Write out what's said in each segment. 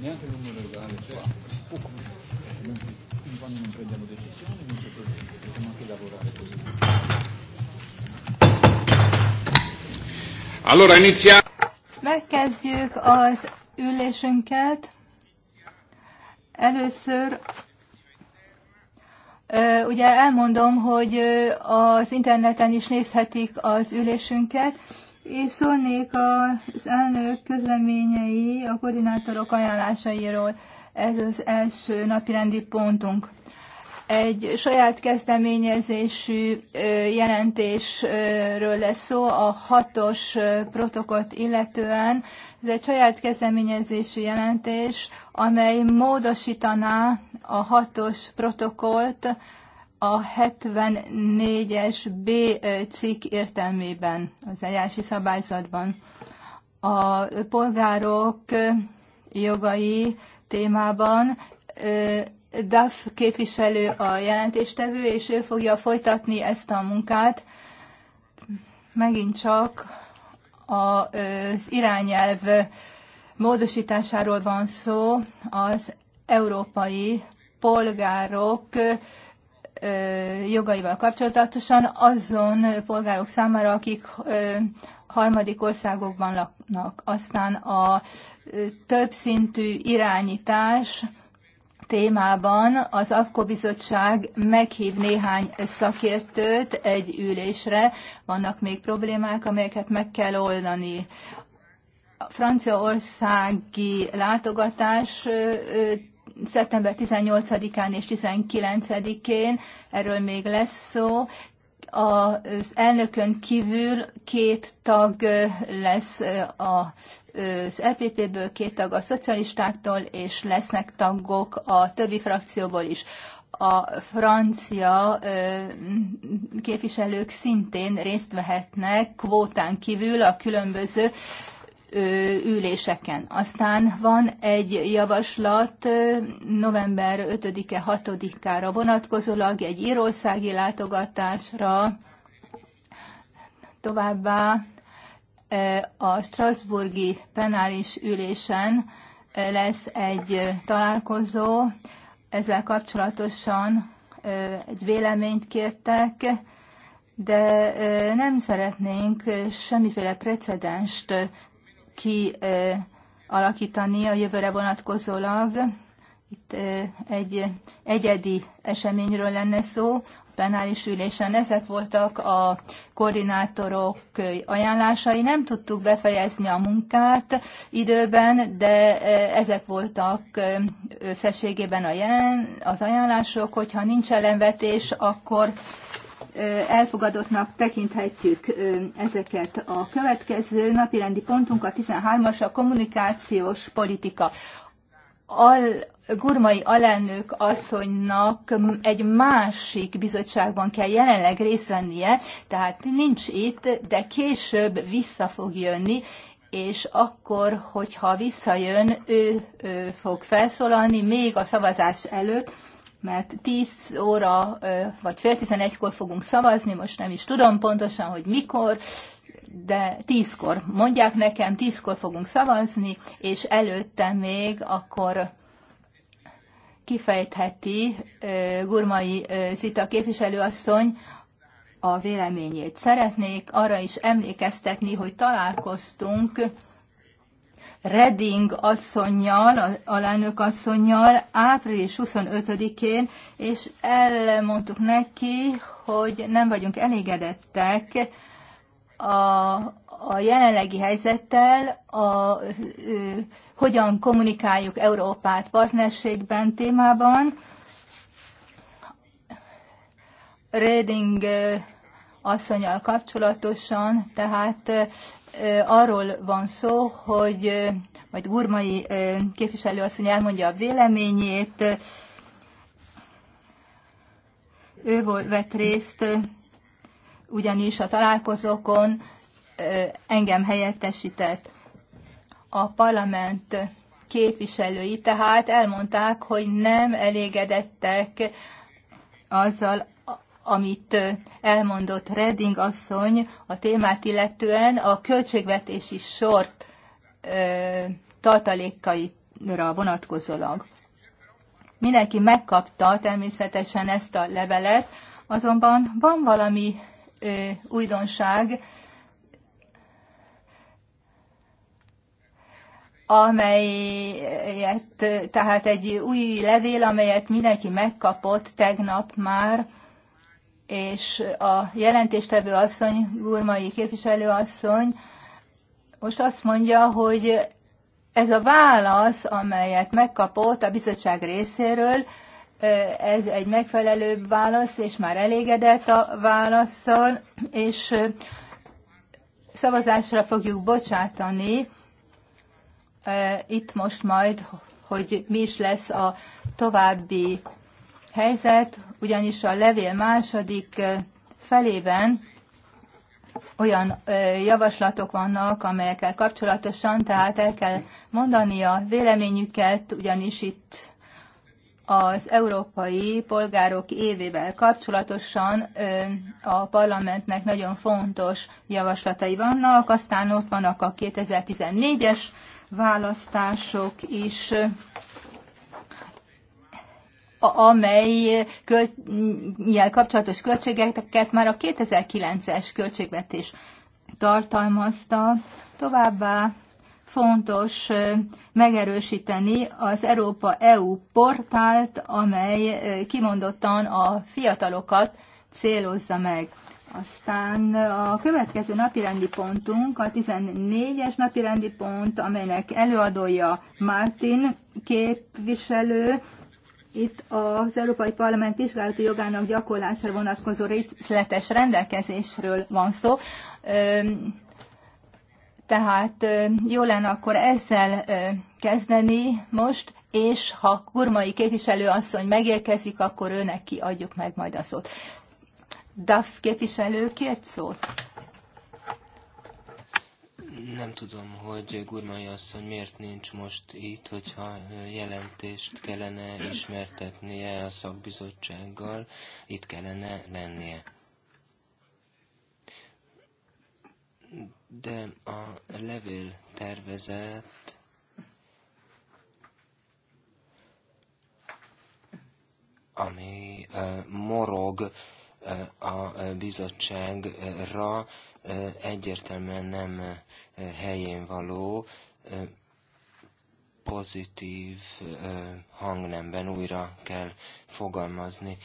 neanche il numero legale qua. fin quando non prendiamo decisioni non c'è problema, possiamo anche lavorare così. Allora iniziamo. Megkezdjük az ülésünket. Először ugye elmondom, hogy az interneten is nézhetik az ülésünket és szólnék az elnök közleményei, a koordinátorok ajánlásairól. Ez az első napirendi pontunk. Egy saját kezdeményezésű jelentésről lesz szó a hatos protokot illetően. Ez egy saját kezdeményezésű jelentés, amely módosítaná a hatos protokolt a 74-es B eh, cikk értelmében, az eljárási szabályzatban. A polgárok eh, jogai témában eh, DAF képviselő a jelentéstevő, és ő fogja folytatni ezt a munkát. Megint csak az irányelv módosításáról van szó az európai polgárok jogaival kapcsolatosan azon polgárok számára, akik harmadik országokban laknak. Aztán a többszintű irányítás témában az AFKO bizottság meghív néhány szakértőt egy ülésre. Vannak még problémák, amelyeket meg kell oldani. A franciaországi látogatás szeptember 18-án és 19-én, erről még lesz szó, az elnökön kívül két tag lesz az LPP-ből, e két tag a szocialistáktól, és lesznek tagok a többi frakcióból is. A francia képviselők szintén részt vehetnek kvótán kívül a különböző üléseken. Aztán van egy javaslat november 5-e, 6-ára vonatkozólag egy írországi látogatásra, továbbá a Strasburgi penális ülésen lesz egy találkozó, ezzel kapcsolatosan egy véleményt kértek, de nem szeretnénk semmiféle precedenst kialakítani a jövőre vonatkozólag. Itt egy egyedi eseményről lenne szó, plenáris ülésen. Ezek voltak a koordinátorok ajánlásai. Nem tudtuk befejezni a munkát időben, de ezek voltak összességében a jelen, az ajánlások. Hogyha nincs ellenvetés, akkor elfogadottnak tekinthetjük ezeket. A következő napirendi pontunk a 13-as, a kommunikációs politika. Al, Gurmai alelnök asszonynak egy másik bizottságban kell jelenleg részt vennie, tehát nincs itt, de később vissza fog jönni, és akkor, hogyha visszajön, ő, ő fog felszólalni még a szavazás előtt, mert 10 óra vagy fél 11-kor fogunk szavazni, most nem is tudom pontosan, hogy mikor, de 10kor. mondják nekem, 10kor fogunk szavazni, és előtte még akkor kifejtheti Gurmai Zita képviselőasszony a véleményét. Szeretnék arra is emlékeztetni, hogy találkoztunk Reding asszonynal, alelnök asszonynal április 25-én, és elmondtuk neki, hogy nem vagyunk elégedettek a, a jelenlegi helyzettel, a, ö, hogyan kommunikáljuk Európát partnerségben témában. Reding asszonyal kapcsolatosan, tehát arról van szó, hogy majd Gurmai képviselőasszony elmondja a véleményét. Ő volt, vett részt ugyanis a találkozókon engem helyettesített. A parlament képviselői tehát elmondták, hogy nem elégedettek azzal amit elmondott Redding asszony a témát illetően a költségvetési sort tartalékaira vonatkozólag. Mindenki megkapta természetesen ezt a levelet, azonban van valami ö, újdonság, amelyet, tehát egy új levél, amelyet mindenki megkapott tegnap már, és a jelentéstevő asszony, Gurmai képviselő asszony most azt mondja, hogy ez a válasz, amelyet megkapott a bizottság részéről, ez egy megfelelőbb válasz, és már elégedett a válaszsal, és szavazásra fogjuk bocsátani e, itt most majd, hogy mi is lesz a további helyzet, ugyanis a levél második felében olyan javaslatok vannak, amelyekkel kapcsolatosan, tehát el kell mondani a véleményüket, ugyanis itt az Európai Polgárok évével kapcsolatosan a parlamentnek nagyon fontos javaslatai vannak, aztán ott vannak a 2014-es választások is, amely köl, kapcsolatos költségeket már a 2009-es költségvetés tartalmazta. Továbbá fontos megerősíteni az Európa EU portált, amely kimondottan a fiatalokat célozza meg. Aztán a következő napirendi pontunk, a 14-es napirendi pont, amelynek előadója Martin képviselő, itt az Európai Parlament vizsgálati jogának gyakorlására vonatkozó részletes rendelkezésről van szó. Tehát jó lenne akkor ezzel kezdeni most, és ha kurmai képviselőasszony megérkezik, akkor őnek kiadjuk meg majd a szót. DAF képviselő kért szót. Nem tudom, hogy Gurmai asszony miért nincs most itt, hogyha jelentést kellene ismertetnie a szakbizottsággal, itt kellene lennie. De a levél tervezett ami uh, morog uh, a bizottságra, egyértelműen nem helyén való pozitív hangnemben újra kell fogalmazni.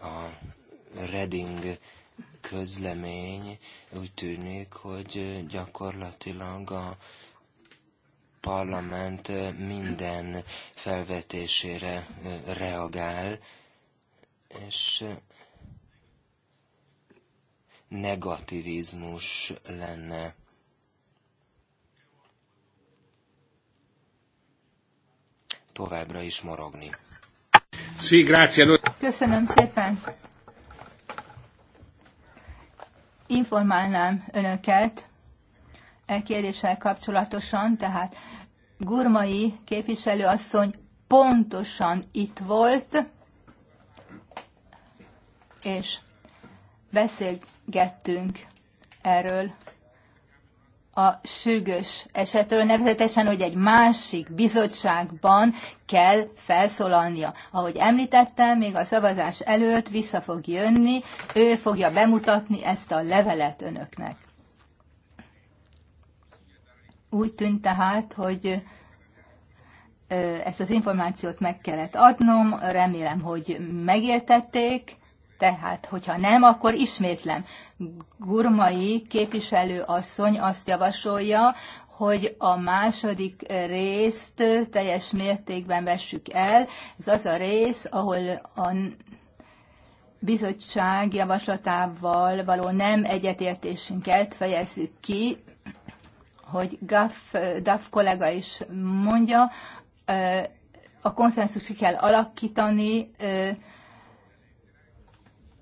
A Reading közlemény úgy tűnik, hogy gyakorlatilag a parlament minden felvetésére reagál, és negativizmus lenne. Továbbra is morogni. Sí, grazie. Köszönöm szépen. Informálnám önöket e kérdéssel kapcsolatosan, tehát Gurmai képviselőasszony pontosan itt volt, és beszélgettünk erről a sürgős esetről, nevezetesen, hogy egy másik bizottságban kell felszólalnia. Ahogy említettem, még a szavazás előtt vissza fog jönni, ő fogja bemutatni ezt a levelet önöknek. Úgy tűnt tehát, hogy ezt az információt meg kellett adnom, remélem, hogy megértették, tehát, hogyha nem, akkor ismétlem. Gurmai képviselő asszony azt javasolja, hogy a második részt teljes mértékben vessük el. Ez az a rész, ahol a bizottság javaslatával való nem egyetértésünket fejezzük ki, hogy Gaff, Duff kollega is mondja, a konszenzus ki kell alakítani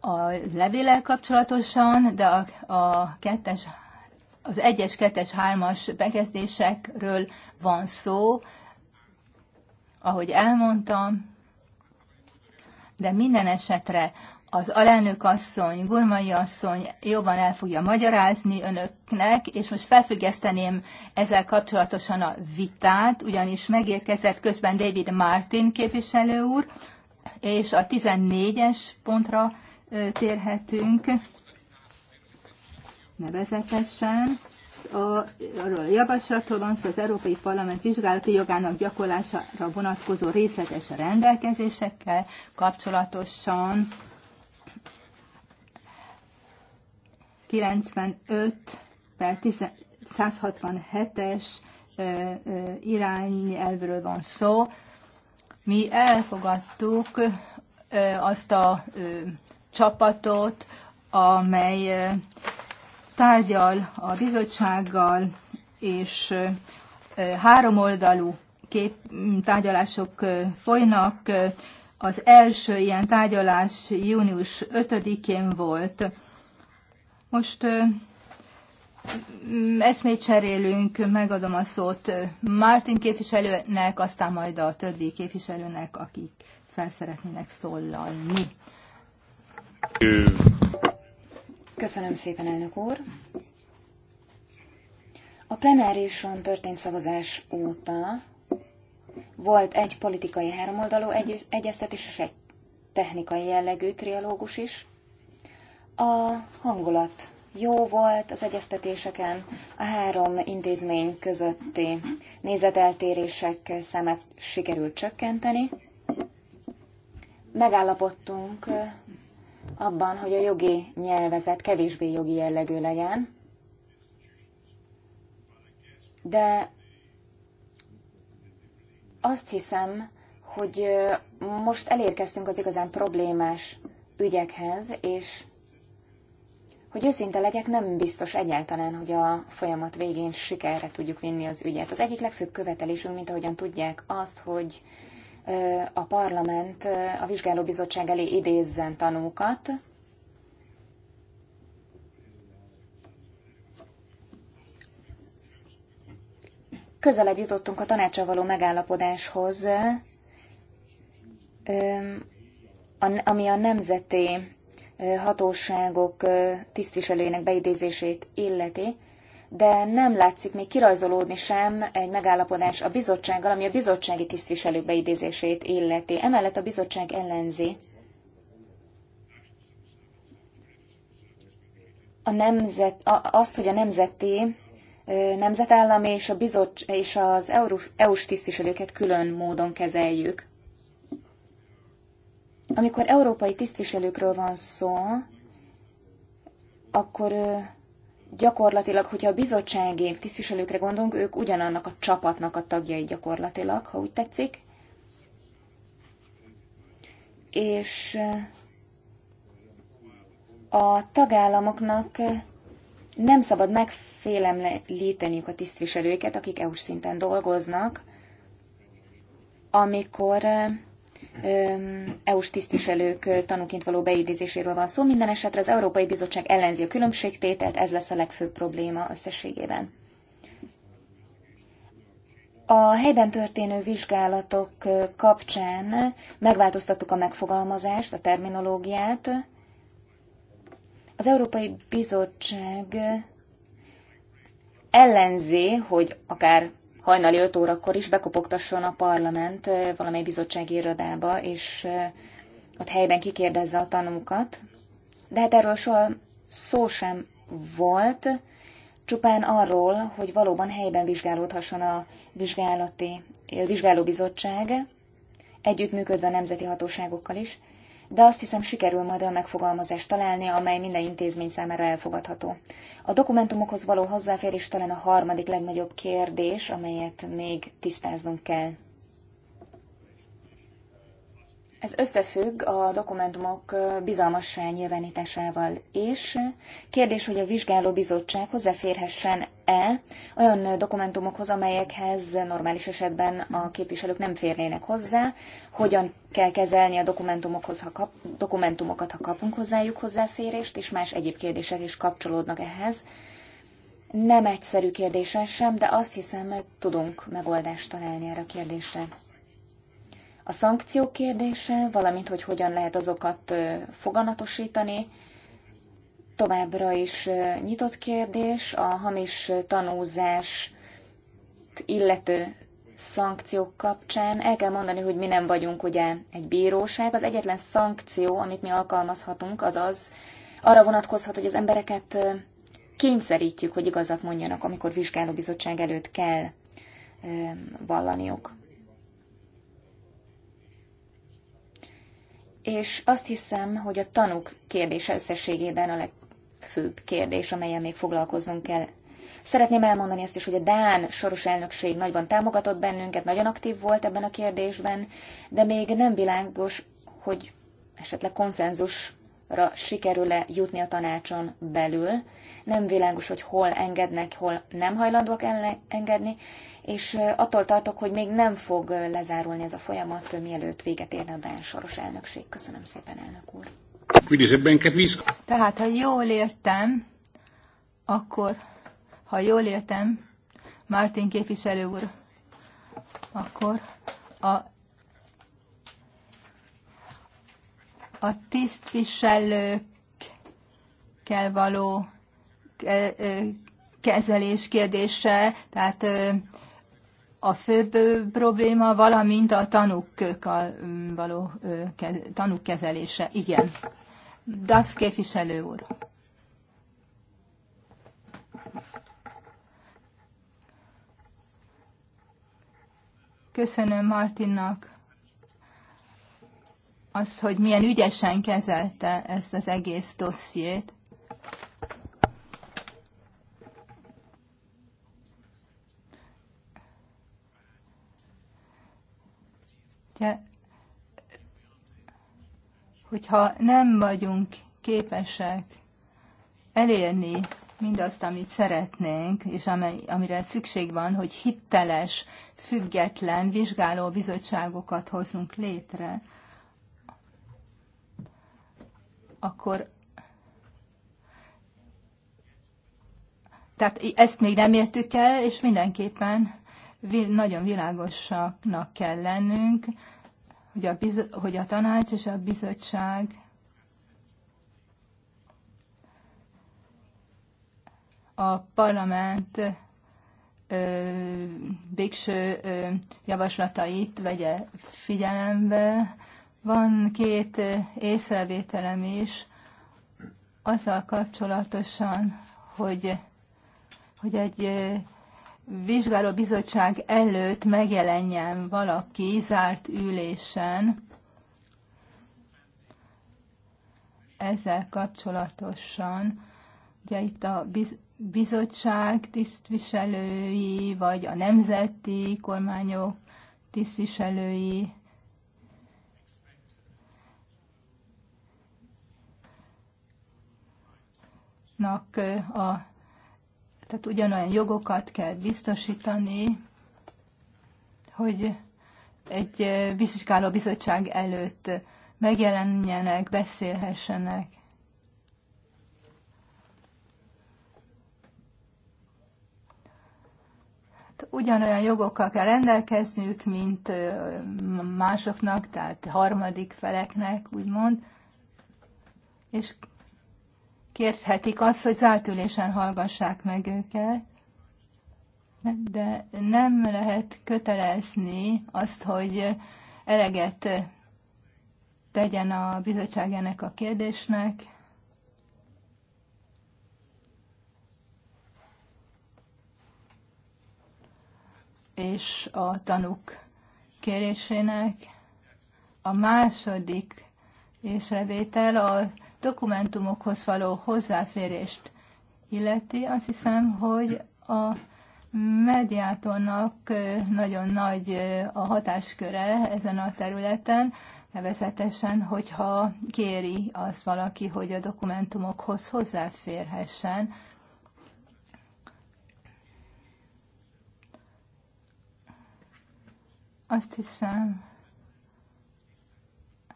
a levélel kapcsolatosan, de a, a kettes, az egyes, kettes, hármas bekezdésekről van szó, ahogy elmondtam, de minden esetre az alelnök asszony, Gurmai asszony jobban el fogja magyarázni önöknek, és most felfüggeszteném ezzel kapcsolatosan a vitát, ugyanis megérkezett közben David Martin képviselő úr, és a 14-es pontra térhetünk nevezetesen a, arról a javaslatról van szó az Európai Parlament vizsgálati jogának gyakorlására vonatkozó részletes rendelkezésekkel kapcsolatosan. 95 per 167-es irányelvről van szó. Mi elfogadtuk azt a csapatot, amely tárgyal a bizottsággal, és háromoldalú kép, tárgyalások folynak. Az első ilyen tárgyalás június 5-én volt. Most mm, eszmét cserélünk, megadom a szót Martin képviselőnek, aztán majd a többi képviselőnek, akik fel szeretnének szólalni. Köszönöm szépen, elnök úr! A plenárison történt szavazás óta volt egy politikai háromoldalú egyeztetés és egy technikai jellegű trialógus is, a hangulat jó volt az egyeztetéseken, a három intézmény közötti nézeteltérések számát sikerült csökkenteni. Megállapodtunk abban, hogy a jogi nyelvezet kevésbé jogi jellegű legyen, de azt hiszem, hogy most elérkeztünk az igazán problémás ügyekhez, és hogy őszinte legyek, nem biztos egyáltalán, hogy a folyamat végén sikerre tudjuk vinni az ügyet. Az egyik legfőbb követelésünk, mint ahogyan tudják, azt, hogy a parlament a vizsgálóbizottság elé idézzen tanúkat, közelebb jutottunk a tanácsal való megállapodáshoz, ami a nemzeti hatóságok tisztviselőinek beidézését illeti, de nem látszik még kirajzolódni sem egy megállapodás a bizottsággal, ami a bizottsági tisztviselők beidézését illeti. Emellett a bizottság ellenzi a nemzet, azt, hogy a nemzeti, nemzetállami és, a bizot, és az EU-s tisztviselőket külön módon kezeljük. Amikor európai tisztviselőkről van szó, akkor gyakorlatilag, hogyha a bizottsági tisztviselőkre gondolunk, ők ugyanannak a csapatnak a tagjai gyakorlatilag, ha úgy tetszik. És a tagállamoknak nem szabad megfélemlíteniük a tisztviselőket, akik EU-s szinten dolgoznak, amikor EU-s tisztviselők tanúként való beidézéséről van szó. Minden esetre az Európai Bizottság ellenzi a különbségtételt, ez lesz a legfőbb probléma összességében. A helyben történő vizsgálatok kapcsán megváltoztattuk a megfogalmazást, a terminológiát. Az Európai Bizottság ellenzi, hogy akár hajnali 5 órakor is bekopogtasson a parlament valamely bizottsági irodába, és ott helyben kikérdezze a tanúkat. De hát erről soha szó sem volt, csupán arról, hogy valóban helyben vizsgálódhasson a vizsgálati, a vizsgálóbizottság, együttműködve a nemzeti hatóságokkal is, de azt hiszem sikerül majd olyan megfogalmazást találni, amely minden intézmény számára elfogadható. A dokumentumokhoz való hozzáférés talán a harmadik legnagyobb kérdés, amelyet még tisztáznunk kell. Ez összefügg a dokumentumok bizalmassá nyilvánításával is. Kérdés, hogy a vizsgáló bizottság hozzáférhessen-e olyan dokumentumokhoz, amelyekhez normális esetben a képviselők nem férnének hozzá, hogyan kell kezelni a dokumentumokhoz, ha kap, dokumentumokat, ha kapunk hozzájuk hozzáférést, és más egyéb kérdések is kapcsolódnak ehhez. Nem egyszerű kérdésen sem, de azt hiszem, hogy tudunk megoldást találni erre a kérdésre a szankció kérdése, valamint hogy hogyan lehet azokat foganatosítani. Továbbra is nyitott kérdés a hamis tanúzás illető szankciók kapcsán el kell mondani, hogy mi nem vagyunk ugye egy bíróság. Az egyetlen szankció, amit mi alkalmazhatunk, az az, arra vonatkozhat, hogy az embereket kényszerítjük, hogy igazat mondjanak, amikor vizsgálóbizottság előtt kell vallaniuk. és azt hiszem, hogy a tanuk kérdése összességében a legfőbb kérdés, amelyen még foglalkoznunk kell. Szeretném elmondani ezt, is, hogy a Dán soros elnökség nagyban támogatott bennünket, nagyon aktív volt ebben a kérdésben, de még nem világos, hogy esetleg konszenzusra sikerül-e jutni a tanácson belül nem világos, hogy hol engednek, hol nem hajlandóak engedni, és attól tartok, hogy még nem fog lezárulni ez a folyamat, mielőtt véget érne a Dán soros elnökség. Köszönöm szépen, elnök úr. Tehát, ha jól értem, akkor, ha jól értem, Martin képviselő úr, akkor a, a tisztviselőkkel való kezelés kérdése, tehát a főbb probléma, valamint a tanúk való tanúk kezelése. Igen. DAF képviselő úr. Köszönöm Martinnak az, hogy milyen ügyesen kezelte ezt az egész dossziét. hogyha nem vagyunk képesek elérni mindazt, amit szeretnénk, és amely amire szükség van, hogy hiteles, független vizsgáló bizottságokat hozzunk létre, akkor tehát ezt még nem értük el, és mindenképpen nagyon világosaknak kell lennünk, hogy a, biz- hogy a tanács és a bizottság a parlament ö, végső ö, javaslatait vegye figyelembe. Van két észrevételem is azzal kapcsolatosan, hogy, hogy egy bizottság előtt megjelenjen valaki zárt ülésen ezzel kapcsolatosan. Ugye itt a bizottság tisztviselői, vagy a nemzeti kormányok tisztviselői nak a tehát ugyanolyan jogokat kell biztosítani, hogy egy vizsgáló bizottság előtt megjelenjenek, beszélhessenek. Hát ugyanolyan jogokkal kell rendelkezniük, mint másoknak, tehát harmadik feleknek, úgymond, és kérhetik azt, hogy zárt ülésen hallgassák meg őket, de nem lehet kötelezni azt, hogy eleget tegyen a bizottság ennek a kérdésnek. és a tanúk kérésének. A második észrevétel a dokumentumokhoz való hozzáférést illeti, azt hiszem, hogy a mediátornak nagyon nagy a hatásköre ezen a területen, nevezetesen, hogyha kéri az valaki, hogy a dokumentumokhoz hozzáférhessen. Azt hiszem,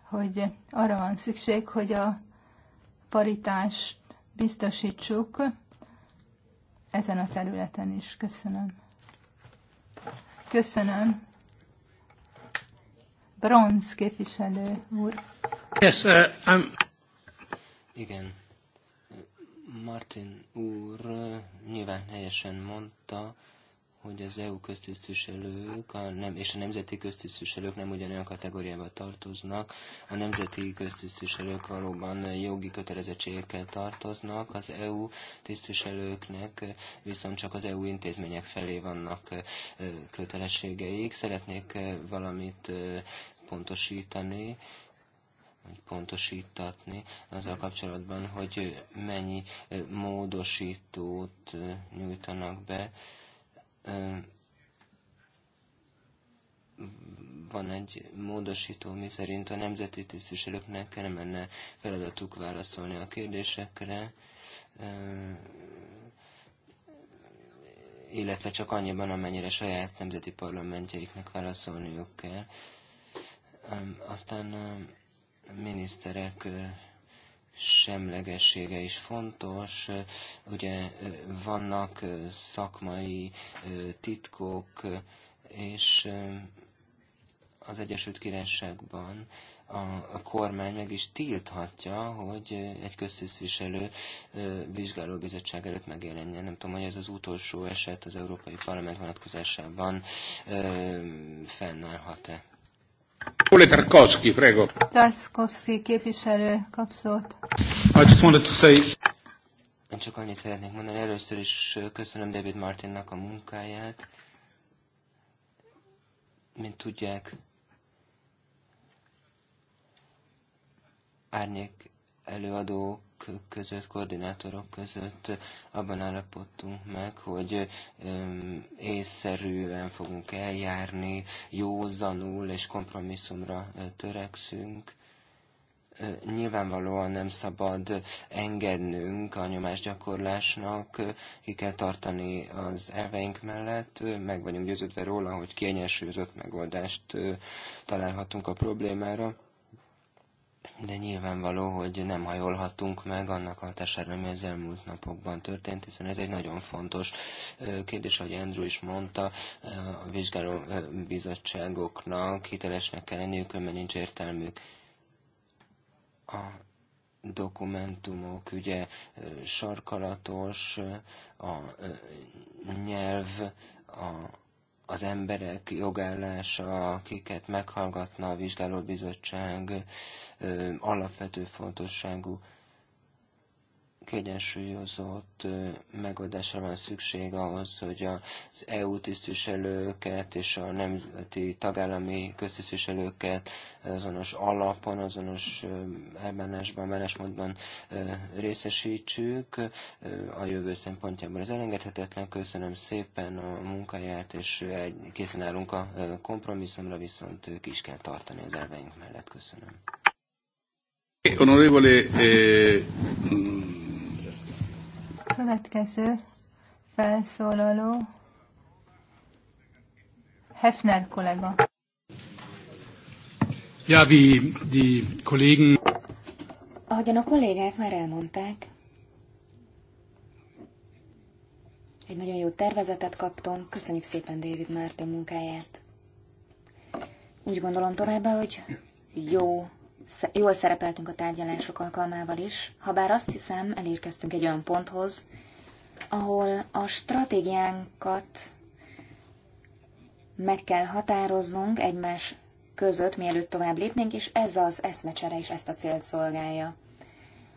hogy arra van szükség, hogy a paritást biztosítsuk ezen a területen is. Köszönöm. Köszönöm. Bronz képviselő úr. Yes, uh, I'm... Igen. Martin úr uh, nyilván helyesen mondta, hogy az EU köztisztviselők a nem, és a nemzeti köztisztviselők nem ugyanolyan kategóriába tartoznak. A nemzeti köztisztviselők valóban jogi kötelezettségekkel tartoznak, az EU tisztviselőknek viszont csak az EU intézmények felé vannak kötelességeik. Szeretnék valamit pontosítani, pontosítatni azzal kapcsolatban, hogy mennyi módosítót nyújtanak be van egy módosító, mi szerint a nemzeti tisztviselőknek kellene menne feladatuk válaszolni a kérdésekre, illetve csak annyiban, amennyire saját nemzeti parlamentjeiknek válaszolniuk kell. Aztán a miniszterek semlegessége is fontos. Ugye vannak szakmai titkok, és az Egyesült Királyságban a, kormány meg is tilthatja, hogy egy köztisztviselő vizsgálóbizottság előtt megjelenjen. Nem tudom, hogy ez az utolsó eset az Európai Parlament vonatkozásában fennállhat-e. Ole Tarkovsky, prego. Tarkovsky képviselő kap I just wanted to say... Én csak annyit szeretnék mondani, először is köszönöm David Martinnak a munkáját. Mint tudják, árnyék előadó között, koordinátorok között abban állapodtunk meg, hogy észszerűen fogunk eljárni, józanul és kompromisszumra törekszünk. Nyilvánvalóan nem szabad engednünk a nyomásgyakorlásnak, ki kell tartani az elveink mellett, meg vagyunk győződve róla, hogy kiegyensúlyozott megoldást találhatunk a problémára de nyilvánvaló, hogy nem hajolhatunk meg annak a hatására, ami az elmúlt napokban történt, hiszen ez egy nagyon fontos kérdés, ahogy Andrew is mondta, a vizsgáló bizottságoknak hitelesnek kell lenniük, mert nincs értelmük. A dokumentumok ugye sarkalatos, a nyelv, a az emberek jogállása, akiket meghallgatna a vizsgálóbizottság, alapvető fontosságú kiegyensúlyozott megoldásra van szükség ahhoz, hogy az EU tisztviselőket és a nemzeti tagállami köztisztviselőket azonos alapon, azonos elbánásban, menesmódban részesítsük. A jövő szempontjából ez elengedhetetlen. Köszönöm szépen a munkáját, és készen állunk a kompromisszumra, viszont ők is kell tartani az elveink mellett. Köszönöm. Onorevole eh, mm, következő felszólaló Hefner kollega. Ja, wie die Kollegen. Ahogyan a kollégák már elmondták, egy nagyon jó tervezetet kaptam. Köszönjük szépen David Márton munkáját. Úgy gondolom továbbá, hogy jó jól szerepeltünk a tárgyalások alkalmával is, ha bár azt hiszem, elérkeztünk egy olyan ponthoz, ahol a stratégiánkat meg kell határoznunk egymás között, mielőtt tovább lépnénk, és ez az eszmecsere is ezt a célt szolgálja.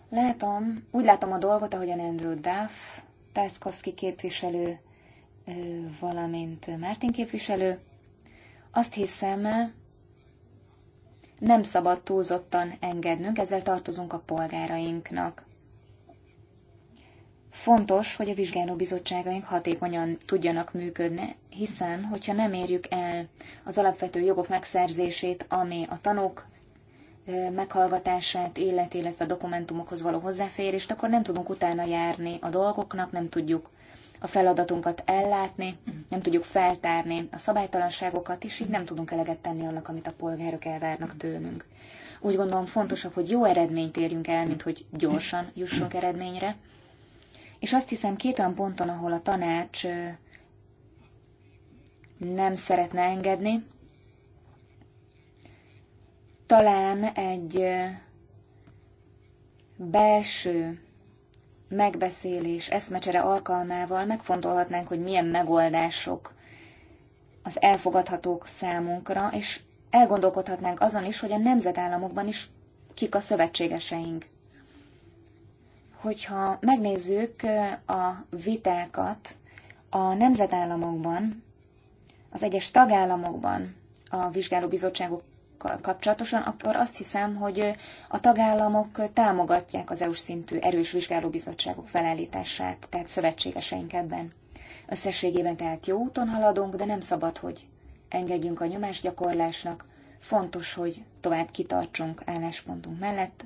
Látom, úgy látom a dolgot, ahogyan Andrew Duff, Tászkowski képviselő, valamint Martin képviselő. Azt hiszem, nem szabad túlzottan engednünk, ezzel tartozunk a polgárainknak. Fontos, hogy a vizsgálóbizottságaink hatékonyan tudjanak működni, hiszen, hogyha nem érjük el az alapvető jogok megszerzését, ami a tanok meghallgatását, illet, illetve dokumentumokhoz való hozzáférést, akkor nem tudunk utána járni a dolgoknak, nem tudjuk a feladatunkat ellátni, nem tudjuk feltárni a szabálytalanságokat, és így nem tudunk eleget tenni annak, amit a polgárok elvárnak tőlünk. Úgy gondolom fontosabb, hogy jó eredményt érjünk el, mint hogy gyorsan jussunk eredményre. És azt hiszem két olyan ponton, ahol a tanács nem szeretne engedni, talán egy belső megbeszélés, eszmecsere alkalmával megfontolhatnánk, hogy milyen megoldások az elfogadhatók számunkra, és elgondolkodhatnánk azon is, hogy a nemzetállamokban is kik a szövetségeseink. Hogyha megnézzük a vitákat a nemzetállamokban, az egyes tagállamokban a vizsgálóbizottságok tagállamokkal kapcsolatosan, akkor azt hiszem, hogy a tagállamok támogatják az EU-s szintű erős vizsgálóbizottságok felállítását, tehát szövetségeseink ebben. Összességében tehát jó úton haladunk, de nem szabad, hogy engedjünk a nyomásgyakorlásnak. Fontos, hogy tovább kitartsunk álláspontunk mellett,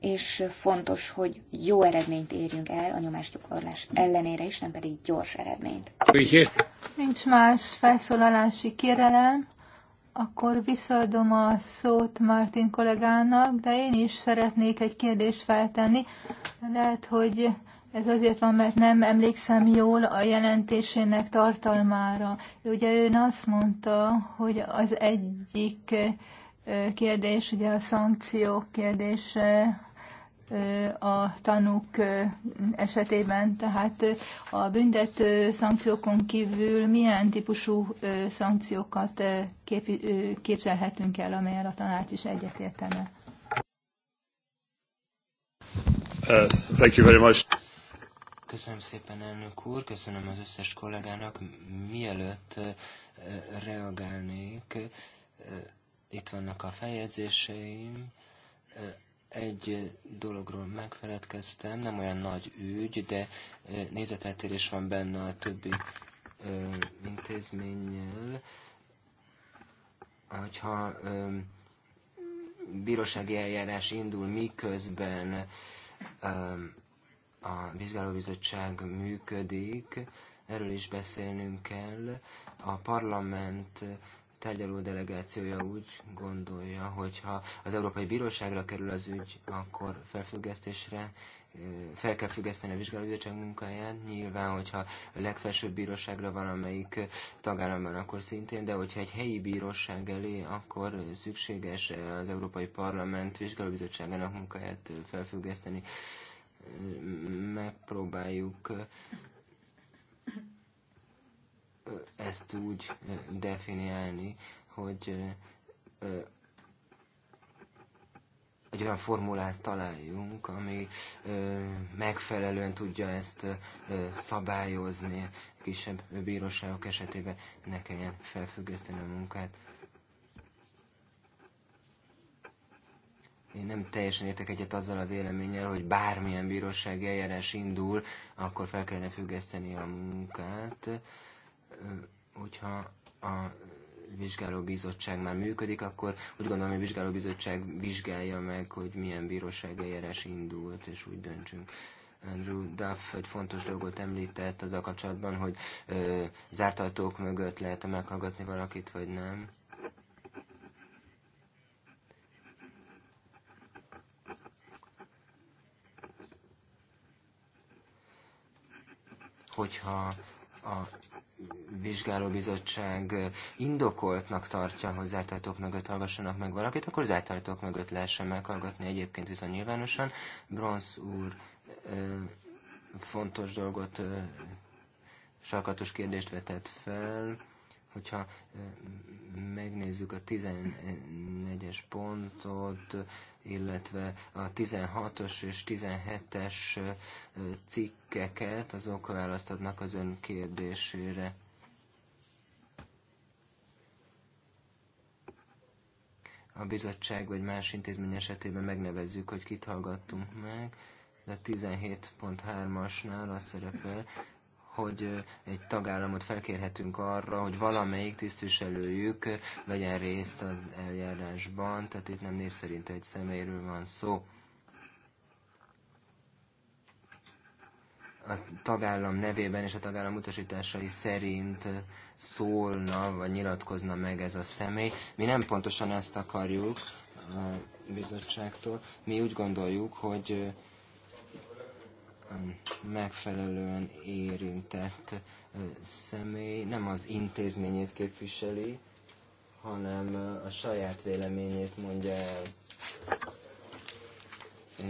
és fontos, hogy jó eredményt érjünk el a nyomásgyakorlás ellenére is, nem pedig gyors eredményt. Nincs más felszólalási kérelem. Akkor visszaadom a szót Martin kollégának, de én is szeretnék egy kérdést feltenni. Lehet, hogy ez azért van, mert nem emlékszem jól a jelentésének tartalmára. Ugye ön azt mondta, hogy az egyik kérdés, ugye a szankciók kérdése, a tanúk esetében, tehát a büntető szankciókon kívül milyen típusú szankciókat képzelhetünk el, amelyel a tanács is egyetértene? Uh, thank you very much. Köszönöm szépen, elnök úr, köszönöm az összes kollégának. Mielőtt reagálnék, itt vannak a feljegyzéseim egy dologról megfeledkeztem, nem olyan nagy ügy, de nézeteltérés van benne a többi intézménnyel. Hogyha bírósági eljárás indul, miközben a vizsgálóbizottság működik, erről is beszélnünk kell. A parlament tárgyaló delegációja úgy gondolja, hogy ha az Európai Bíróságra kerül az ügy, akkor felfüggesztésre fel kell függeszteni a vizsgálóbizottság munkáját, nyilván, hogyha a legfelsőbb bíróságra valamelyik tagállamban, akkor szintén, de hogyha egy helyi bíróság elé, akkor szükséges az Európai Parlament vizsgálóbizottságának munkáját felfüggeszteni. Megpróbáljuk ezt úgy definiálni, hogy egy olyan formulát találjunk, ami megfelelően tudja ezt szabályozni, kisebb bíróságok esetében ne kelljen felfüggeszteni a munkát. Én nem teljesen értek egyet azzal a véleménnyel, hogy bármilyen bírósági eljárás indul, akkor fel kellene függeszteni a munkát. Ö, hogyha a vizsgálóbizottság már működik, akkor úgy gondolom, hogy a vizsgálóbizottság vizsgálja meg, hogy milyen bíróság eljárás indult, és úgy döntsünk. Andrew Duff egy fontos dolgot említett a kapcsolatban, hogy ö, zárt ajtók mögött lehet -e meghallgatni valakit, vagy nem. Hogyha a vizsgálóbizottság indokoltnak tartja, hogy zártartók mögött hallgassanak meg valakit, akkor zártartók mögött lehessen meghallgatni egyébként viszont nyilvánosan. Bronz úr fontos dolgot, sarkatos kérdést vetett fel, hogyha megnézzük a 14-es pontot, illetve a 16-os és 17-es cikkeket, azok választ adnak az ön kérdésére. A bizottság vagy más intézmény esetében megnevezzük, hogy kit hallgattunk meg, de 17.3-asnál az szerepel, hogy egy tagállamot felkérhetünk arra, hogy valamelyik tisztviselőjük vegyen részt az eljárásban, tehát itt nem név szerint egy személyről van szó. a tagállam nevében és a tagállam utasításai szerint szólna, vagy nyilatkozna meg ez a személy. Mi nem pontosan ezt akarjuk a bizottságtól. Mi úgy gondoljuk, hogy megfelelően érintett személy nem az intézményét képviseli, hanem a saját véleményét mondja el.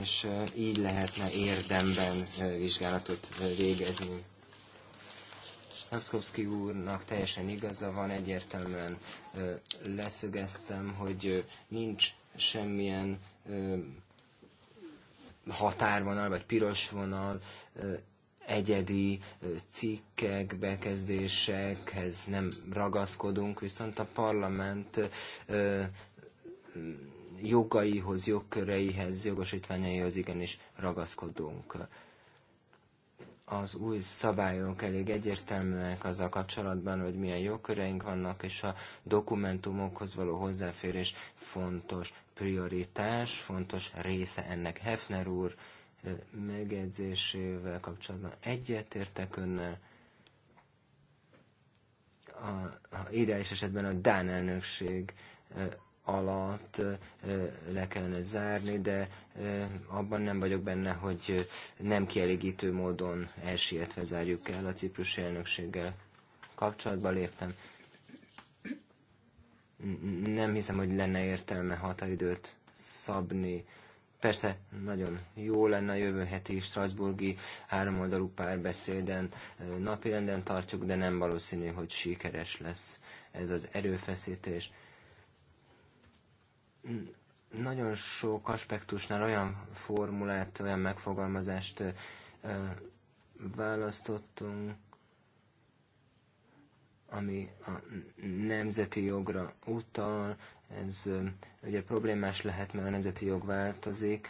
És így lehetne érdemben vizsgálatot végezni. Hapszkowski úrnak teljesen igaza van, egyértelműen leszögeztem, hogy nincs semmilyen határvonal, vagy piros vonal, egyedi cikkek, bekezdésekhez nem ragaszkodunk, viszont a parlament jogaihoz, jogköreihez, jogosítványaihoz igenis ragaszkodunk. Az új szabályok elég egyértelműek azzal kapcsolatban, hogy milyen jogköreink vannak, és a dokumentumokhoz való hozzáférés fontos prioritás, fontos része ennek Hefner úr megjegyzésével kapcsolatban egyetértek önnel. A, a ideális esetben a Dán elnökség alatt le kellene zárni, de abban nem vagyok benne, hogy nem kielégítő módon elsietve zárjuk el a ciprusi elnökséggel kapcsolatba léptem nem hiszem, hogy lenne értelme határidőt szabni. Persze nagyon jó lenne a jövő heti Strasburgi háromoldalú párbeszéden napirenden tartjuk, de nem valószínű, hogy sikeres lesz ez az erőfeszítés. Nagyon sok aspektusnál olyan formulát, olyan megfogalmazást választottunk, ami a nemzeti jogra utal, ez ugye problémás lehet, mert a nemzeti jog változik,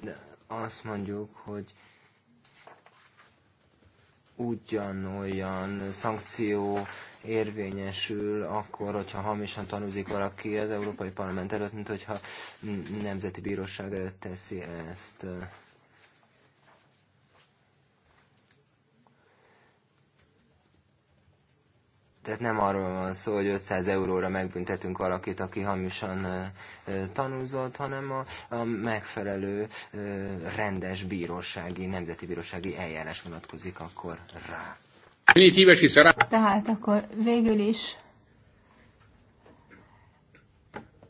de azt mondjuk, hogy ugyanolyan szankció érvényesül akkor, hogyha hamisan tanúzik valaki az Európai Parlament előtt, mint hogyha nemzeti bíróság előtt teszi ezt. Tehát nem arról van szó, hogy 500 euróra megbüntetünk valakit, aki hamisan tanúzott, hanem a, a megfelelő rendes bírósági, nemzeti bírósági eljárás vonatkozik akkor rá. Tehát akkor végül is,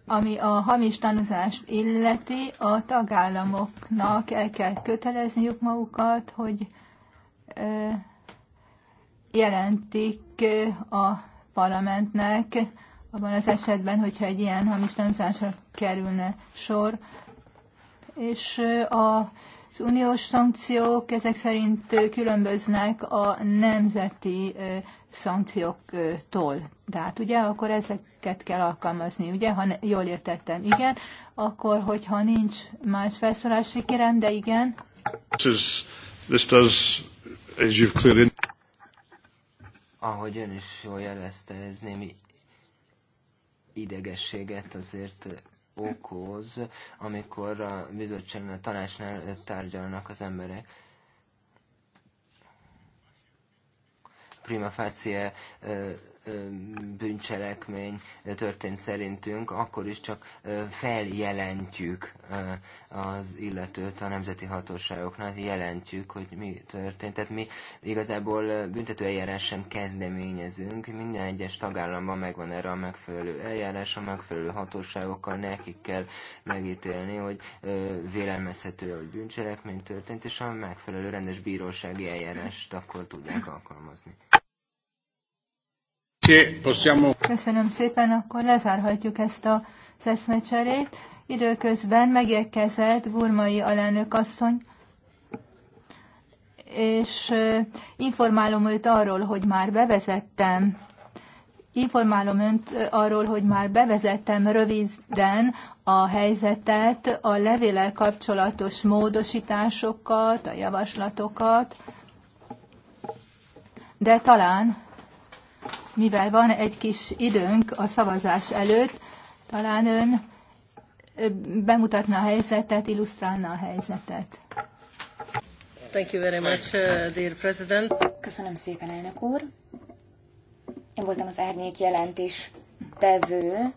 ami a hamis tanúzást illeti, a tagállamoknak el kell kötelezniük magukat, hogy jelentik a parlamentnek, abban az esetben, hogyha egy ilyen hamis tanzásra kerülne sor. És az uniós szankciók ezek szerint különböznek a nemzeti szankcióktól. Tehát ugye akkor ezeket kell alkalmazni, ugye, ha ne, jól értettem, igen, akkor hogyha nincs más felszólási kérem, de igen. This is, this does, as you've clearly... Ahogy ön is jól jelezte, ez némi idegességet azért okoz, amikor a bizottságnál, a tanácsnál tárgyalnak az emberek. Prima facie bűncselekmény történt szerintünk, akkor is csak feljelentjük az illetőt a nemzeti hatóságoknak, jelentjük, hogy mi történt. Tehát mi igazából eljárás sem kezdeményezünk, minden egyes tagállamban megvan erre a megfelelő eljárás, a megfelelő hatóságokkal nekik kell megítélni, hogy vélelmezhető, hogy bűncselekmény történt, és a megfelelő rendes bírósági eljárást akkor tudják alkalmazni. Köszönöm szépen, akkor lezárhatjuk ezt a eszmecserét. Időközben megérkezett Gurmai alelnök asszony, és informálom őt arról, hogy már bevezettem informálom önt arról, hogy már bevezettem röviden a helyzetet, a levélel kapcsolatos módosításokat, a javaslatokat, de talán mivel van egy kis időnk a szavazás előtt, talán ön bemutatna a helyzetet, illusztrálna a helyzetet. Thank you very much, uh, dear President. Köszönöm szépen, elnök úr. Én voltam az árnyék jelentés tevő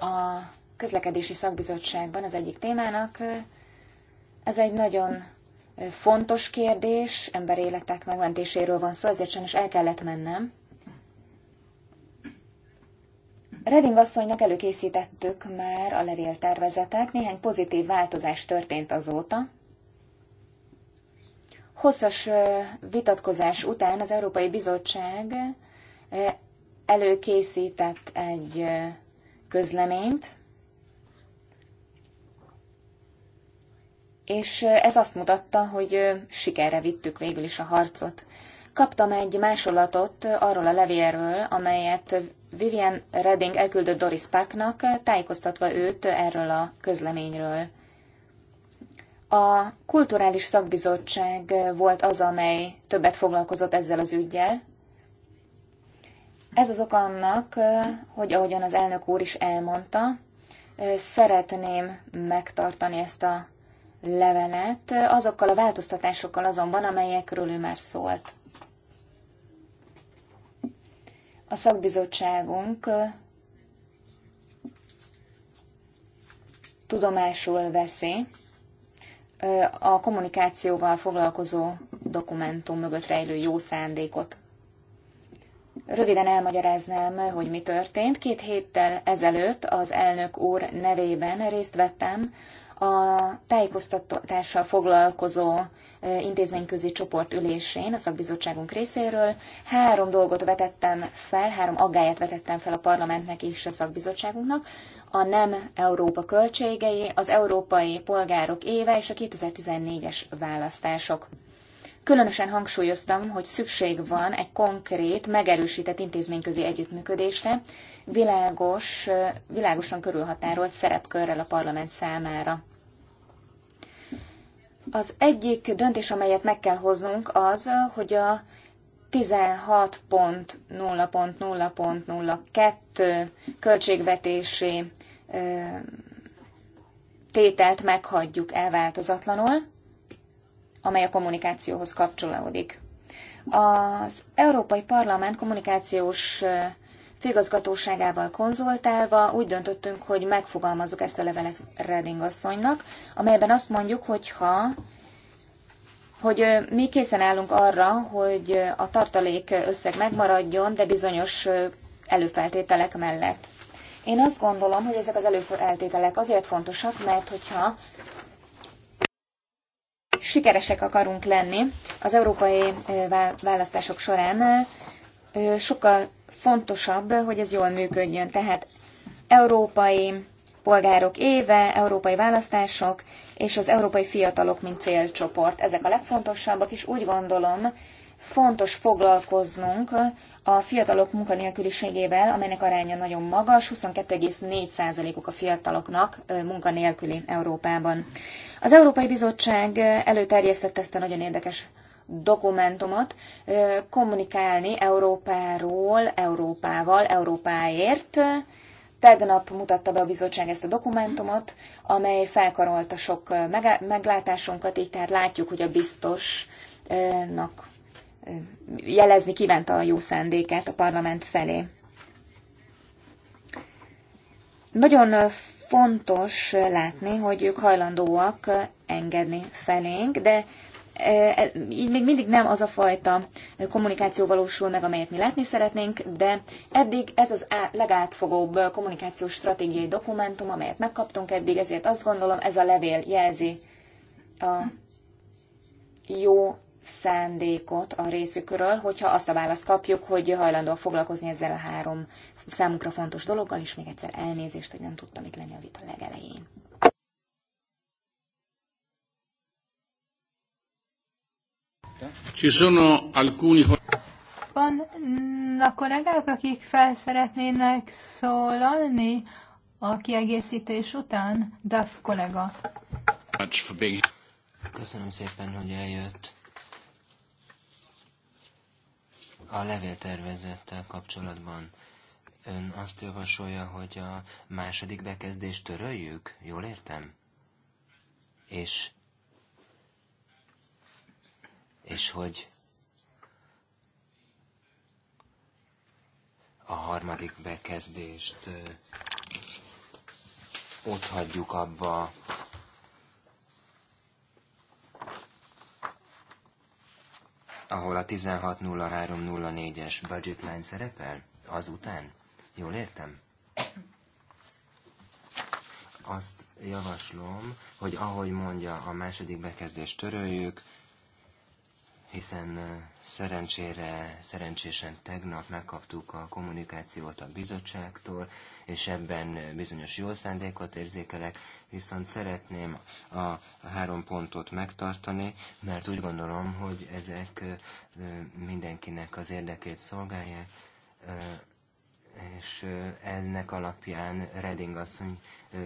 a közlekedési szakbizottságban az egyik témának. Ez egy nagyon fontos kérdés, emberéletek megmentéséről van szó, ezért is el kellett mennem. Reding asszonynak előkészítettük már a levéltervezetet, néhány pozitív változás történt azóta. Hosszas vitatkozás után az Európai Bizottság előkészített egy közleményt, és ez azt mutatta, hogy sikerre vittük végül is a harcot. Kaptam egy másolatot arról a levélről, amelyet Vivian Redding elküldött Doris Packnak, tájékoztatva őt erről a közleményről. A Kulturális Szakbizottság volt az, amely többet foglalkozott ezzel az ügyjel. Ez az ok annak, hogy ahogyan az elnök úr is elmondta, szeretném megtartani ezt a levelet azokkal a változtatásokkal azonban, amelyekről ő már szólt. a szakbizottságunk tudomásul veszi a kommunikációval foglalkozó dokumentum mögött rejlő jó szándékot. Röviden elmagyaráznám, hogy mi történt. Két héttel ezelőtt az elnök úr nevében részt vettem a tájékoztatással foglalkozó intézményközi csoport ülésén a szakbizottságunk részéről három dolgot vetettem fel, három aggályát vetettem fel a parlamentnek és a szakbizottságunknak. A nem Európa költségei, az európai polgárok éve és a 2014-es választások. Különösen hangsúlyoztam, hogy szükség van egy konkrét, megerősített intézményközi együttműködésre, világos, világosan körülhatárolt szerepkörrel a parlament számára. Az egyik döntés, amelyet meg kell hoznunk, az, hogy a 16.0.0.02 költségvetési tételt meghagyjuk elváltozatlanul, amely a kommunikációhoz kapcsolódik. Az Európai Parlament kommunikációs főigazgatóságával konzultálva úgy döntöttünk, hogy megfogalmazzuk ezt a levelet Reding asszonynak, amelyben azt mondjuk, hogyha hogy mi készen állunk arra, hogy a tartalék összeg megmaradjon, de bizonyos előfeltételek mellett. Én azt gondolom, hogy ezek az előfeltételek azért fontosak, mert hogyha sikeresek akarunk lenni az európai választások során, sokkal fontosabb, hogy ez jól működjön. Tehát európai polgárok éve, európai választások és az európai fiatalok, mint célcsoport. Ezek a legfontosabbak, és úgy gondolom, fontos foglalkoznunk a fiatalok munkanélküliségével, amelynek aránya nagyon magas, 22,4%-uk a fiataloknak munkanélküli Európában. Az Európai Bizottság előterjesztett ezt a nagyon érdekes dokumentumot kommunikálni Európáról, Európával, Európáért. Tegnap mutatta be a bizottság ezt a dokumentumot, amely felkarolta sok meglátásunkat, így tehát látjuk, hogy a biztosnak jelezni kívánta a jó szándékát a parlament felé. Nagyon fontos látni, hogy ők hajlandóak engedni felénk, de E, e, így még mindig nem az a fajta kommunikáció valósul meg, amelyet mi látni szeretnénk, de eddig ez az legátfogóbb kommunikációs stratégiai dokumentum, amelyet megkaptunk eddig, ezért azt gondolom, ez a levél jelzi a jó szándékot a részükről, hogyha azt a választ kapjuk, hogy hajlandóak foglalkozni ezzel a három számunkra fontos dologgal, és még egyszer elnézést, hogy nem tudtam itt lenni a vita legelején. Ci sono alcuni... Vannak kollégák, akik fel szeretnének szólalni a kiegészítés után? Duff kollega. Köszönöm szépen, hogy eljött. A levéltervezettel kapcsolatban ön azt javasolja, hogy a második bekezdést töröljük? Jól értem? És és hogy a harmadik bekezdést ott hagyjuk abba, ahol a 160304-es budget line szerepel? Azután? Jól értem? Azt javaslom, hogy ahogy mondja a második bekezdést töröljük, hiszen szerencsére, szerencsésen tegnap megkaptuk a kommunikációt a bizottságtól, és ebben bizonyos jó szándékot érzékelek, viszont szeretném a három pontot megtartani, mert úgy gondolom, hogy ezek mindenkinek az érdekét szolgálják és ennek alapján Reding asszony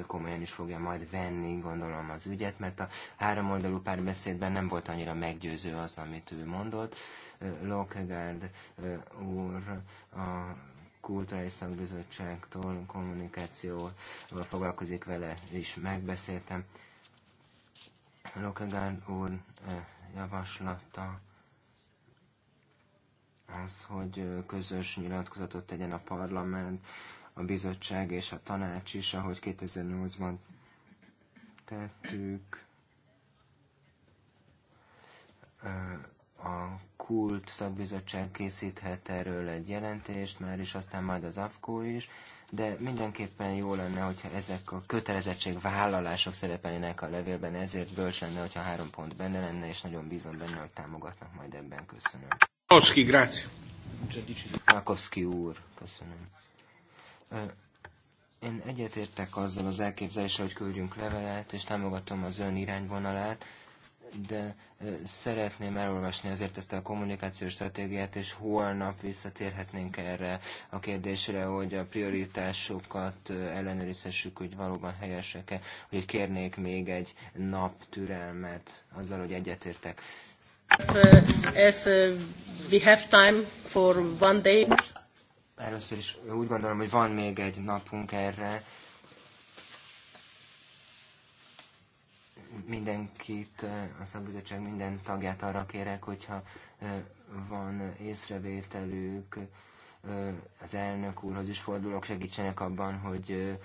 komolyan is fogja majd venni, gondolom, az ügyet, mert a három oldalú párbeszédben nem volt annyira meggyőző az, amit ő mondott. Lokegárd úr a Kulturális Szakbizottságtól kommunikációval foglalkozik vele, és megbeszéltem. Lokegárd úr javaslata az, hogy közös nyilatkozatot tegyen a parlament, a bizottság és a tanács is, ahogy 2008-ban tettük. A kult szakbizottság készíthet erről egy jelentést, már is aztán majd az AFKO is, de mindenképpen jó lenne, hogyha ezek a kötelezettségvállalások szerepelnének a levélben, ezért bölcs lenne, hogyha három pont benne lenne, és nagyon bízom benne, hogy támogatnak majd ebben. Köszönöm. Oski, grazie. Ákoszki úr, köszönöm. Én egyetértek azzal az elképzeléssel, hogy küldjünk levelet, és támogatom az ön irányvonalát, de szeretném elolvasni azért ezt a kommunikációs stratégiát, és holnap visszatérhetnénk erre a kérdésre, hogy a prioritásokat ellenőrizhessük, hogy valóban helyesek-e, hogy kérnék még egy nap türelmet azzal, hogy egyetértek. As uh, uh, we have time for one day. Először is úgy gondolom, hogy van még egy napunk erre. Mindenkit, uh, a szakbizottság minden tagját arra kérek, hogyha van észrevételük, az elnök úrhoz is fordulok, segítsenek abban, hogy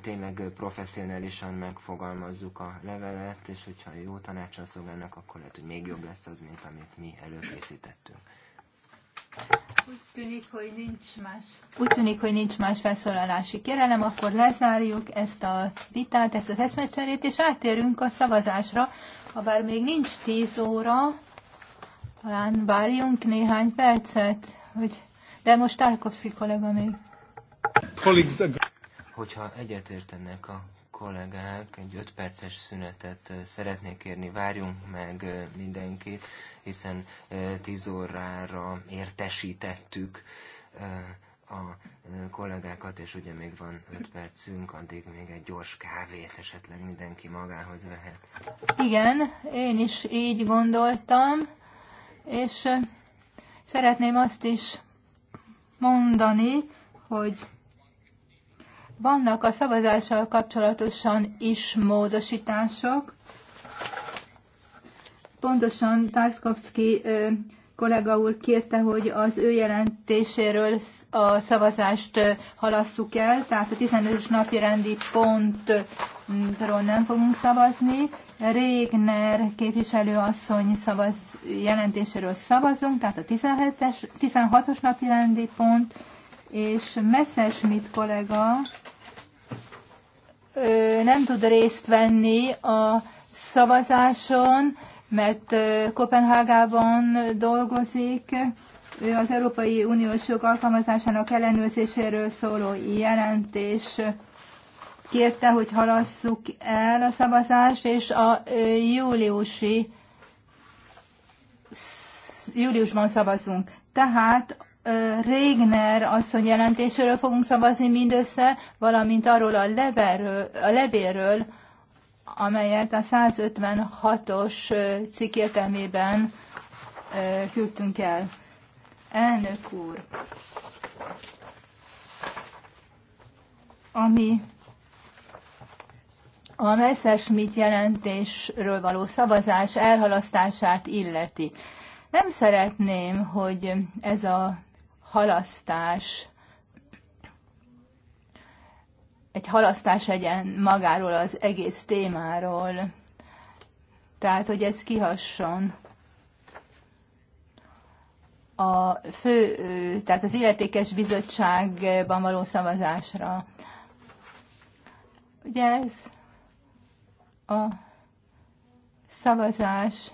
tényleg professzionálisan megfogalmazzuk a levelet, és hogyha jó tanácsal szolgálnak, akkor lehet, hogy még jobb lesz az, mint amit mi előkészítettünk. Úgy tűnik, hogy nincs más. Úgy tűnik, hogy nincs más felszólalási kérelem, akkor lezárjuk ezt a vitát, ezt az eszmecserét, és átérünk a szavazásra. ha bár még nincs 10 óra, talán várjunk néhány percet, hogy de most Tarkovsky kollega még. Uh, Hogyha egyetértenek a kollégák, egy öt perces szünetet uh, szeretnék kérni, várjunk meg uh, mindenkit, hiszen tíz órára értesítettük a kollégákat, és ugye még van öt percünk, addig még egy gyors kávét esetleg mindenki magához vehet. Igen, én is így gondoltam, és szeretném azt is mondani, hogy vannak a szavazással kapcsolatosan is módosítások. Pontosan Tarkovsky kollega úr kérte, hogy az ő jelentéséről a szavazást halasszuk el, tehát a 15-ös napi rendi pontról nem fogunk szavazni, Régner képviselőasszony szavaz, jelentéséről szavazunk, tehát a 17-es, 16-os napi rendi pont, és Messerschmidt kollega ö, nem tud részt venni a szavazáson, mert Kopenhágában dolgozik, ő az Európai Uniós jog alkalmazásának ellenőrzéséről szóló jelentés kérte, hogy halasszuk el a szavazást, és a júliusi júliusban szavazunk. Tehát Régner asszony jelentéséről fogunk szavazni mindössze, valamint arról a, leverről, a levélről, amelyet a 156-os cikk értelmében küldtünk el. Elnök úr, ami a Messerschmitt jelentésről való szavazás elhalasztását illeti. Nem szeretném, hogy ez a halasztás egy halasztás legyen magáról az egész témáról. Tehát, hogy ez kihasson a fő, tehát az illetékes bizottságban való szavazásra. Ugye ez a szavazás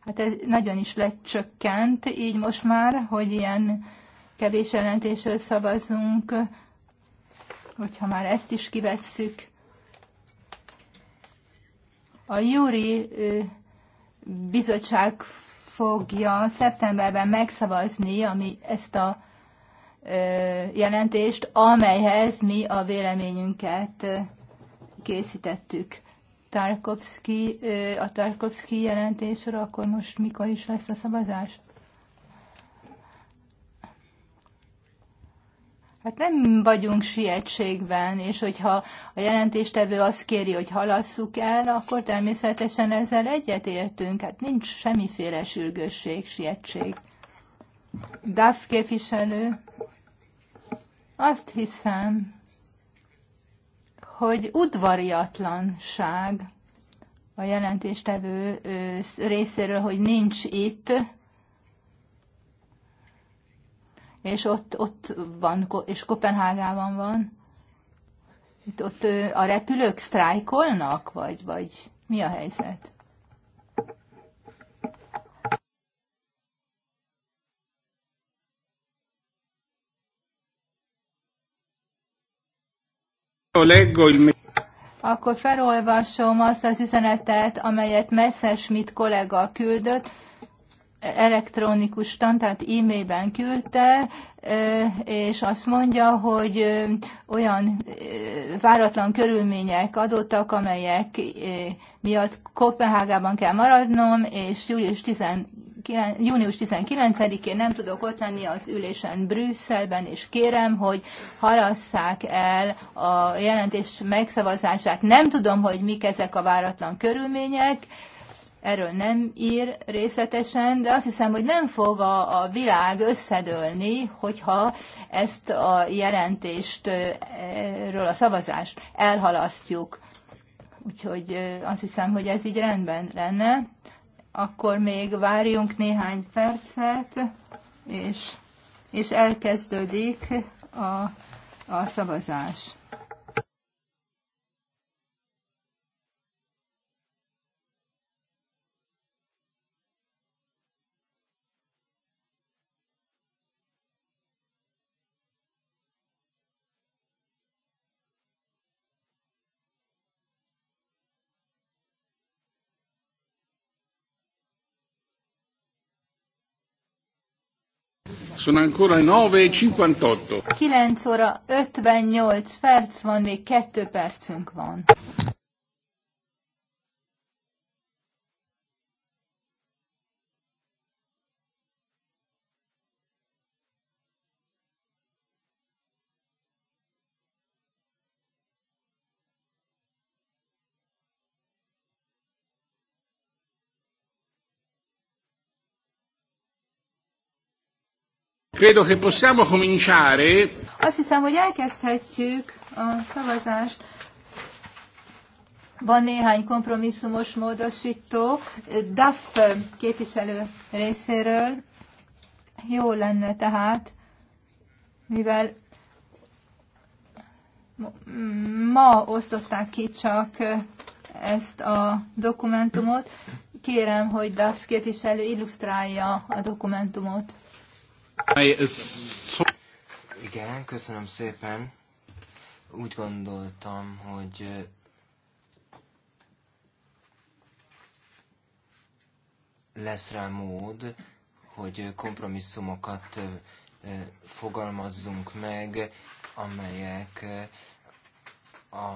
hát ez nagyon is lecsökkent, így most már, hogy ilyen kevés jelentésről szavazunk, hogyha már ezt is kivesszük. A Júri bizottság fogja szeptemberben megszavazni ami ezt a jelentést, amelyhez mi a véleményünket készítettük. Tarkovsky, a Tarkovsky jelentésről, akkor most mikor is lesz a szavazás? Hát nem vagyunk sietségben, és hogyha a jelentéstevő azt kéri, hogy halasszuk el, akkor természetesen ezzel egyetértünk. Hát nincs semmiféle sürgősség, sietség. DAF képviselő, azt hiszem, hogy udvariatlanság a jelentéstevő részéről, hogy nincs itt, és ott, ott van, és Kopenhágában van. Itt ott a repülők sztrájkolnak, vagy, vagy mi a helyzet? leggo il... Akkor felolvasom azt az üzenetet, amelyet Messerschmidt kollega küldött, elektronikus tehát e-mailben küldte, és azt mondja, hogy olyan váratlan körülmények adottak, amelyek miatt Kopenhágában kell maradnom, és július június 19-én nem tudok ott lenni az ülésen Brüsszelben, és kérem, hogy halasszák el a jelentés megszavazását. Nem tudom, hogy mik ezek a váratlan körülmények, erről nem ír részletesen, de azt hiszem, hogy nem fog a, a világ összedőlni, hogyha ezt a jelentést, erről a szavazást elhalasztjuk. Úgyhogy azt hiszem, hogy ez így rendben lenne akkor még várjunk néhány percet, és, és elkezdődik a, a szavazás. Sono ancora 9.58. 9 e óra 58 perc van, még 2 percünk van. Credo che possiamo cominciare. Azt hiszem, hogy elkezdhetjük a szavazást. Van néhány kompromisszumos módosító. DAF képviselő részéről jó lenne tehát, mivel ma osztották ki csak ezt a dokumentumot. Kérem, hogy DAF képviselő illusztrálja a dokumentumot. Igen, köszönöm szépen. Úgy gondoltam, hogy lesz rá mód, hogy kompromisszumokat fogalmazzunk meg, amelyek a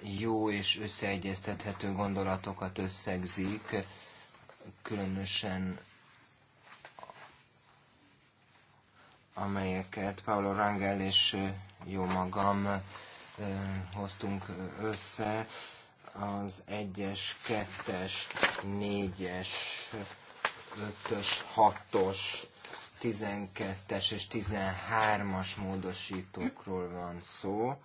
jó és összeegyeztethető gondolatokat összegzik, különösen amelyeket Paolo Rangel és jó magam hoztunk össze. Az 1-es, 2-es, 4-es, 5-ös, 6-os, 12-es és 13-as módosítókról van szó.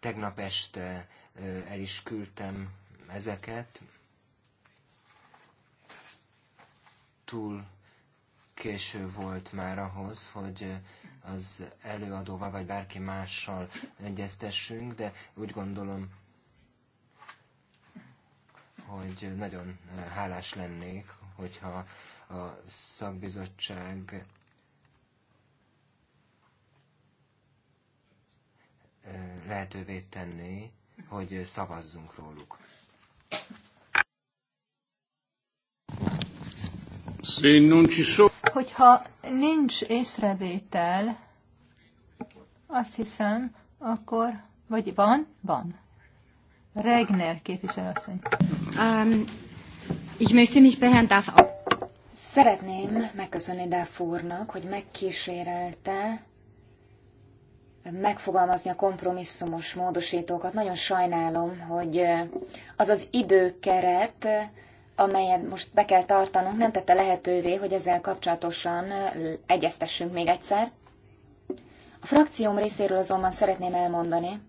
Tegnap este el is küldtem ezeket túl késő volt már ahhoz, hogy az előadóval vagy bárki mással egyeztessünk, de úgy gondolom, hogy nagyon eh, hálás lennék, hogyha a szakbizottság eh, lehetővé tenné, hogy szavazzunk róluk. Hogyha nincs észrevétel, azt hiszem, akkor, vagy van? Van. Regner képviselőasszony. Um, ich möchte mich bei Herrn Duff Szeretném megköszönni Duff úrnak, hogy megkísérelte megfogalmazni a kompromisszumos módosítókat. Nagyon sajnálom, hogy az az időkeret, amelyet most be kell tartanunk, nem tette lehetővé, hogy ezzel kapcsolatosan egyeztessünk még egyszer. A frakcióm részéről azonban szeretném elmondani,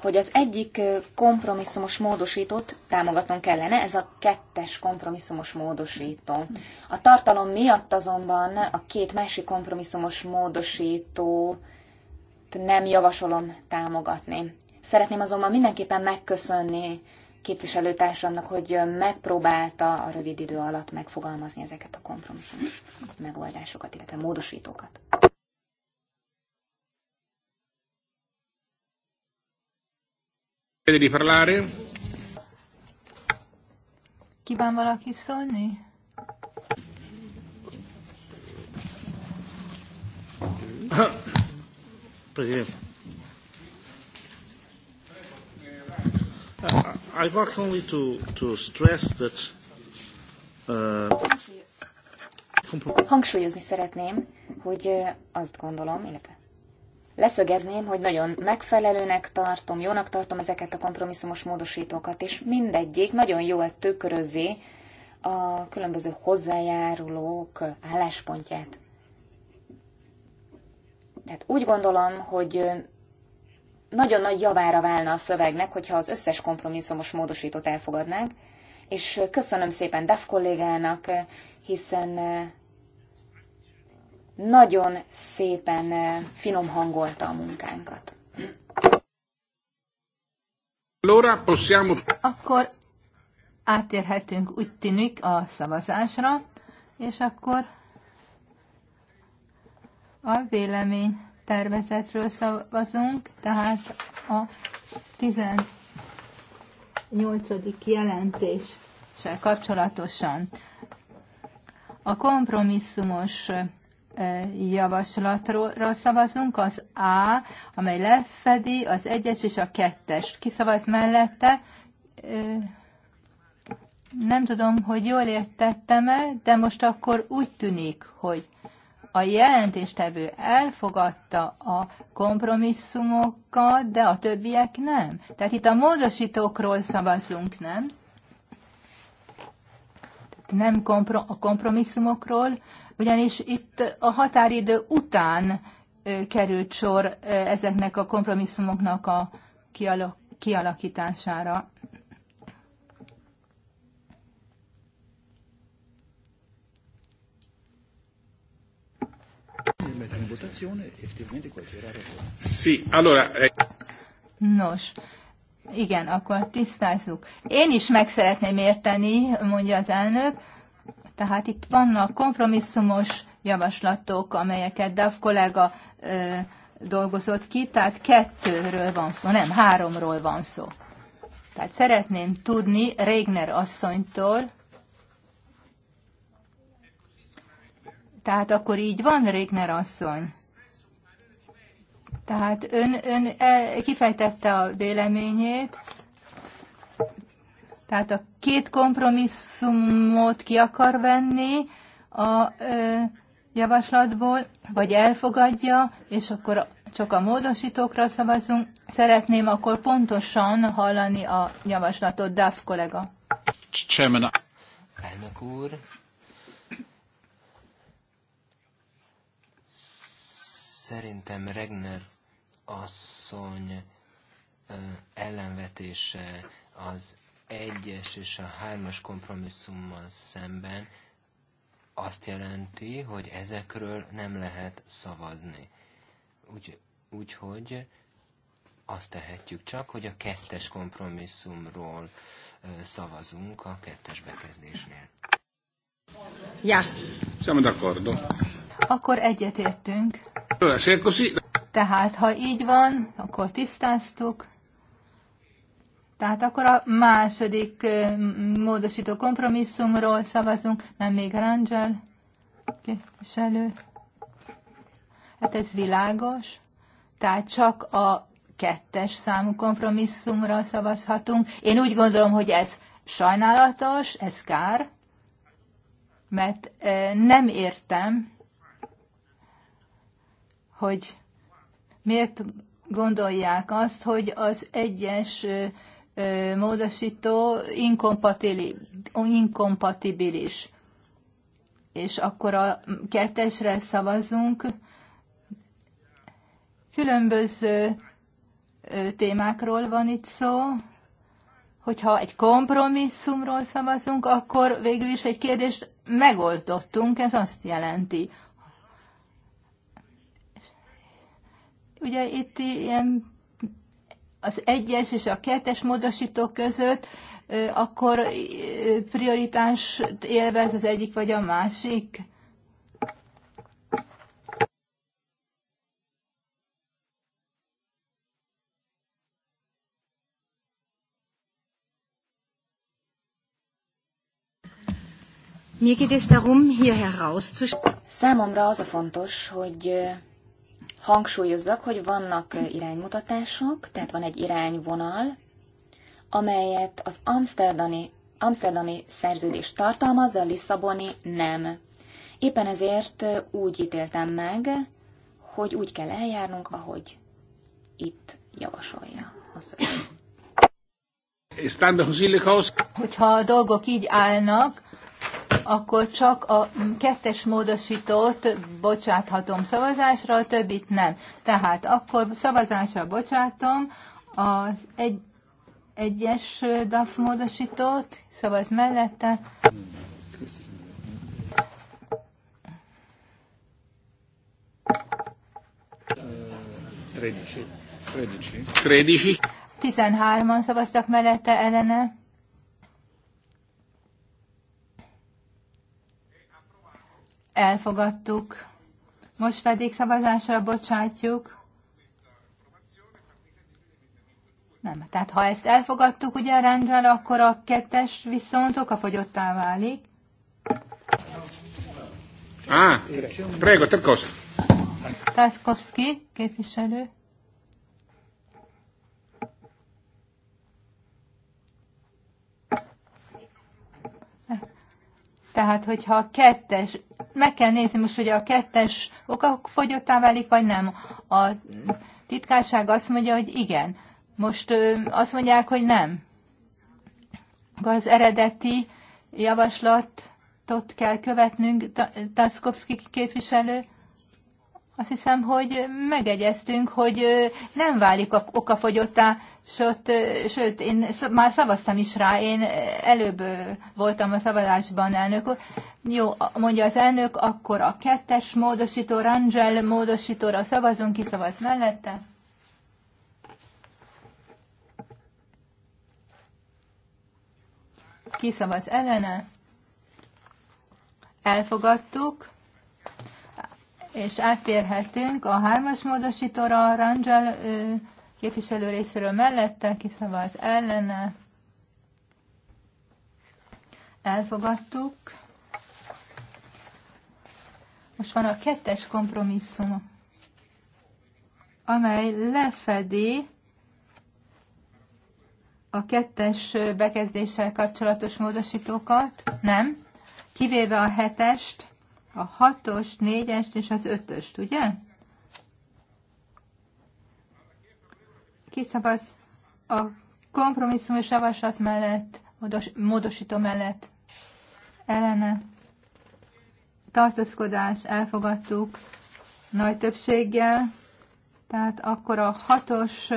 hogy az egyik kompromisszumos módosítót támogatnunk kellene, ez a kettes kompromisszumos módosító. A tartalom miatt azonban a két másik kompromisszumos módosítót nem javasolom támogatni. Szeretném azonban mindenképpen megköszönni képviselőtársamnak, hogy megpróbálta a rövid idő alatt megfogalmazni ezeket a kompromisszum megoldásokat, illetve módosítókat. di parlare? Kíván valaki szólni? Presidente. I, want only to, to stress that uh... Hangsúlyozni szeretném, hogy azt gondolom, illetve leszögezném, hogy nagyon megfelelőnek tartom, jónak tartom ezeket a kompromisszumos módosítókat, és mindegyik nagyon jól tükrözi a különböző hozzájárulók álláspontját. Tehát úgy gondolom, hogy nagyon nagy javára válna a szövegnek, hogyha az összes kompromisszumos módosítót elfogadnánk, és köszönöm szépen DAF kollégának, hiszen eh, nagyon szépen eh, finom hangolta a munkánkat. Akkor átérhetünk úgy tűnik a szavazásra, és akkor a vélemény tervezetről szavazunk, tehát a 18. jelentéssel kapcsolatosan. A kompromisszumos e, javaslatról szavazunk, az A, amely lefedi az egyes és a kettest. Kiszavaz mellette, e, nem tudom, hogy jól értettem-e, de most akkor úgy tűnik, hogy a jelentéstevő elfogadta a kompromisszumokat, de a többiek nem. Tehát itt a módosítókról szavazunk, nem? Nem kompro- a kompromisszumokról, ugyanis itt a határidő után került sor ezeknek a kompromisszumoknak a kialakítására. Sì, allora... Eh, Nos, igen, akkor tisztázzuk. Én is meg szeretném érteni, mondja az elnök. Tehát itt vannak kompromisszumos javaslatok, amelyeket Dav kollega ö, dolgozott ki, tehát kettőről van szó, nem, háromról van szó. Tehát szeretném tudni Régner asszonytól, Tehát akkor így van, Régner asszony. Tehát ön, ön e, kifejtette a véleményét, tehát a két kompromisszumot ki akar venni a ö, javaslatból, vagy elfogadja, és akkor csak a módosítókra szavazunk. Szeretném akkor pontosan hallani a javaslatot, Duff kollega. Elnök úr, Szerintem Regner asszony ellenvetése az egyes és a hármas kompromisszummal szemben azt jelenti, hogy ezekről nem lehet szavazni. Úgyhogy úgy, azt tehetjük csak, hogy a kettes kompromisszumról szavazunk a kettes bekezdésnél. Ja. Siamo d'accordo. Akkor egyetértünk. Tehát, ha így van, akkor tisztáztuk. Tehát akkor a második módosító kompromisszumról szavazunk, nem még Rangel képviselő. Hát ez világos. Tehát csak a kettes számú kompromisszumra szavazhatunk. Én úgy gondolom, hogy ez sajnálatos, ez kár, mert nem értem, hogy miért gondolják azt, hogy az egyes módosító inkompatibilis. És akkor a kettesre szavazunk. Különböző témákról van itt szó. Hogyha egy kompromisszumról szavazunk, akkor végül is egy kérdést megoldottunk, ez azt jelenti. Ugye itt ilyen az egyes és a kettes módosító között, akkor prioritás élvez az egyik vagy a másik? Mir geht es darum, hier herauszustellen. Számomra az a fontos, hogy hangsúlyozzak, hogy vannak iránymutatások, tehát van egy irányvonal, amelyet az amsterdami, amsterdami szerződés tartalmaz, de a Lisszaboni nem. Éppen ezért úgy ítéltem meg, hogy úgy kell eljárnunk, ahogy itt javasolja a szöveg. Hogyha a dolgok így állnak, akkor csak a kettes módosítót bocsáthatom szavazásra, a többit nem. Tehát akkor szavazásra bocsátom az egy, egyes DAF módosítót, szavaz mellette. Tredici. Tredici. Tredici. 13-an szavaztak mellette ellene. elfogadtuk. Most pedig szavazásra bocsátjuk. Nem, tehát ha ezt elfogadtuk ugye rendben, akkor a kettes viszont okafogyottá válik. Ah, prego, Tarkovsky. Tarkovsky képviselő. Tehát, hogyha a kettes, meg kell nézni most, hogy a kettes oka fogyottá válik, vagy nem. A titkárság azt mondja, hogy igen. Most azt mondják, hogy nem. Az eredeti javaslatot kell követnünk, Taszkowski képviselő. Azt hiszem, hogy megegyeztünk, hogy nem válik a okafogyottá, sőt, sőt, én már szavaztam is rá, én előbb voltam a szavazásban elnök. Jó, mondja az elnök, akkor a kettes módosító, Rangel módosítóra szavazunk, ki szavaz mellette? Ki szavaz ellene? Elfogadtuk és áttérhetünk a hármas módosítóra, Rangel képviselő részéről mellette, kiszavaz ellene. Elfogadtuk. Most van a kettes kompromisszum, amely lefedi a kettes bekezdéssel kapcsolatos módosítókat, nem, kivéve a hetest, a hatos, négyest és az ötöst, ugye? Kiszavaz a és javaslat mellett, módosító mellett, ellene, tartózkodás, elfogadtuk nagy többséggel, tehát akkor a hatos,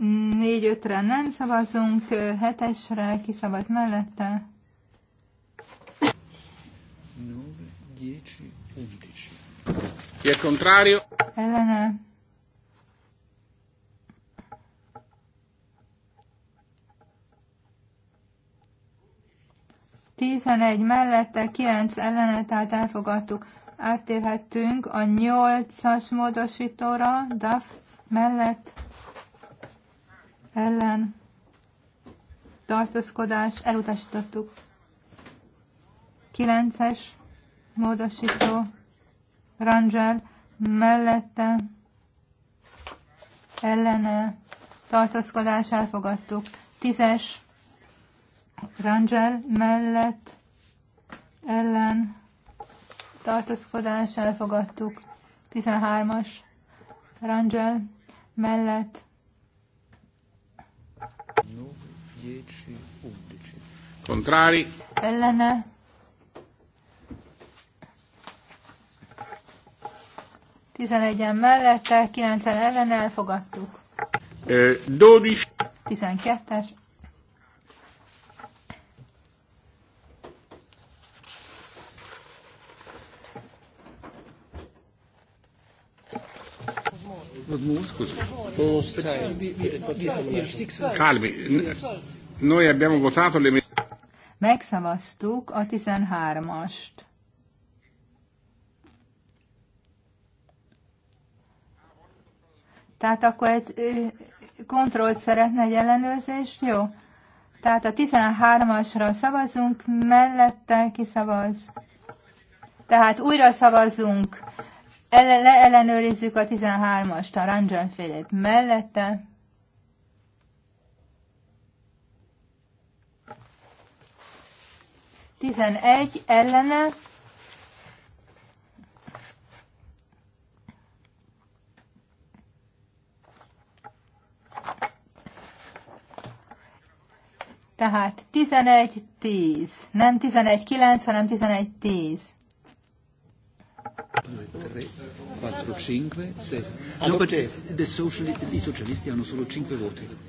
4-5-re nem szavazunk, hetesre kiszavaz mellette, 10, 11. Chi è contrario? Elena. Tizenegy mellette, 9. ellene, tehát elfogadtuk. Áttérhettünk a 8-as módosítóra, DAF mellett, ellen, tartózkodás, elutasítottuk. 9-es módosító Rangel mellette ellene tartózkodás elfogadtuk. Tízes Rangel mellett ellen tartózkodás elfogadtuk. Tizenhármas, Rangel mellett Contrari. Ellene 11-en mellette, 9-en ellen elfogadtuk. Dódis. 12-es. noi abbiamo votato le... Megszavaztuk a 13-ast. Tehát akkor egy kontrollt szeretne egy ellenőrzést, jó? Tehát a 13-asra szavazunk, mellette kiszavaz. Tehát újra szavazunk, ele- leellenőrizzük a 13-ast, a Ranjan mellette. Tizenegy ellene, Tehát 11-10, nem 11-9, hanem 11-10.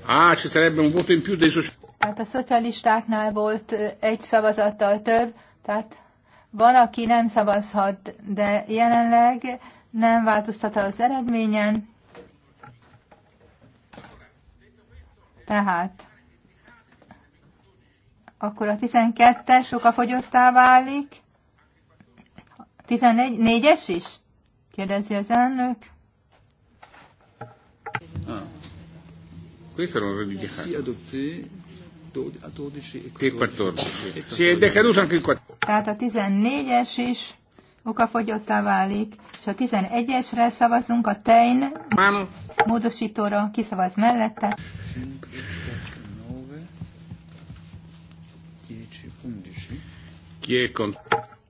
Ah, ci sarebbe un voto in più dei socialisti. Tehát a szocialistáknál volt egy szavazattal több, tehát van, aki nem szavazhat, de jelenleg nem változtat az eredményen. Tehát akkor a 12-es okafogyottá válik. 14-es is? Kérdezi az elnök. E Tehát a 14-es is okafogyottá válik, és a 11-esre szavazunk a tein módosítóra, kiszavaz mellette.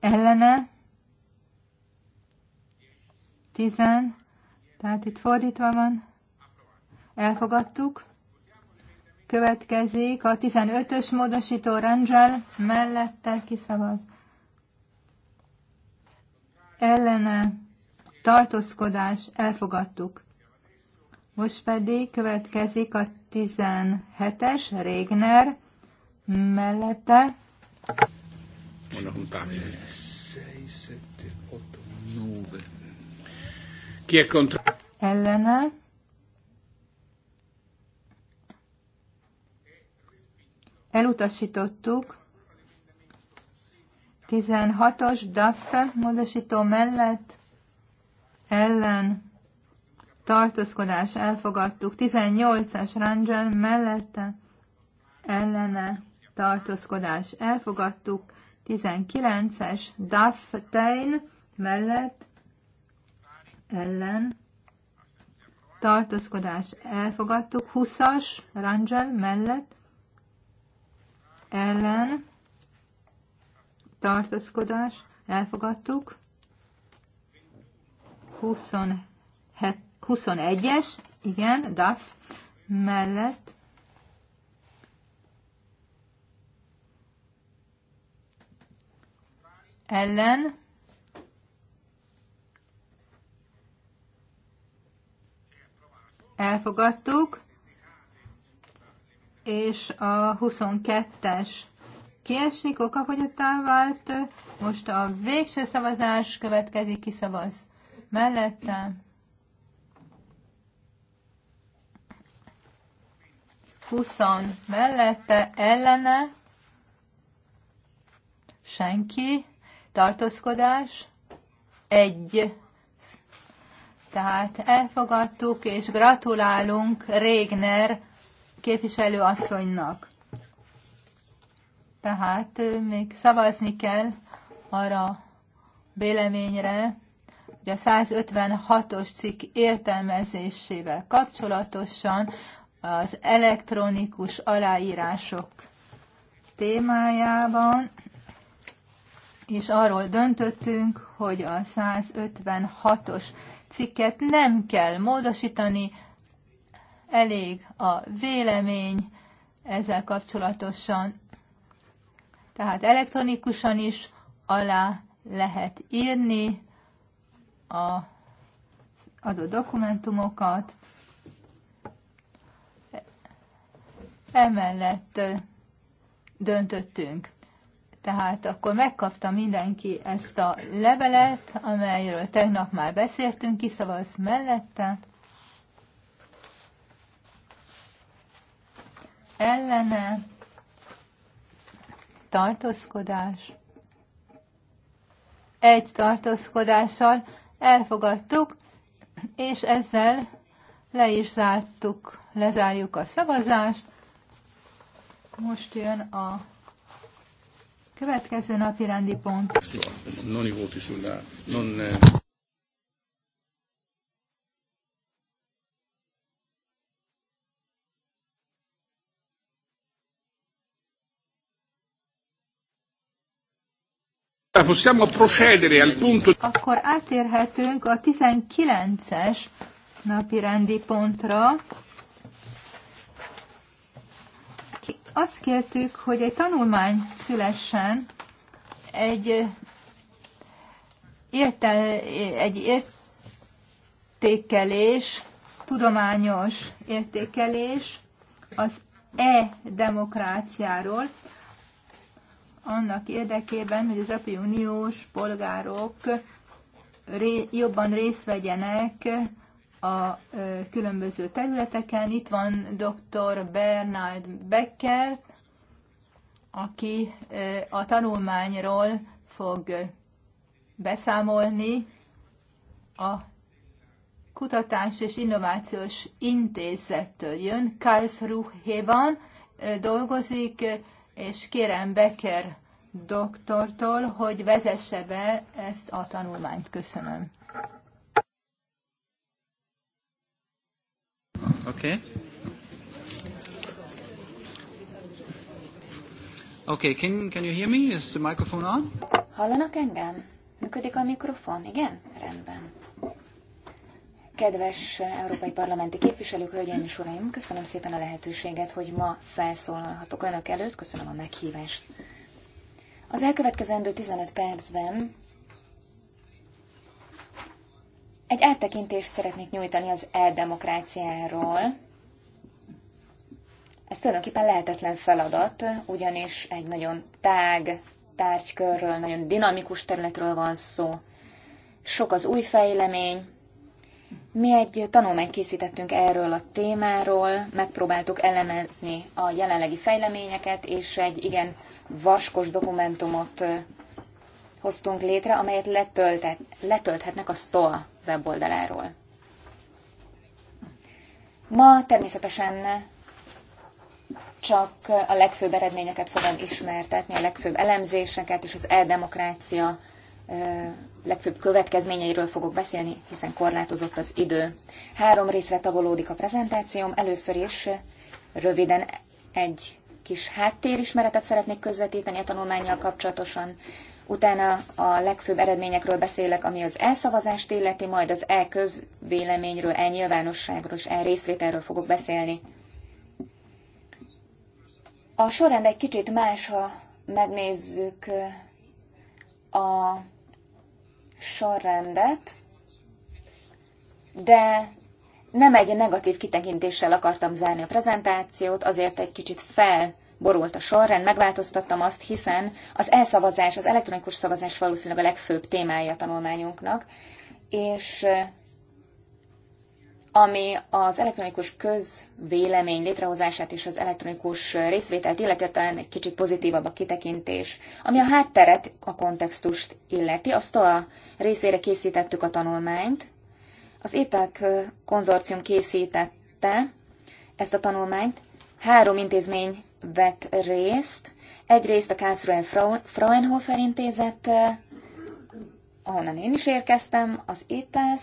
Ellene. Tizen. Tehát itt fordítva van. Elfogadtuk. Következik a 15-ös módosító Rangel mellette kiszavaz. Ellene tartózkodás elfogadtuk. Most pedig következik a 17-es Régner mellette Buona compagine. 6, 7, 8, 9. Chi è contro? Ellene. Elutasítottuk. 16-os DAF módosító mellett ellen tartózkodás elfogadtuk. 18-as Rangel mellette ellene tartózkodás elfogadtuk. 19-es Daftein mellett ellen tartózkodás elfogadtuk, 20-as Rangel mellett ellen tartózkodás elfogadtuk, 21-es, igen, DAF mellett ellen elfogadtuk, és a 22-es kiesik, okafogyottá vált. Most a végső szavazás következik, ki szavaz mellettem. 20 mellette, ellene, senki, tartózkodás, egy. Tehát elfogadtuk, és gratulálunk Régner képviselő Tehát még szavazni kell arra véleményre, hogy a 156-os cikk értelmezésével kapcsolatosan az elektronikus aláírások témájában és arról döntöttünk, hogy a 156-os cikket nem kell módosítani, elég a vélemény ezzel kapcsolatosan. Tehát elektronikusan is alá lehet írni a adott dokumentumokat. Emellett döntöttünk. Tehát akkor megkapta mindenki ezt a levelet, amelyről tegnap már beszéltünk, kiszavaz mellette. Ellene tartózkodás. Egy tartózkodással elfogadtuk, és ezzel le is zártuk, lezárjuk a szavazást. Most jön a Következő napi rendi pont. Akkor átérhetünk a 19-es napi rendi pontra. azt kértük, hogy egy tanulmány szülessen, egy, eh, érte, eh, egy értékelés, tudományos értékelés az e-demokráciáról, annak érdekében, hogy az Európai Uniós polgárok jobban részt vegyenek a különböző területeken. Itt van dr. Bernard Becker, aki a tanulmányról fog beszámolni a Kutatás és Innovációs Intézettől jön, Karlsruhe-ban dolgozik, és kérem Becker doktortól, hogy vezesse be ezt a tanulmányt. Köszönöm. Okay. Okay, can, can you hear me? Is the microphone on? Hallanak engem? Működik a mikrofon? Igen? Rendben. Kedves európai parlamenti képviselők, hölgyeim és uraim, köszönöm szépen a lehetőséget, hogy ma felszólalhatok önök előtt, köszönöm a meghívást. Az elkövetkezendő 15 percben egy áttekintést szeretnék nyújtani az e-demokráciáról. Ez tulajdonképpen lehetetlen feladat, ugyanis egy nagyon tág tárgykörről, nagyon dinamikus területről van szó. Sok az új fejlemény. Mi egy tanulmányt készítettünk erről a témáról, megpróbáltuk elemezni a jelenlegi fejleményeket, és egy igen vaskos dokumentumot hoztunk létre, amelyet letölthetnek a STOA weboldaláról. Ma természetesen csak a legfőbb eredményeket fogom ismertetni, a legfőbb elemzéseket és az eldemokrácia legfőbb következményeiről fogok beszélni, hiszen korlátozott az idő. Három részre tagolódik a prezentációm. Először is röviden egy kis háttérismeretet szeretnék közvetíteni a tanulmányjal kapcsolatosan utána a legfőbb eredményekről beszélek, ami az elszavazást illeti, majd az elközvéleményről, elnyilvánosságról és elrészvételről fogok beszélni. A sorrend egy kicsit más, ha megnézzük a sorrendet, de nem egy negatív kitekintéssel akartam zárni a prezentációt, azért egy kicsit fel borult a sorrend, megváltoztattam azt, hiszen az elszavazás, az elektronikus szavazás valószínűleg a legfőbb témája a tanulmányunknak, és ami az elektronikus közvélemény létrehozását és az elektronikus részvételt illeti, talán egy kicsit pozitívabb a kitekintés. Ami a hátteret, a kontextust illeti, azt a részére készítettük a tanulmányt. Az ételk konzorcium készítette ezt a tanulmányt. Három intézmény vett részt. Egyrészt a Karlsruhe Frauenhofer intézet, eh, ahonnan én is érkeztem, az ITES,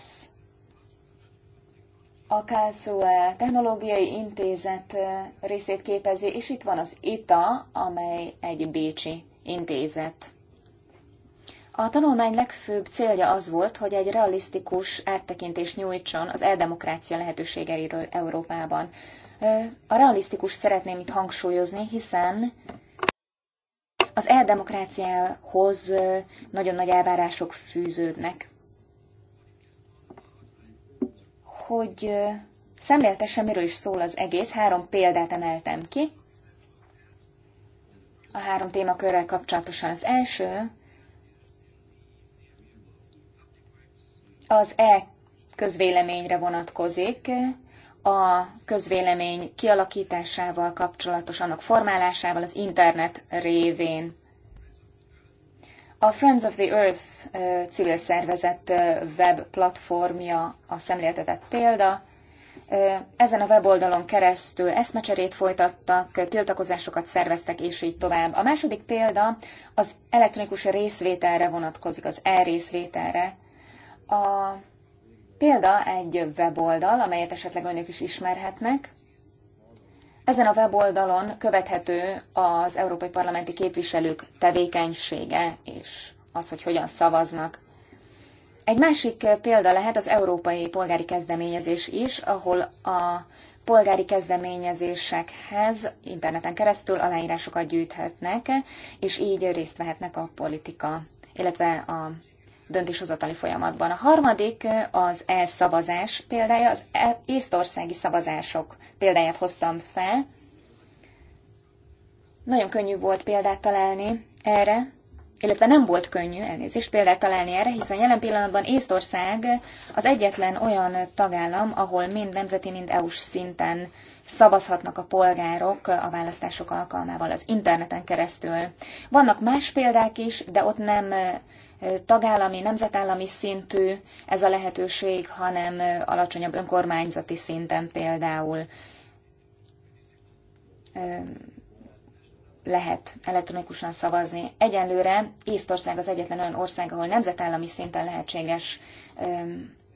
a Karlsruhe Technológiai Intézet eh, részét képezi, és itt van az ITA, amely egy bécsi intézet. A tanulmány legfőbb célja az volt, hogy egy realisztikus áttekintést nyújtson az eldemokrácia lehetőségeiről Európában. A realisztikus szeretném itt hangsúlyozni, hiszen az eldemokráciához nagyon nagy elvárások fűződnek. Hogy szemléltessem, miről is szól az egész, három példát emeltem ki. A három témakörrel kapcsolatosan az első, az e közvéleményre vonatkozik, a közvélemény kialakításával kapcsolatos, annak formálásával az internet révén. A Friends of the Earth civil szervezet web platformja a szemléltetett példa. Ezen a weboldalon keresztül eszmecserét folytattak, tiltakozásokat szerveztek, és így tovább. A második példa az elektronikus részvételre vonatkozik, az e-részvételre. A Példa egy weboldal, amelyet esetleg önök is ismerhetnek. Ezen a weboldalon követhető az európai parlamenti képviselők tevékenysége és az, hogy hogyan szavaznak. Egy másik példa lehet az európai polgári kezdeményezés is, ahol a polgári kezdeményezésekhez interneten keresztül aláírásokat gyűjthetnek, és így részt vehetnek a politika, illetve a döntéshozatali folyamatban. A harmadik az elszavazás példája, az e- észtországi szavazások példáját hoztam fel. Nagyon könnyű volt példát találni erre, illetve nem volt könnyű, elnézést, példát találni erre, hiszen jelen pillanatban Észtország az egyetlen olyan tagállam, ahol mind nemzeti, mind EU-s szinten szavazhatnak a polgárok a választások alkalmával az interneten keresztül. Vannak más példák is, de ott nem tagállami, nemzetállami szintű ez a lehetőség, hanem alacsonyabb önkormányzati szinten például lehet elektronikusan szavazni. Egyenlőre Észtország az egyetlen olyan ország, ahol nemzetállami szinten lehetséges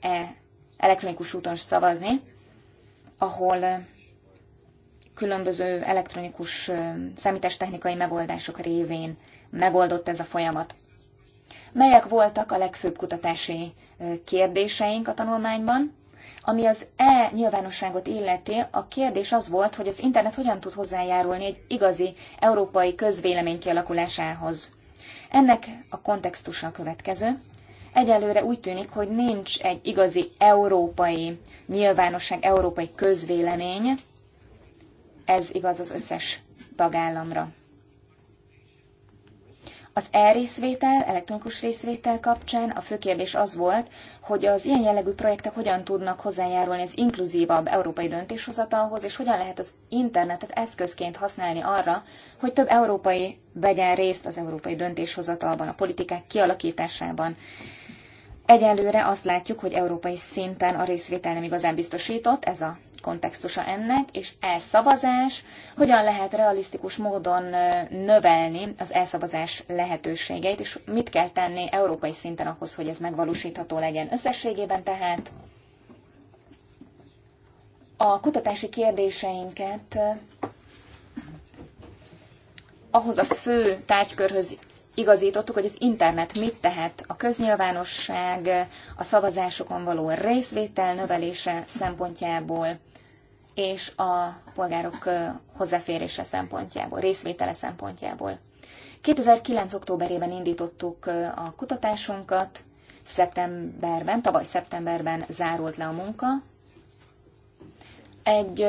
e elektronikus úton szavazni, ahol különböző elektronikus számítástechnikai megoldások révén megoldott ez a folyamat. Melyek voltak a legfőbb kutatási kérdéseink a tanulmányban? Ami az E nyilvánosságot illeti, a kérdés az volt, hogy az internet hogyan tud hozzájárulni egy igazi európai közvélemény kialakulásához. Ennek a kontextusa a következő. Egyelőre úgy tűnik, hogy nincs egy igazi európai nyilvánosság, európai közvélemény. Ez igaz az összes tagállamra. Az e-részvétel, elektronikus részvétel kapcsán a fő kérdés az volt, hogy az ilyen jellegű projektek hogyan tudnak hozzájárulni az inkluzívabb európai döntéshozatalhoz, és hogyan lehet az internetet eszközként használni arra, hogy több európai vegyen részt az európai döntéshozatalban, a politikák kialakításában. Egyelőre azt látjuk, hogy európai szinten a részvétel nem igazán biztosított, ez a kontextusa ennek, és elszavazás, hogyan lehet realisztikus módon növelni az elszavazás lehetőségeit, és mit kell tenni európai szinten ahhoz, hogy ez megvalósítható legyen. Összességében tehát a kutatási kérdéseinket ahhoz a fő tárgykörhöz igazítottuk, hogy az internet mit tehet a köznyilvánosság, a szavazásokon való részvétel növelése szempontjából, és a polgárok hozzáférése szempontjából, részvétele szempontjából. 2009. októberében indítottuk a kutatásunkat, szeptemberben, tavaly szeptemberben zárult le a munka. Egy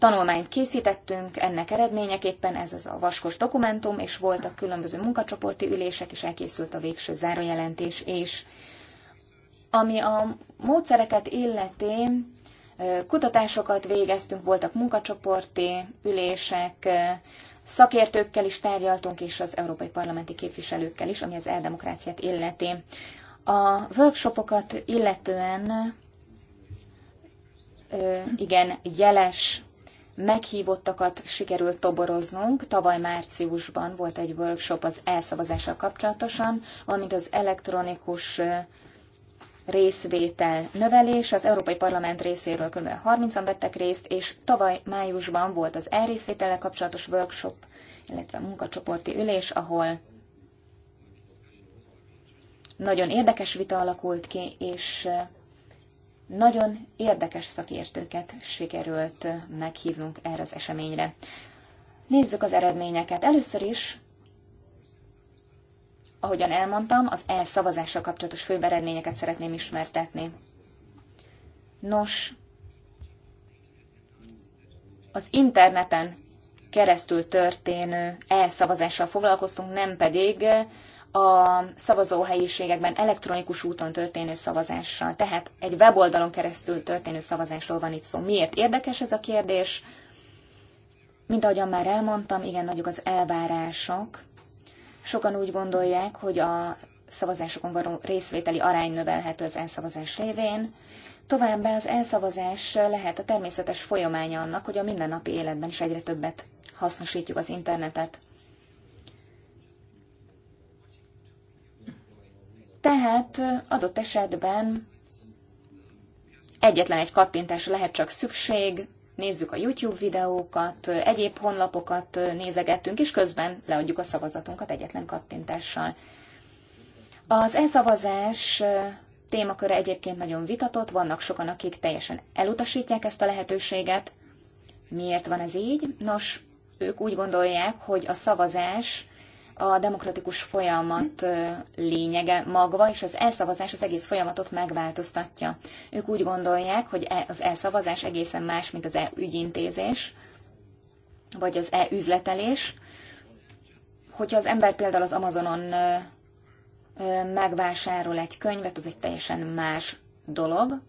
tanulmányt készítettünk, ennek eredményeképpen ez az a vaskos dokumentum, és voltak különböző munkacsoporti ülések, és elkészült a végső zárójelentés és Ami a módszereket illeti, kutatásokat végeztünk, voltak munkacsoporti ülések, szakértőkkel is tárgyaltunk, és az európai parlamenti képviselőkkel is, ami az eldemokráciát illeti. A workshopokat illetően igen, jeles meghívottakat sikerült toboroznunk. Tavaly márciusban volt egy workshop az elszavazással kapcsolatosan, valamint az elektronikus részvétel növelés. Az Európai Parlament részéről kb. 30-an vettek részt, és tavaly májusban volt az elrészvétele kapcsolatos workshop, illetve munkacsoporti ülés, ahol nagyon érdekes vita alakult ki, és nagyon érdekes szakértőket sikerült meghívnunk erre az eseményre. Nézzük az eredményeket. Először is, ahogyan elmondtam, az e-szavazással kapcsolatos főbb eredményeket szeretném ismertetni. Nos, az interneten keresztül történő e-szavazással foglalkoztunk, nem pedig a szavazóhelyiségekben elektronikus úton történő szavazással. Tehát egy weboldalon keresztül történő szavazásról van itt szó. Miért érdekes ez a kérdés? Mint ahogyan már elmondtam, igen nagyok az elvárások. Sokan úgy gondolják, hogy a szavazásokon való részvételi arány növelhető az elszavazás révén. Továbbá az elszavazás lehet a természetes folyamánya annak, hogy a mindennapi életben is egyre többet hasznosítjuk az internetet. Tehát adott esetben egyetlen egy kattintásra lehet csak szükség, nézzük a YouTube videókat, egyéb honlapokat nézegettünk, és közben leadjuk a szavazatunkat egyetlen kattintással. Az e-szavazás témaköre egyébként nagyon vitatott, vannak sokan, akik teljesen elutasítják ezt a lehetőséget. Miért van ez így? Nos, ők úgy gondolják, hogy a szavazás a demokratikus folyamat lényege maga, és az elszavazás az egész folyamatot megváltoztatja. Ők úgy gondolják, hogy e- az elszavazás egészen más, mint az e-ügyintézés, vagy az e-üzletelés. Hogyha az ember például az Amazonon megvásárol egy könyvet, az egy teljesen más dolog,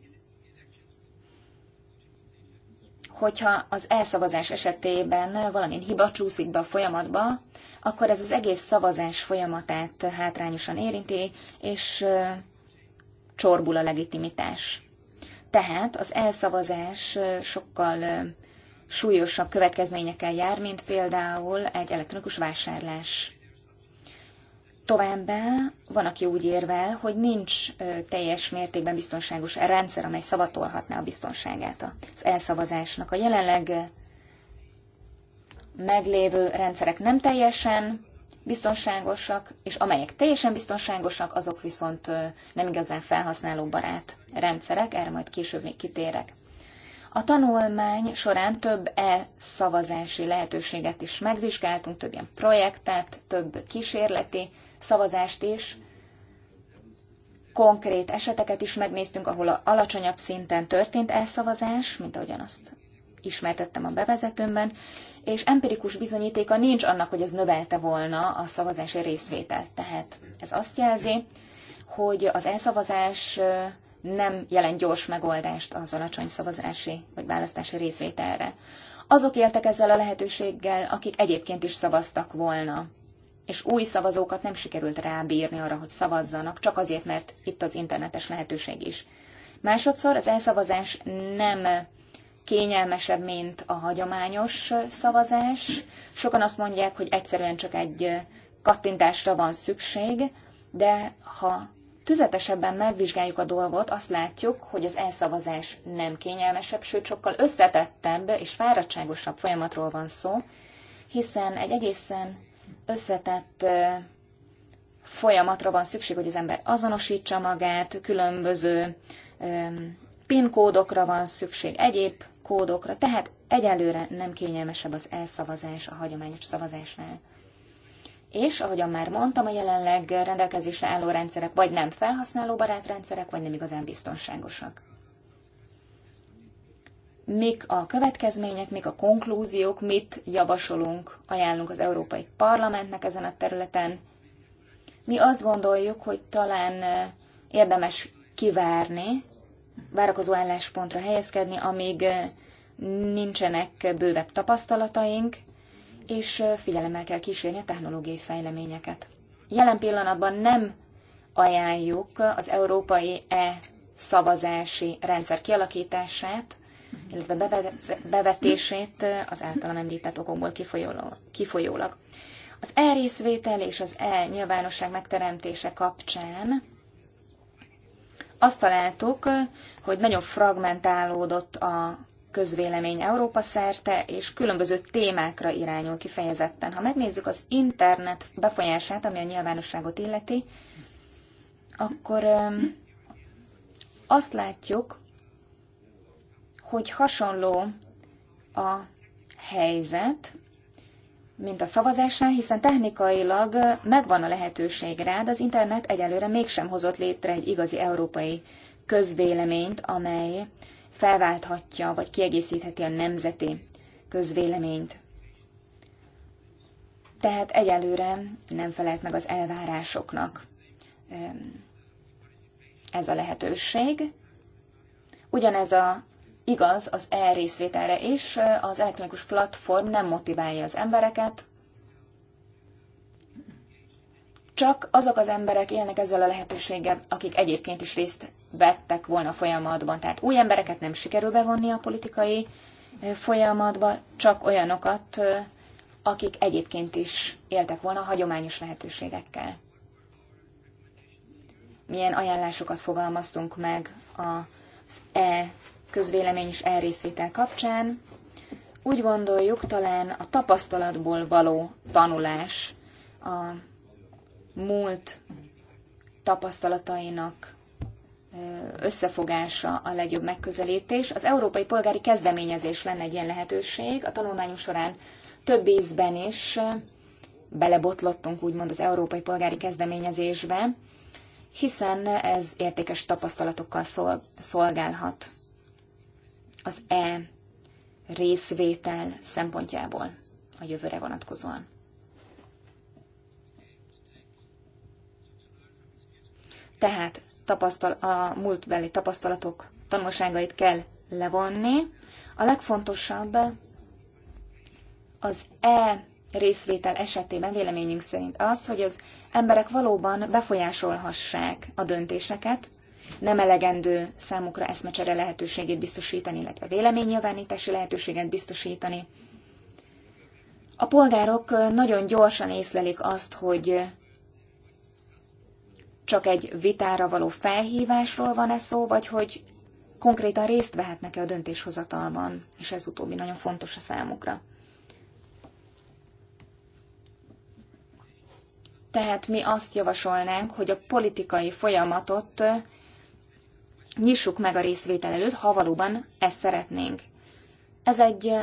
hogyha az elszavazás esetében valamilyen hiba csúszik be a folyamatba, akkor ez az egész szavazás folyamatát hátrányosan érinti, és csorbul a legitimitás. Tehát az elszavazás sokkal súlyosabb következményekkel jár, mint például egy elektronikus vásárlás. Továbbá van, aki úgy érvel, hogy nincs teljes mértékben biztonságos rendszer, amely szavatolhatná a biztonságát az elszavazásnak. A jelenleg meglévő rendszerek nem teljesen biztonságosak, és amelyek teljesen biztonságosak, azok viszont nem igazán felhasználóbarát rendszerek, erre majd később még kitérek. A tanulmány során több e-szavazási lehetőséget is megvizsgáltunk, több ilyen projektet, több kísérleti szavazást is, konkrét eseteket is megnéztünk, ahol alacsonyabb szinten történt elszavazás, mint ahogyan azt ismertettem a bevezetőmben, és empirikus bizonyítéka nincs annak, hogy ez növelte volna a szavazási részvételt. Tehát ez azt jelzi, hogy az elszavazás nem jelent gyors megoldást az alacsony szavazási vagy választási részvételre. Azok éltek ezzel a lehetőséggel, akik egyébként is szavaztak volna és új szavazókat nem sikerült rábírni arra, hogy szavazzanak, csak azért, mert itt az internetes lehetőség is. Másodszor az elszavazás nem kényelmesebb, mint a hagyományos szavazás. Sokan azt mondják, hogy egyszerűen csak egy kattintásra van szükség, de ha tüzetesebben megvizsgáljuk a dolgot, azt látjuk, hogy az elszavazás nem kényelmesebb, sőt sokkal összetettebb és fáradtságosabb folyamatról van szó, hiszen egy egészen összetett folyamatra van szükség, hogy az ember azonosítsa magát, különböző PIN kódokra van szükség, egyéb kódokra, tehát egyelőre nem kényelmesebb az elszavazás a hagyományos szavazásnál. És, ahogyan már mondtam, a jelenleg rendelkezésre álló rendszerek vagy nem felhasználóbarát rendszerek, vagy nem igazán biztonságosak mik a következmények, mik a konklúziók, mit javasolunk, ajánlunk az Európai Parlamentnek ezen a területen. Mi azt gondoljuk, hogy talán érdemes kivárni, várakozó álláspontra helyezkedni, amíg nincsenek bővebb tapasztalataink, és figyelemmel kell kísérni a technológiai fejleményeket. Jelen pillanatban nem ajánljuk az európai e-szavazási rendszer kialakítását, illetve bevetését az általán említett okokból kifolyólag. Az e-részvétel és az e-nyilvánosság megteremtése kapcsán azt találtuk, hogy nagyon fragmentálódott a közvélemény Európa szerte, és különböző témákra irányul kifejezetten. Ha megnézzük az internet befolyását, ami a nyilvánosságot illeti, akkor azt látjuk, hogy hasonló a helyzet, mint a szavazásnál, hiszen technikailag megvan a lehetőség rá, de az internet egyelőre mégsem hozott létre egy igazi európai közvéleményt, amely felválthatja vagy kiegészítheti a nemzeti közvéleményt. Tehát egyelőre nem felelt meg az elvárásoknak ez a lehetőség. Ugyanez a igaz az e-részvételre is, az elektronikus platform nem motiválja az embereket, csak azok az emberek élnek ezzel a lehetőséggel, akik egyébként is részt vettek volna a folyamatban. Tehát új embereket nem sikerül bevonni a politikai folyamatba, csak olyanokat, akik egyébként is éltek volna a hagyományos lehetőségekkel. Milyen ajánlásokat fogalmaztunk meg az E közvélemény és elrészvétel kapcsán. Úgy gondoljuk, talán a tapasztalatból való tanulás, a múlt tapasztalatainak összefogása a legjobb megközelítés. Az európai polgári kezdeményezés lenne egy ilyen lehetőség. A tanulmányunk során több ízben is belebotlottunk, úgymond az európai polgári kezdeményezésbe, hiszen ez értékes tapasztalatokkal szolgálhat az E részvétel szempontjából a jövőre vonatkozóan. Tehát tapasztal, a múltbeli tapasztalatok tanulságait kell levonni. A legfontosabb az E részvétel esetében véleményünk szerint az, hogy az emberek valóban befolyásolhassák a döntéseket, nem elegendő számukra eszmecsere lehetőségét biztosítani, illetve véleménynyilvánítási lehetőséget biztosítani. A polgárok nagyon gyorsan észlelik azt, hogy csak egy vitára való felhívásról van-e szó, vagy hogy konkrétan részt vehetnek-e a döntéshozatalban, és ez utóbbi nagyon fontos a számukra. Tehát mi azt javasolnánk, hogy a politikai folyamatot nyissuk meg a részvétel előtt, ha valóban ezt szeretnénk. Ez egy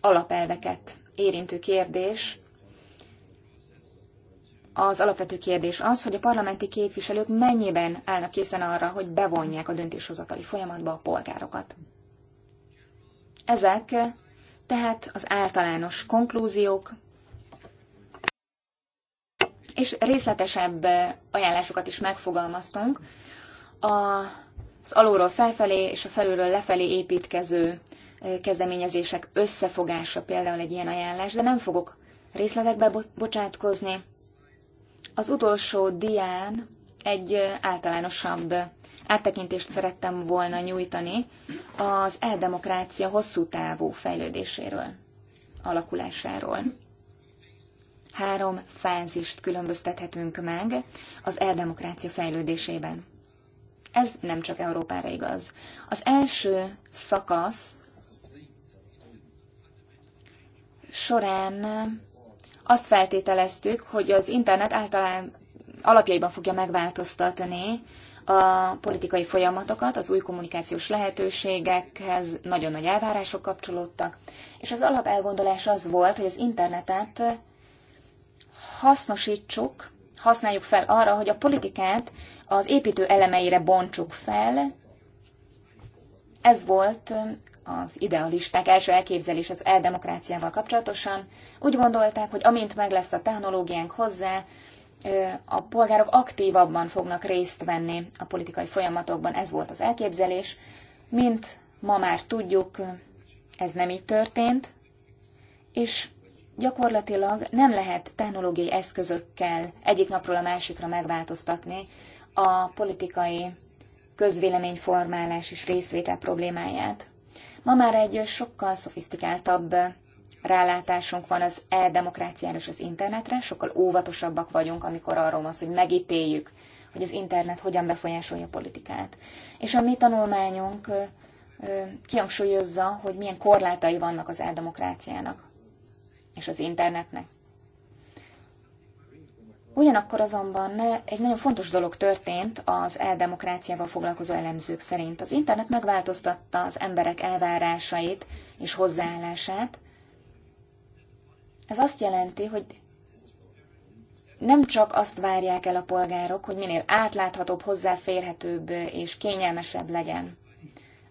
alapelveket érintő kérdés. Az alapvető kérdés az, hogy a parlamenti képviselők mennyiben állnak készen arra, hogy bevonják a döntéshozatali folyamatba a polgárokat. Ezek tehát az általános konklúziók, és részletesebb ajánlásokat is megfogalmaztunk, a az alulról felfelé és a felülről lefelé építkező kezdeményezések összefogása például egy ilyen ajánlás, de nem fogok részletekbe bocsátkozni. Az utolsó dián egy általánosabb áttekintést szerettem volna nyújtani az eldemokrácia hosszú távú fejlődéséről, alakulásáról. Három fázist különböztethetünk meg az eldemokrácia fejlődésében. Ez nem csak Európára igaz. Az első szakasz során azt feltételeztük, hogy az internet általán alapjaiban fogja megváltoztatni a politikai folyamatokat, az új kommunikációs lehetőségekhez nagyon nagy elvárások kapcsolódtak, és az alap elgondolás az volt, hogy az internetet hasznosítsuk, használjuk fel arra, hogy a politikát az építő elemeire bontsuk fel. Ez volt az idealisták első elképzelés az eldemokráciával kapcsolatosan. Úgy gondolták, hogy amint meg lesz a technológiánk hozzá, a polgárok aktívabban fognak részt venni a politikai folyamatokban, ez volt az elképzelés. Mint ma már tudjuk, ez nem így történt, és gyakorlatilag nem lehet technológiai eszközökkel egyik napról a másikra megváltoztatni a politikai közvéleményformálás és részvétel problémáját. Ma már egy sokkal szofisztikáltabb rálátásunk van az e-demokráciára és az internetre, sokkal óvatosabbak vagyunk, amikor arról van hogy megítéljük, hogy az internet hogyan befolyásolja a politikát. És a mi tanulmányunk kihangsúlyozza, hogy milyen korlátai vannak az eldemokráciának és az internetnek. Ugyanakkor azonban eh, egy nagyon fontos dolog történt az eldemokráciával foglalkozó elemzők szerint. Az internet megváltoztatta az emberek elvárásait és hozzáállását. Ez azt jelenti, hogy nem csak azt várják el a polgárok, hogy minél átláthatóbb, hozzáférhetőbb és kényelmesebb legyen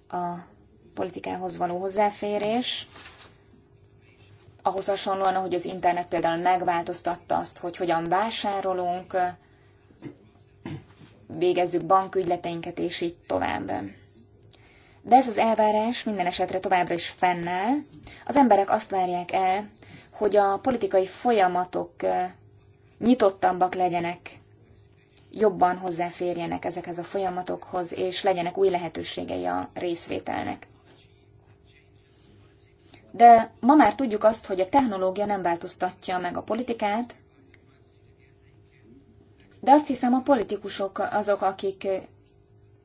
a politikához való hozzáférés, ahhoz hasonlóan, ahogy az internet például megváltoztatta azt, hogy hogyan vásárolunk, végezzük bankügyleteinket, és így tovább. De ez az elvárás minden esetre továbbra is fennáll. Az emberek azt várják el, hogy a politikai folyamatok nyitottabbak legyenek, jobban hozzáférjenek ezekhez a folyamatokhoz, és legyenek új lehetőségei a részvételnek de ma már tudjuk azt, hogy a technológia nem változtatja meg a politikát, de azt hiszem a politikusok azok, akik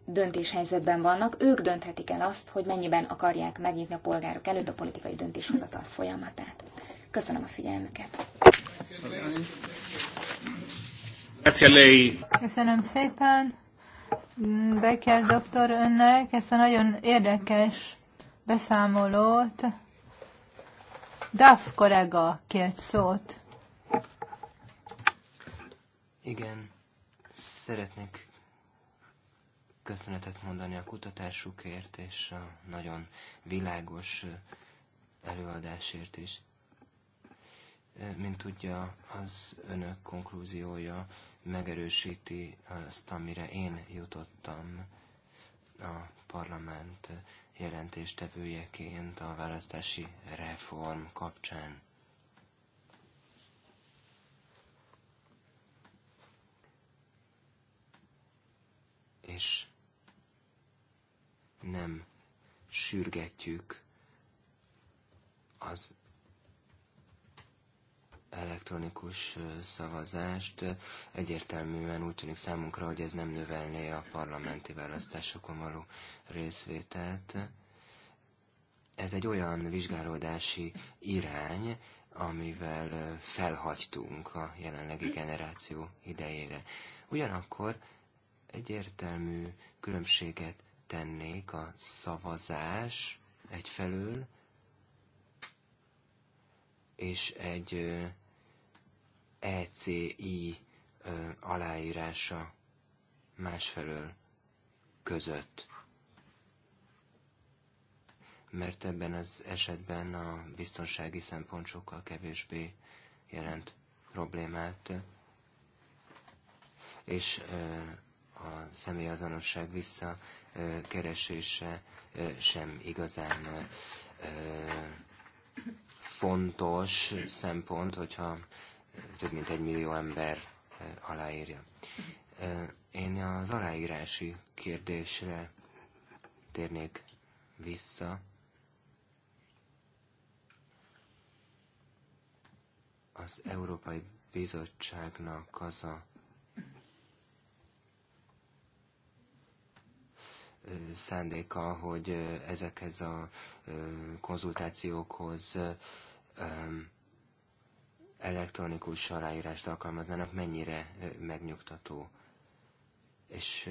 döntéshelyzetben vannak, ők dönthetik el azt, hogy mennyiben akarják megnyitni a polgárok előtt a politikai döntéshozatal folyamatát. Köszönöm a figyelmüket. Köszönöm szépen. Becker doktor önnek ezt a nagyon érdekes beszámolót. Duff kollega kért szót. Igen, szeretnék köszönetet mondani a kutatásukért és a nagyon világos előadásért is. Mint tudja, az önök konklúziója megerősíti azt, amire én jutottam a parlament jelentéstevőjeként a választási reform kapcsán. És nem sürgetjük az elektronikus szavazást. Egyértelműen úgy tűnik számunkra, hogy ez nem növelné a parlamenti választásokon való részvételt. Ez egy olyan vizsgálódási irány, amivel felhagytunk a jelenlegi generáció idejére. Ugyanakkor egyértelmű különbséget tennék a szavazás egyfelől, és egy ECI aláírása másfelől között. Mert ebben az esetben a biztonsági szempont sokkal kevésbé jelent problémát, és a személyazonosság visszakeresése sem igazán fontos szempont, hogyha több mint egy millió ember eh, aláírja. Eh, én az aláírási kérdésre térnék vissza. Az Európai Bizottságnak az a eh, szándéka, hogy ezekhez a konzultációkhoz elektronikus aláírást alkalmaznának, mennyire megnyugtató, és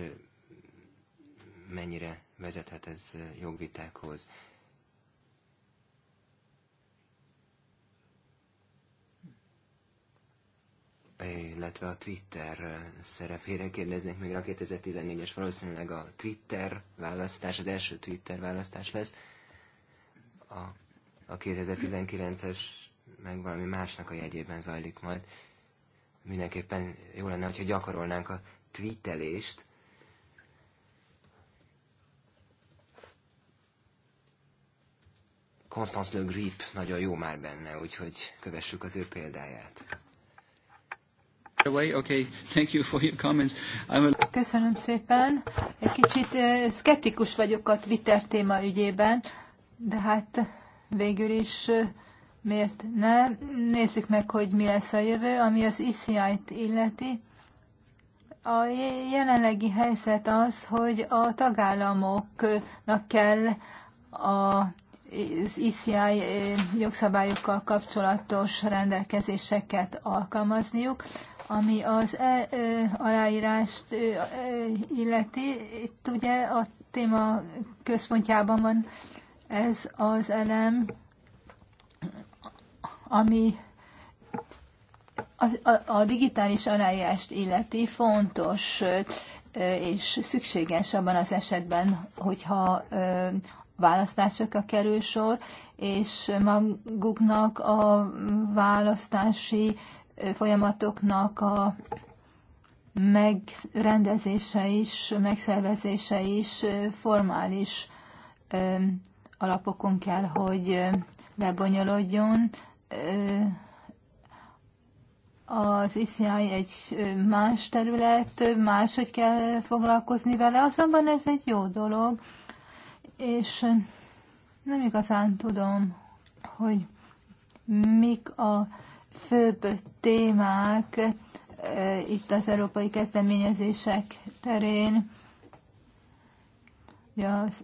mennyire vezethet ez jogvitákhoz. illetve a Twitter szerepére kérdeznék még a 2014-es valószínűleg a Twitter választás, az első Twitter választás lesz. A, a 2019-es meg valami másnak a jegyében zajlik majd. Mindenképpen jó lenne, hogyha gyakorolnánk a tweetelést, Constance Le Grip nagyon jó már benne, úgyhogy kövessük az ő példáját. Köszönöm szépen. Egy kicsit eh, szkeptikus vagyok a Twitter téma ügyében, de hát végül is eh, miért ne? Nézzük meg, hogy mi lesz a jövő, ami az ICI-t illeti. A jelenlegi helyzet az, hogy a tagállamoknak kell a az ICI jogszabályokkal kapcsolatos rendelkezéseket alkalmazniuk, ami az e, e, aláírást e, e, illeti. Itt ugye a téma központjában van ez az elem ami a, a, a digitális aláírást illeti fontos és szükséges abban az esetben, hogyha választásokra kerül sor, és maguknak a választási folyamatoknak a megrendezése is, megszervezése is formális alapokon kell, hogy lebonyolódjon az ICI egy más terület, máshogy kell foglalkozni vele, azonban ez egy jó dolog, és nem igazán tudom, hogy mik a főbb témák itt az európai kezdeményezések terén. Ja, az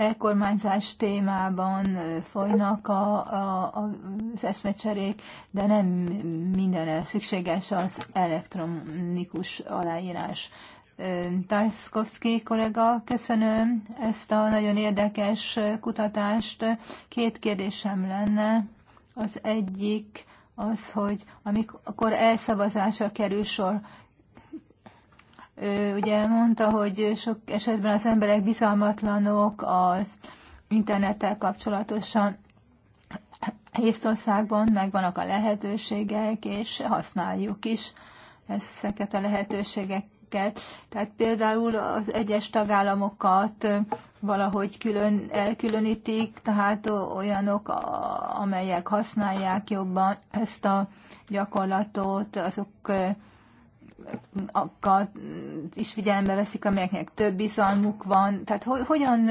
elkormányzás témában folynak a, a, a, az eszmecserék, de nem mindenre szükséges az elektronikus aláírás. Tarskovszki kollega, köszönöm ezt a nagyon érdekes kutatást. Két kérdésem lenne. Az egyik az, hogy amikor elszavazásra kerül sor, ugye mondta, hogy sok esetben az emberek bizalmatlanok az internettel kapcsolatosan. Észtországban megvannak a lehetőségek, és használjuk is ezeket a lehetőségeket. Tehát például az egyes tagállamokat valahogy külön elkülönítik, tehát olyanok, amelyek használják jobban ezt a gyakorlatot, azok is figyelembe veszik, amelyeknek több bizalmuk van. Tehát ho- hogyan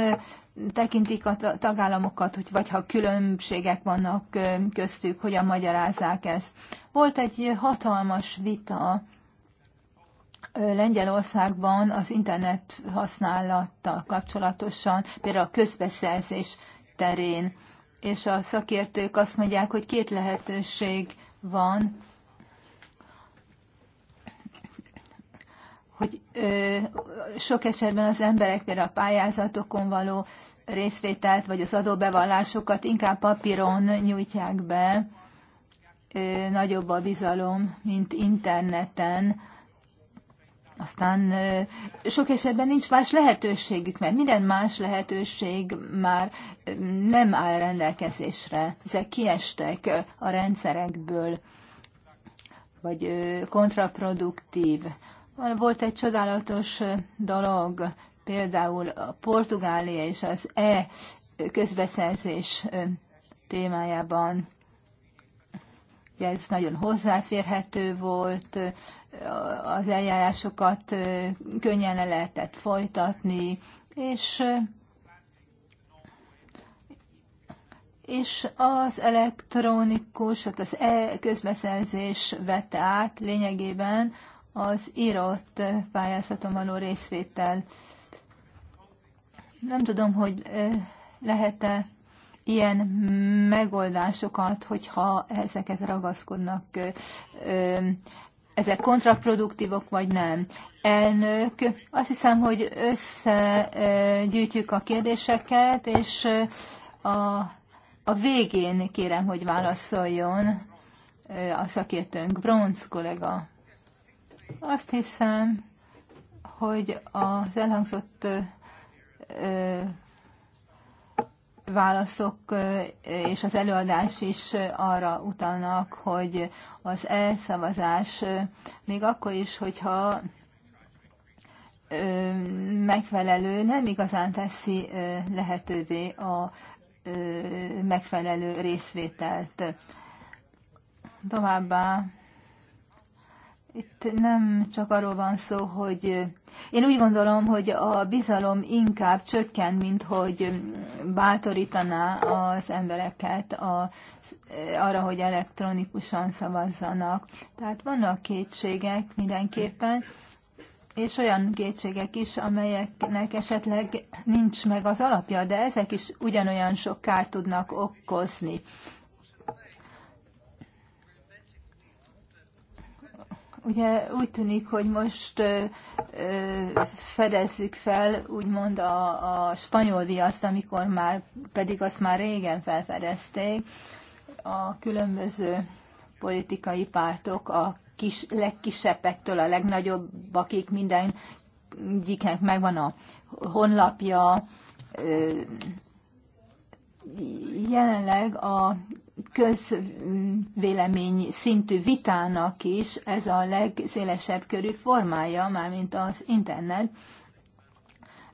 tekintik a tagállamokat, hogy vagy ha különbségek vannak köztük, hogyan magyarázzák ezt. Volt egy hatalmas vita Lengyelországban az internet használattal kapcsolatosan, például a közbeszerzés terén, és a szakértők azt mondják, hogy két lehetőség van, hogy sok esetben az emberek például a pályázatokon való részvételt, vagy az adóbevallásokat inkább papíron nyújtják be, nagyobb a bizalom, mint interneten. Aztán sok esetben nincs más lehetőségük, mert minden más lehetőség már nem áll rendelkezésre. Ezek kiestek a rendszerekből, vagy kontraproduktív volt egy csodálatos dolog, például a Portugália és az E közbeszerzés témájában. ez nagyon hozzáférhető volt, az eljárásokat könnyen le lehetett folytatni, és és az elektronikus, tehát az e-közbeszerzés vette át lényegében az írott pályázaton való részvétel. Nem tudom, hogy lehet-e ilyen megoldásokat, hogyha ezeket ragaszkodnak, ezek kontraproduktívok vagy nem. Elnök, azt hiszem, hogy összegyűjtjük a kérdéseket, és a, a végén kérem, hogy válaszoljon a szakértőnk, Bronz kollega. Azt hiszem, hogy az elhangzott válaszok és az előadás is arra utalnak, hogy az elszavazás még akkor is, hogyha megfelelő, nem igazán teszi lehetővé a megfelelő részvételt. Továbbá itt nem csak arról van szó, hogy én úgy gondolom, hogy a bizalom inkább csökken, mint hogy bátorítaná az embereket a, arra, hogy elektronikusan szavazzanak. Tehát vannak kétségek mindenképpen, és olyan kétségek is, amelyeknek esetleg nincs meg az alapja, de ezek is ugyanolyan sok kárt tudnak okozni. Ugye úgy tűnik, hogy most ö, ö, fedezzük fel úgymond a, a spanyol viaszt, amikor már pedig azt már régen felfedezték a különböző politikai pártok a kis, legkisebbektől a legnagyobbakig minden egyiknek megvan a honlapja, ö, jelenleg a közvélemény szintű vitának is ez a legszélesebb körű formája, mármint az internet.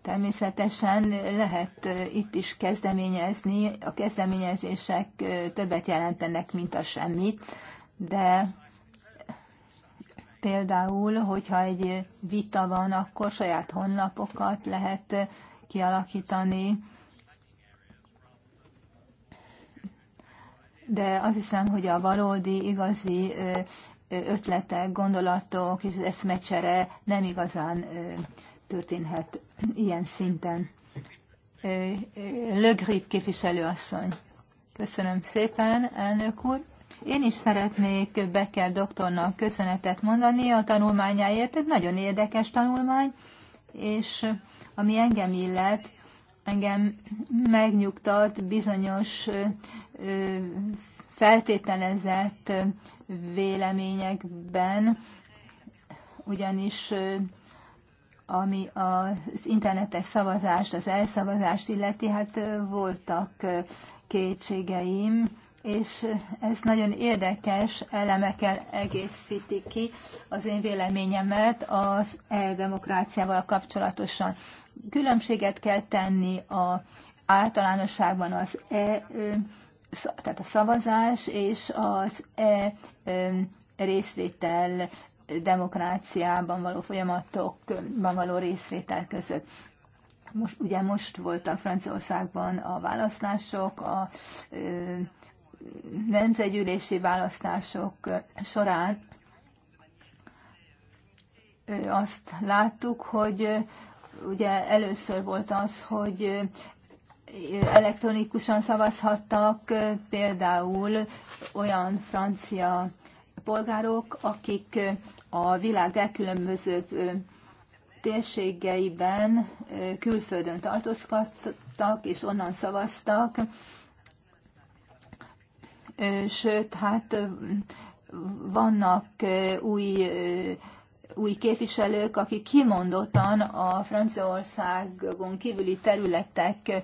Természetesen lehet itt is kezdeményezni, a kezdeményezések többet jelentenek, mint a semmit, de például, hogyha egy vita van, akkor saját honlapokat lehet kialakítani, de azt hiszem, hogy a valódi, igazi ötletek, gondolatok és az eszmecsere nem igazán történhet ilyen szinten. Le Grip képviselőasszony. Köszönöm szépen, elnök úr. Én is szeretnék Becker doktornak köszönetet mondani a tanulmányáért. Egy nagyon érdekes tanulmány, és ami engem illet, engem megnyugtat bizonyos feltételezett véleményekben, ugyanis ami az internetes szavazást, az elszavazást illeti, hát voltak kétségeim, és ez nagyon érdekes elemekkel egészíti ki az én véleményemet az e-demokráciával kapcsolatosan. Különbséget kell tenni a általánosságban az e tehát a szavazás és az e részvétel demokráciában való folyamatokban való részvétel között. Most, ugye most voltak Franciaországban a választások, a ö, nemzetgyűlési választások során azt láttuk, hogy ugye először volt az, hogy elektronikusan szavazhattak például olyan francia polgárok, akik a világ legkülönbözőbb térségeiben külföldön tartózkodtak és onnan szavaztak, sőt, hát vannak új, új képviselők, akik kimondottan a Franciaországon kívüli területek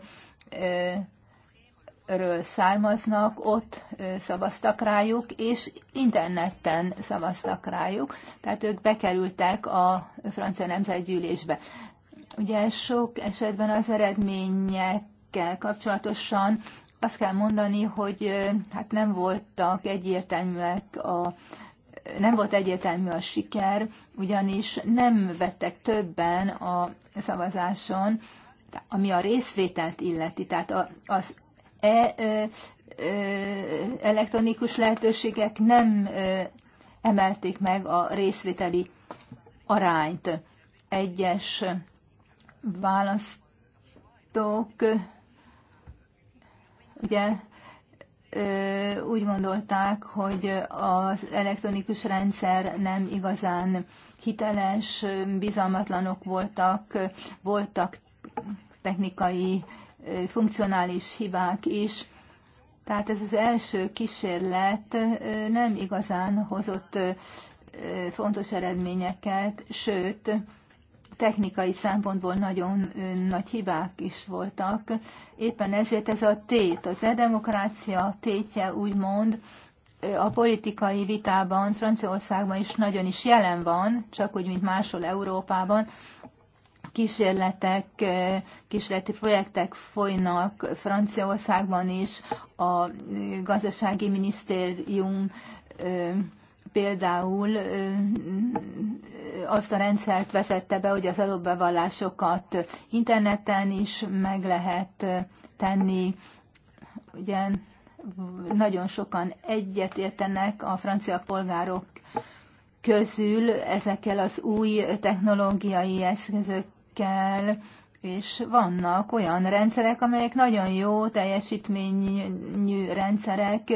ről származnak, ott szavaztak rájuk, és interneten szavaztak rájuk, tehát ők bekerültek a francia nemzetgyűlésbe. Ugye sok esetben az eredményekkel kapcsolatosan azt kell mondani, hogy hát nem voltak egyértelműek a nem volt egyértelmű a siker, ugyanis nem vettek többen a szavazáson ami a részvételt illeti, tehát az e, elektronikus lehetőségek nem emelték meg a részvételi arányt. Egyes választók ugye úgy gondolták, hogy az elektronikus rendszer nem igazán hiteles, bizalmatlanok voltak, voltak technikai, funkcionális hibák is. Tehát ez az első kísérlet nem igazán hozott fontos eredményeket, sőt, technikai szempontból nagyon nagy hibák is voltak. Éppen ezért ez a tét, az e-demokrácia tétje úgymond a politikai vitában Franciaországban is nagyon is jelen van, csak úgy, mint máshol Európában kísérletek, kísérleti projektek folynak Franciaországban is, a gazdasági minisztérium például azt a rendszert vezette be, hogy az adóbevallásokat interneten is meg lehet tenni. Ugye nagyon sokan egyetértenek a francia polgárok közül ezekkel az új technológiai eszközök kell, és vannak olyan rendszerek, amelyek nagyon jó teljesítményű rendszerek,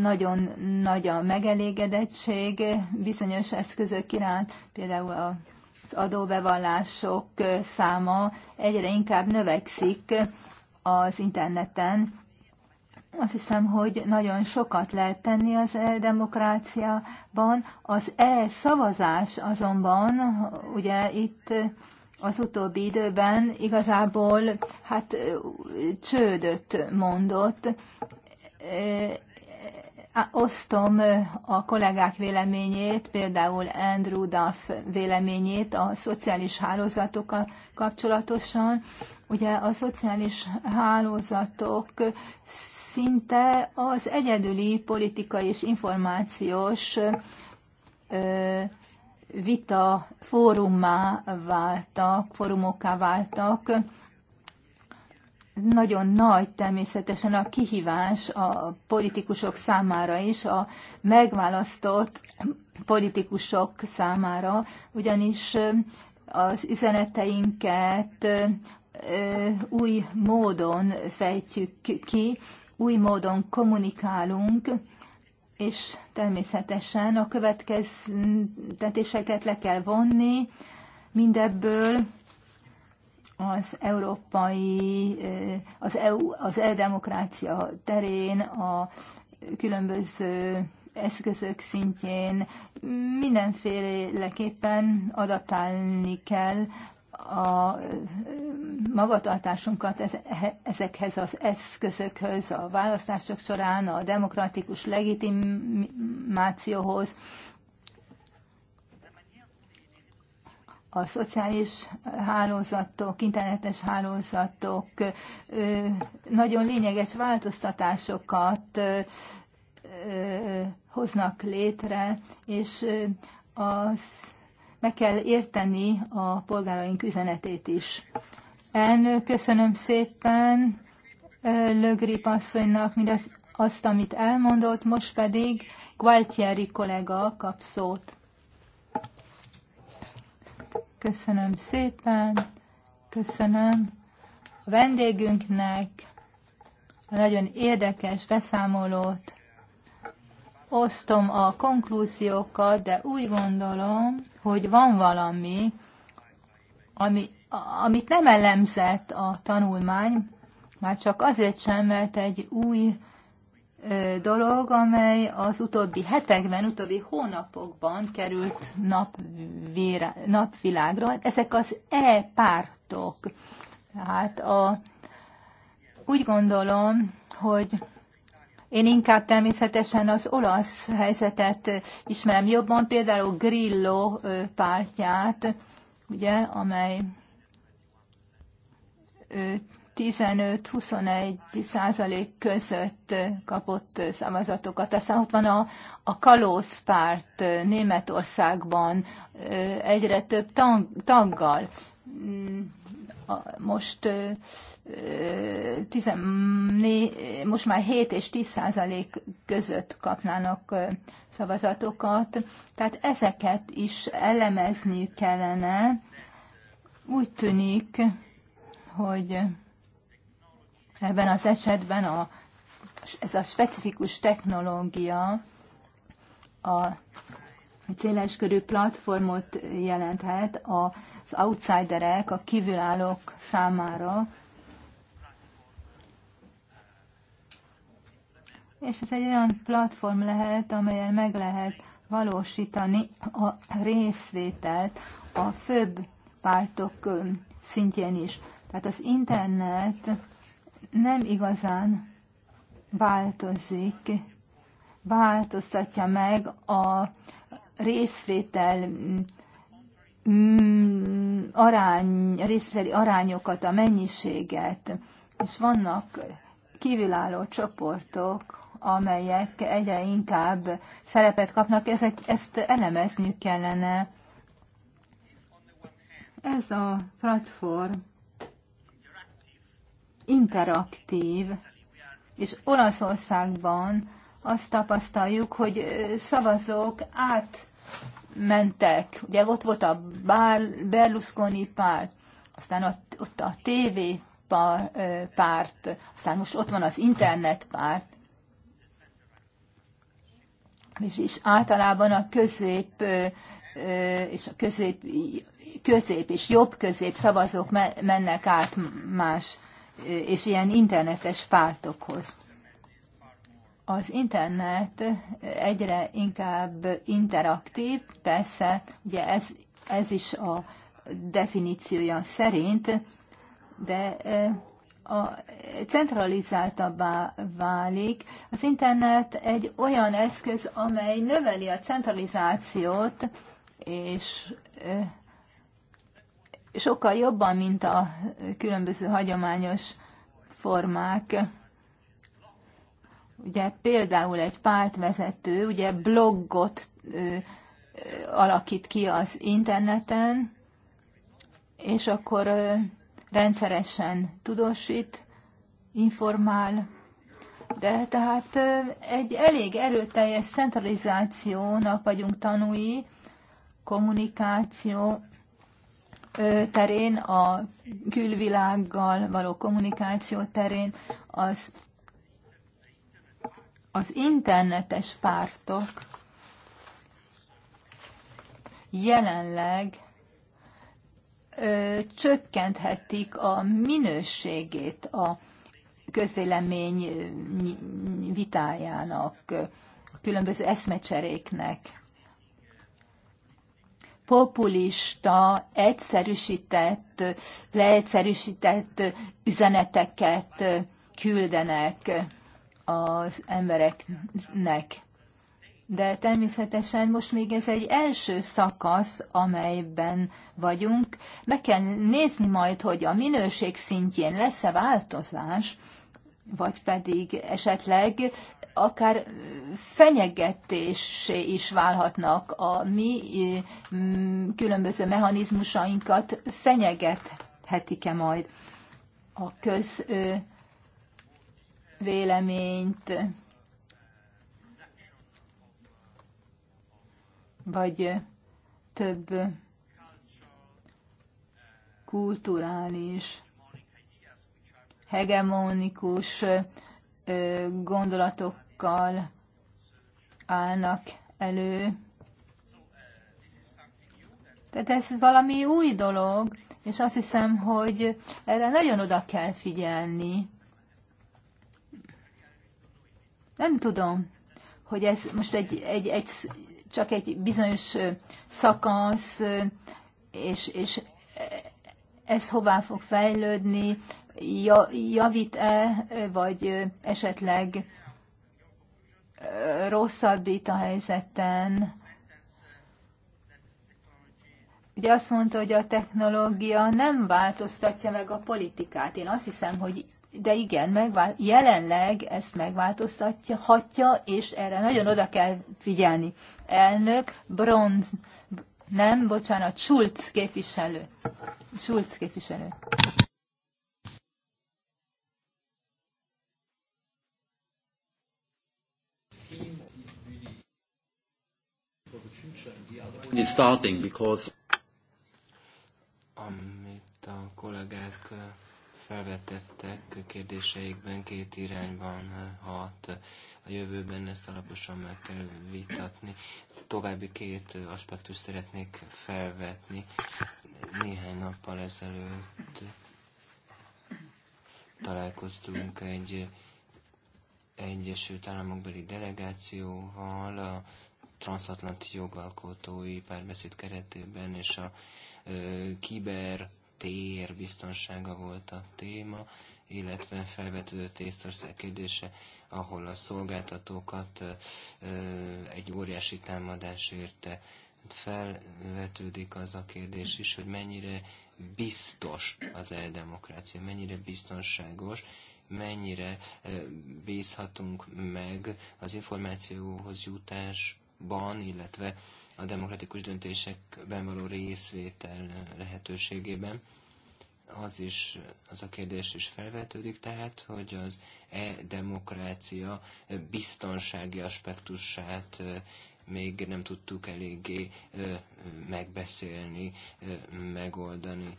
nagyon nagy a megelégedettség bizonyos eszközök iránt, például az adóbevallások száma egyre inkább növekszik az interneten, azt hiszem, hogy nagyon sokat lehet tenni az e-demokráciában. Az e-szavazás azonban, ugye itt az utóbbi időben igazából hát csődöt mondott. E, osztom a kollégák véleményét, például Andrew Duff véleményét a szociális hálózatokkal kapcsolatosan. Ugye a szociális hálózatok szinte az egyedüli politikai és információs vita fórummá váltak, fórumokká váltak. Nagyon nagy természetesen a kihívás a politikusok számára is, a megválasztott politikusok számára, ugyanis az üzeneteinket új módon fejtjük ki, új módon kommunikálunk, és természetesen a következtetéseket le kell vonni mindebből, az európai, eh, az EU, az e-demokrácia terén, a különböző eszközök szintjén mindenféleképpen adaptálni kell a magatartásunkat ezekhez az eszközökhöz, a választások során, a demokratikus legitimációhoz, a szociális hálózatok, internetes hálózatok nagyon lényeges változtatásokat hoznak létre, és az meg kell érteni a polgáraink üzenetét is. Elnök, köszönöm szépen Lögrip asszonynak mindazt, azt, amit elmondott, most pedig Gualtieri kollega kap szót. Köszönöm szépen, köszönöm a vendégünknek a nagyon érdekes beszámolót. Osztom a konklúziókat, de úgy gondolom, hogy van valami, ami, amit nem elemzett a tanulmány, már csak azért sem, mert egy új ö, dolog, amely az utóbbi hetekben, utóbbi hónapokban került napvira, napvilágra. Ezek az e-pártok. Hát a, úgy gondolom, hogy én inkább természetesen az olasz helyzetet ismerem jobban, például Grillo pártját, ugye, amely 15-21 százalék között kapott szavazatokat. Aztán ott van a, a párt Németországban egyre több tang, taggal. Mm, most 14, most már 7 és 10 százalék között kapnának szavazatokat, tehát ezeket is elemezni kellene. Úgy tűnik, hogy ebben az esetben a, ez a specifikus technológia a széleskörű platformot jelenthet az outsiderek, a kívülállók számára, és ez egy olyan platform lehet, amelyen meg lehet valósítani a részvételt a főbb pártok szintjén is. Tehát az internet nem igazán változik, változtatja meg a részvétel mm, arány, részvételi arányokat, a mennyiséget, és vannak kívülálló csoportok, amelyek egyre inkább szerepet kapnak, ezek, ezt elemezniük kellene. Ez a platform interaktív, és Olaszországban azt tapasztaljuk, hogy szavazók átmentek. Ugye ott volt a Berlusconi párt, aztán ott, ott a TV párt, aztán most ott van az internet párt és általában a közép és a közép, közép és jobb közép szavazók mennek át más és ilyen internetes pártokhoz. Az internet egyre inkább interaktív, persze, ugye ez, ez is a definíciója szerint, de a centralizáltabbá válik. Az internet egy olyan eszköz, amely növeli a centralizációt, és sokkal jobban, mint a különböző hagyományos formák. Ugye például egy pártvezető, ugye blogot ö, alakít ki az interneten, és akkor rendszeresen tudósít, informál, de tehát egy elég erőteljes centralizációnak vagyunk tanúi, kommunikáció terén, a külvilággal való kommunikáció terén, az, az internetes pártok jelenleg csökkenthetik a minőségét a közvélemény vitájának, a különböző eszmecseréknek. Populista, egyszerűsített, leegyszerűsített üzeneteket küldenek az embereknek de természetesen most még ez egy első szakasz, amelyben vagyunk. Meg kell nézni majd, hogy a minőség szintjén lesz-e változás, vagy pedig esetleg akár fenyegetésé is válhatnak a mi mm, különböző mechanizmusainkat fenyegethetik-e majd a közvéleményt vagy több kulturális, hegemonikus gondolatokkal állnak elő. Tehát ez valami új dolog, és azt hiszem, hogy erre nagyon oda kell figyelni. Nem tudom, hogy ez most egy, egy, egy csak egy bizonyos szakasz, és, és ez hová fog fejlődni, javít-e, vagy esetleg rosszabbít a helyzeten. Ugye azt mondta, hogy a technológia nem változtatja meg a politikát. Én azt hiszem, hogy de igen, megvál, jelenleg ezt megváltoztatja, hatja, és erre nagyon oda kell figyelni elnök, Bronz, nem, bocsánat, Schulz képviselő. Schulz képviselő. It's starting because amit a kollégák felvetettek kérdéseikben két irányban hat a jövőben ezt alaposan meg kell vitatni. További két aspektust szeretnék felvetni. Néhány nappal ezelőtt találkoztunk egy Egyesült Államokbeli delegációval a transatlanti jogalkotói párbeszéd keretében, és a ö, kiber tér biztonsága volt a téma, illetve felvetődött Észtország kérdése ahol a szolgáltatókat egy óriási támadás érte. Hát felvetődik az a kérdés is, hogy mennyire biztos az eldemokrácia, mennyire biztonságos, mennyire bízhatunk meg az információhoz jutásban, illetve a demokratikus döntésekben való részvétel lehetőségében az is, az a kérdés is felvetődik tehát, hogy az e-demokrácia biztonsági aspektusát még nem tudtuk eléggé megbeszélni, megoldani.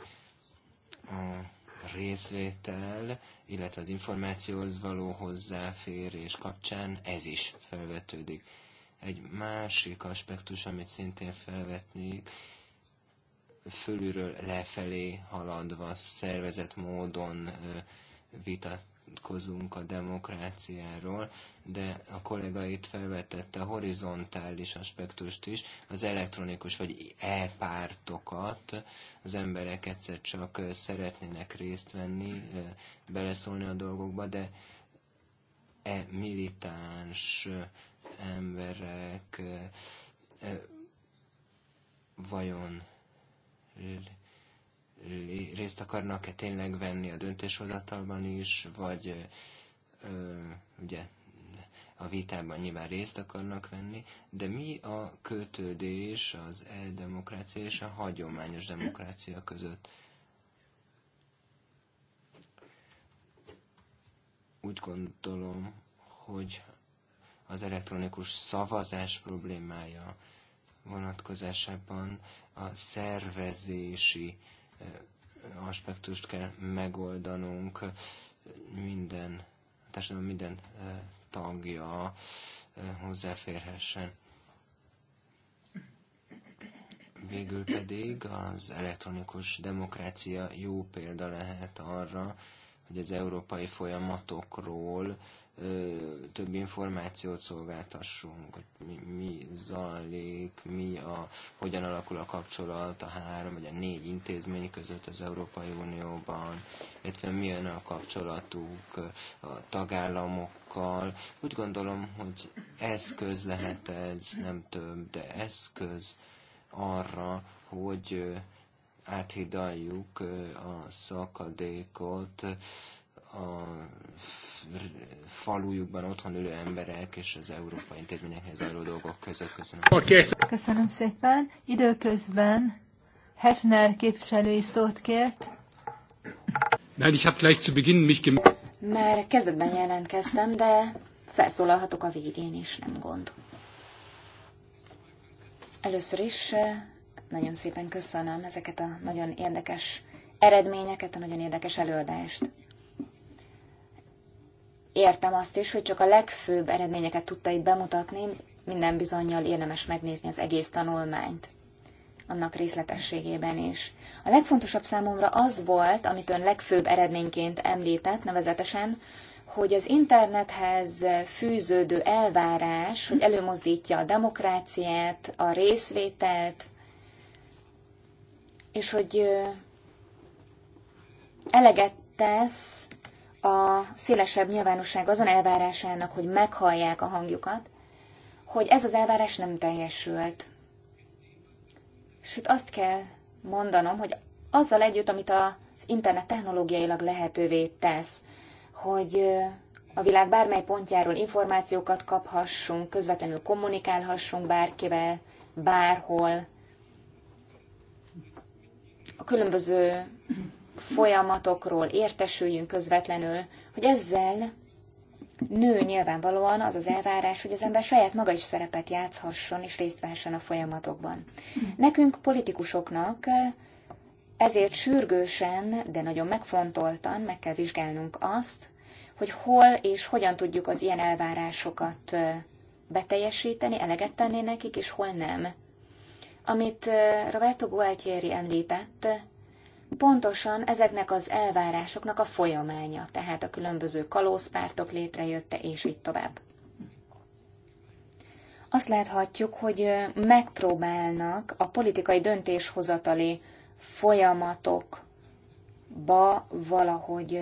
A részvétel, illetve az információhoz való hozzáférés kapcsán ez is felvetődik. Egy másik aspektus, amit szintén felvetnék, fölülről lefelé haladva szervezett módon vitatkozunk a demokráciáról, de a kollega itt felvetette a horizontális aspektust is, az elektronikus vagy e-pártokat, az emberek egyszer csak szeretnének részt venni, beleszólni a dolgokba, de e militáns emberek vajon részt akarnak-e tényleg venni a döntéshozatalban is, vagy ö, ugye a vitában nyilván részt akarnak venni, de mi a kötődés az e-demokrácia és a hagyományos demokrácia között? Úgy gondolom, hogy az elektronikus szavazás problémája vonatkozásában a szervezési aspektust kell megoldanunk minden, társadalom minden tagja hozzáférhessen. Végül pedig az elektronikus demokrácia jó példa lehet arra, hogy az európai folyamatokról több információt szolgáltassunk, hogy mi, mi zajlik, mi a, hogyan alakul a kapcsolat a három vagy a négy intézmény között az Európai Unióban, illetve milyen a kapcsolatuk a tagállamokkal. Úgy gondolom, hogy eszköz lehet ez, nem több, de eszköz arra, hogy áthidaljuk a szakadékot a falujukban otthon ülő emberek és az európai intézményekhez zajló dolgok között. Köszönöm. Köszönöm szépen. Időközben Hefner képviselői szót kért. Nein, ich habe gleich zu Beginn mich Már kezdetben jelentkeztem, de felszólalhatok a végén is, nem gond. Először is eh, nagyon szépen köszönöm ezeket a nagyon érdekes eredményeket, a nagyon érdekes előadást értem azt is, hogy csak a legfőbb eredményeket tudta itt bemutatni, minden bizonyal érdemes megnézni az egész tanulmányt annak részletességében is. A legfontosabb számomra az volt, amit ön legfőbb eredményként említett, nevezetesen, hogy az internethez fűződő elvárás, hogy előmozdítja a demokráciát, a részvételt, és hogy eleget tesz a szélesebb nyilvánosság azon elvárásának, hogy meghallják a hangjukat, hogy ez az elvárás nem teljesült. Sőt, azt kell mondanom, hogy azzal együtt, amit az internet technológiailag lehetővé tesz, hogy a világ bármely pontjáról információkat kaphassunk, közvetlenül kommunikálhassunk bárkivel, bárhol, a különböző folyamatokról értesüljünk közvetlenül, hogy ezzel nő nyilvánvalóan az az elvárás, hogy az ember saját maga is szerepet játszhasson és részt vehessen a folyamatokban. Nekünk politikusoknak ezért sürgősen, de nagyon megfontoltan meg kell vizsgálnunk azt, hogy hol és hogyan tudjuk az ilyen elvárásokat beteljesíteni, eleget tenni nekik, és hol nem. Amit Roberto Gualtieri említett, pontosan ezeknek az elvárásoknak a folyamánya, tehát a különböző kalózpártok létrejötte, és így tovább. Azt láthatjuk, hogy megpróbálnak a politikai döntéshozatali folyamatokba valahogy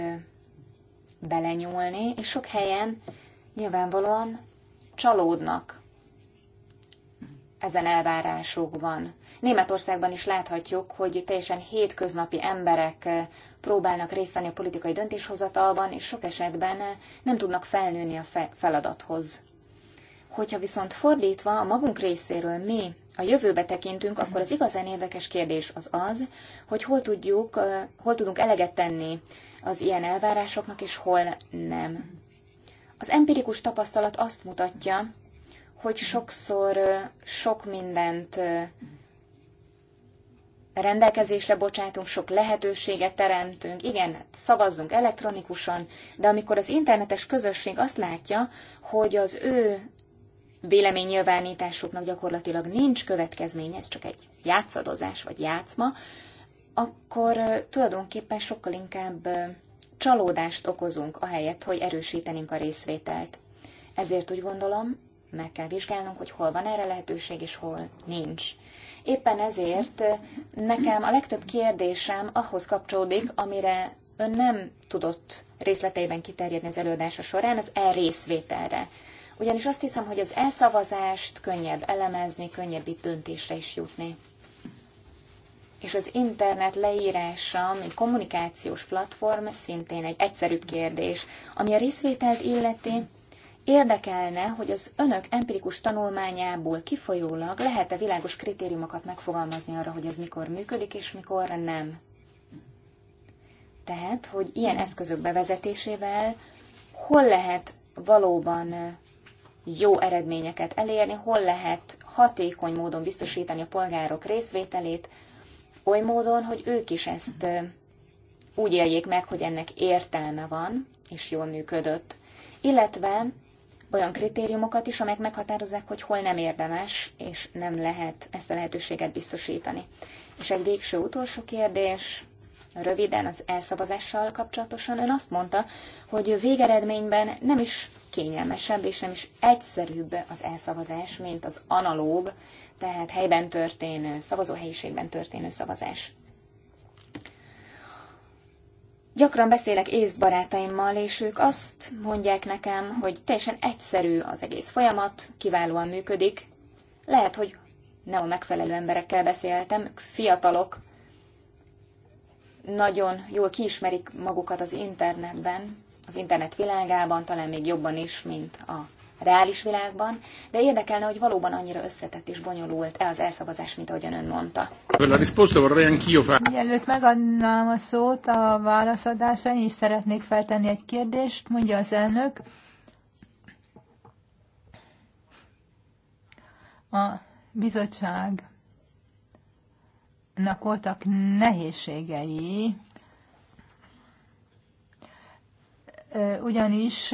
belenyúlni, és sok helyen nyilvánvalóan csalódnak ezen elvárásokban. Németországban is láthatjuk, hogy teljesen hétköznapi emberek eh, próbálnak részt venni a politikai döntéshozatalban, és sok esetben eh, nem tudnak felnőni a feladathoz. Hogyha viszont fordítva a magunk részéről mi a jövőbe tekintünk, akkor az igazán érdekes kérdés az az, hogy hol, tudjuk, eh, hol tudunk eleget tenni az ilyen elvárásoknak, és hol nem. Az empirikus tapasztalat azt mutatja, hogy sokszor sok mindent rendelkezésre bocsátunk, sok lehetőséget teremtünk, igen, szavazzunk elektronikusan, de amikor az internetes közösség azt látja, hogy az ő véleménynyilvánításuknak gyakorlatilag nincs következménye, ez csak egy játszadozás vagy játszma, akkor tulajdonképpen sokkal inkább csalódást okozunk, ahelyett, hogy erősítenénk a részvételt. Ezért úgy gondolom, meg kell vizsgálnunk, hogy hol van erre lehetőség, és hol nincs. Éppen ezért nekem a legtöbb kérdésem ahhoz kapcsolódik, amire ön nem tudott részleteiben kiterjedni az előadása során, az elrészvételre. Ugyanis azt hiszem, hogy az elszavazást könnyebb elemezni, könnyebb itt döntésre is jutni. És az internet leírása, mint kommunikációs platform szintén egy egyszerűbb kérdés. Ami a részvételt illeti, Érdekelne, hogy az önök empirikus tanulmányából kifolyólag lehet-e világos kritériumokat megfogalmazni arra, hogy ez mikor működik és mikor nem. Tehát, hogy ilyen eszközök bevezetésével hol lehet valóban jó eredményeket elérni, hol lehet hatékony módon biztosítani a polgárok részvételét, oly módon, hogy ők is ezt úgy éljék meg, hogy ennek értelme van, és jól működött. Illetve olyan kritériumokat is, amelyek meghatározzák, hogy hol nem érdemes, és nem lehet ezt a lehetőséget biztosítani. És egy végső utolsó kérdés, röviden az elszavazással kapcsolatosan. Ön azt mondta, hogy végeredményben nem is kényelmesebb és nem is egyszerűbb az elszavazás, mint az analóg, tehát helyben történő, szavazóhelyiségben történő szavazás. Gyakran beszélek észt barátaimmal, és ők azt mondják nekem, hogy teljesen egyszerű az egész folyamat, kiválóan működik. Lehet, hogy nem a megfelelő emberekkel beszéltem, fiatalok nagyon jól kiismerik magukat az internetben, az internet világában, talán még jobban is, mint a reális világban, de érdekelne, hogy valóban annyira összetett és bonyolult-e az elszavazás, mint ahogyan ön mondta. Mielőtt megadnám a szót a válaszadásra, én is szeretnék feltenni egy kérdést, mondja az elnök. A bizottságnak voltak nehézségei ugyanis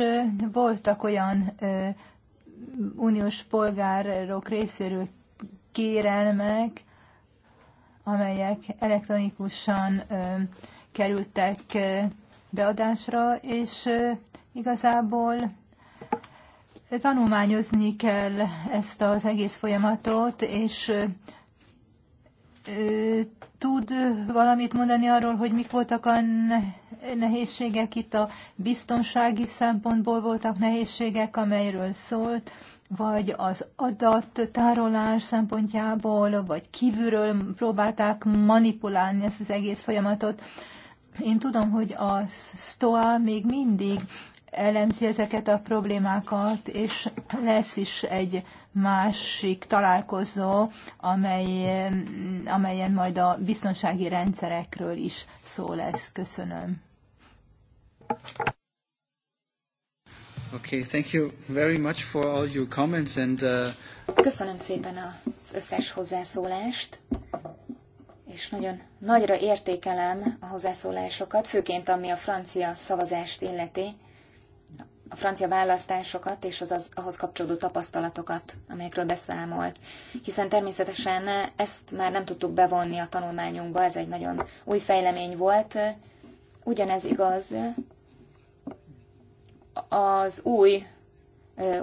voltak olyan uniós polgárok részéről kérelmek, amelyek elektronikusan kerültek beadásra, és igazából tanulmányozni kell ezt az egész folyamatot, és tud valamit mondani arról, hogy mik voltak a nehézségek, itt a biztonsági szempontból voltak nehézségek, amelyről szólt, vagy az adattárolás szempontjából, vagy kívülről próbálták manipulálni ezt az egész folyamatot. Én tudom, hogy a STOA még mindig elemzi ezeket a problémákat, és lesz is egy másik találkozó, amely, amelyen majd a biztonsági rendszerekről is szó lesz. Köszönöm. Okay, thank you very much for all your comments and, uh... Köszönöm szépen az összes hozzászólást, és nagyon nagyra értékelem a hozzászólásokat, főként ami a francia szavazást illeti, a francia választásokat és az, az ahhoz kapcsolódó tapasztalatokat, amelyekről beszámolt. Hiszen természetesen ezt már nem tudtuk bevonni a tanulmányunkba, ez egy nagyon új fejlemény volt. Ugyanez igaz az új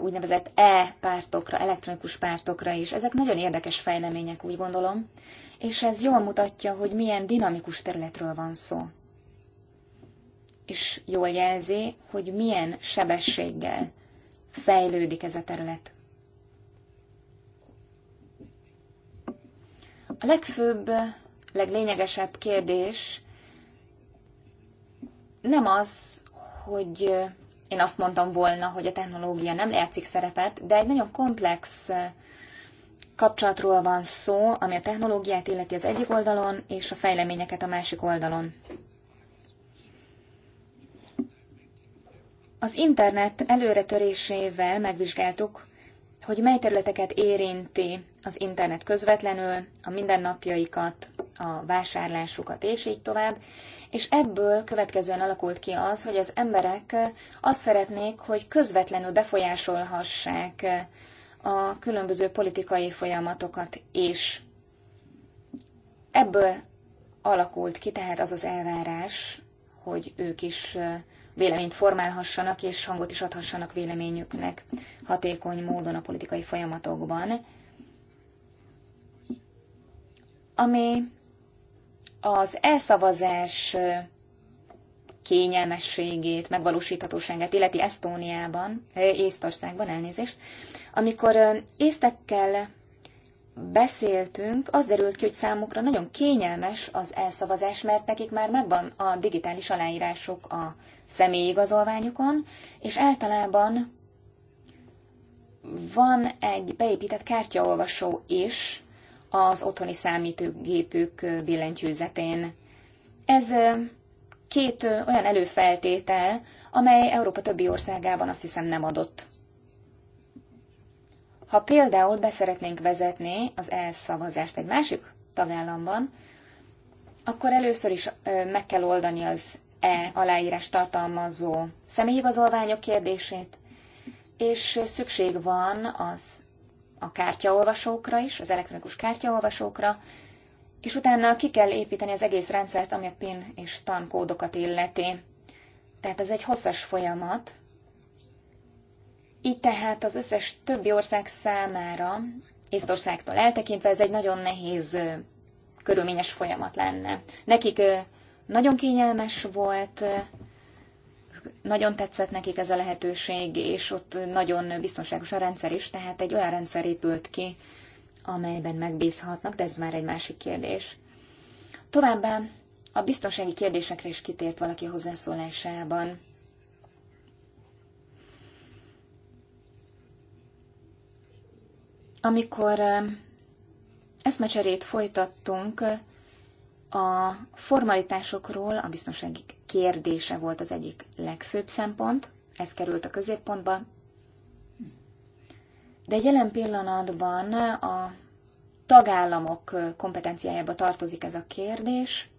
úgynevezett e-pártokra, elektronikus pártokra is. Ezek nagyon érdekes fejlemények, úgy gondolom, és ez jól mutatja, hogy milyen dinamikus területről van szó. És jól jelzi, hogy milyen sebességgel fejlődik ez a terület. A legfőbb, leglényegesebb kérdés nem az, hogy én azt mondtam volna, hogy a technológia nem játszik szerepet, de egy nagyon komplex eh, kapcsolatról van szó, ami a technológiát illeti az egyik oldalon, és a fejleményeket a másik oldalon. Az internet előretörésével megvizsgáltuk, hogy mely területeket érinti az internet közvetlenül, a mindennapjaikat, a vásárlásukat, és így tovább. És ebből következően alakult ki az, hogy az emberek azt szeretnék, hogy közvetlenül befolyásolhassák a különböző politikai folyamatokat is. Ebből alakult ki tehát az az elvárás, hogy ők is véleményt formálhassanak és hangot is adhassanak véleményüknek hatékony módon a politikai folyamatokban. Ami az elszavazás kényelmességét, megvalósíthatóságát illeti Esztóniában, Észtországban elnézést. Amikor észtekkel beszéltünk, az derült ki, hogy számukra nagyon kényelmes az elszavazás, mert nekik már megvan a digitális aláírások a személyigazolványukon, és általában van egy beépített kártyaolvasó is, az otthoni számítógépük billentyűzetén. Ez két olyan előfeltétel, amely Európa többi országában azt hiszem nem adott. Ha például beszeretnénk vezetni az elszavazást egy másik tagállamban, akkor először is meg kell oldani az e aláírás tartalmazó személyigazolványok kérdését, és szükség van az a kártyaolvasókra is, az elektronikus kártyaolvasókra, és utána ki kell építeni az egész rendszert, ami a PIN és TAN kódokat illeti. Tehát ez egy hosszas folyamat. Így tehát az összes többi ország számára, Észtországtól eltekintve, ez egy nagyon nehéz, körülményes folyamat lenne. Nekik nagyon kényelmes volt, nagyon tetszett nekik ez a lehetőség, és ott nagyon biztonságos a rendszer is, tehát egy olyan rendszer épült ki, amelyben megbízhatnak, de ez már egy másik kérdés. Továbbá a biztonsági kérdésekre is kitért valaki hozzászólásában. Amikor eh, eszmecserét folytattunk, a formalitásokról a biztonsági kérdése volt az egyik legfőbb szempont, ez került a középpontba, de jelen pillanatban a tagállamok kompetenciájába tartozik ez a kérdés.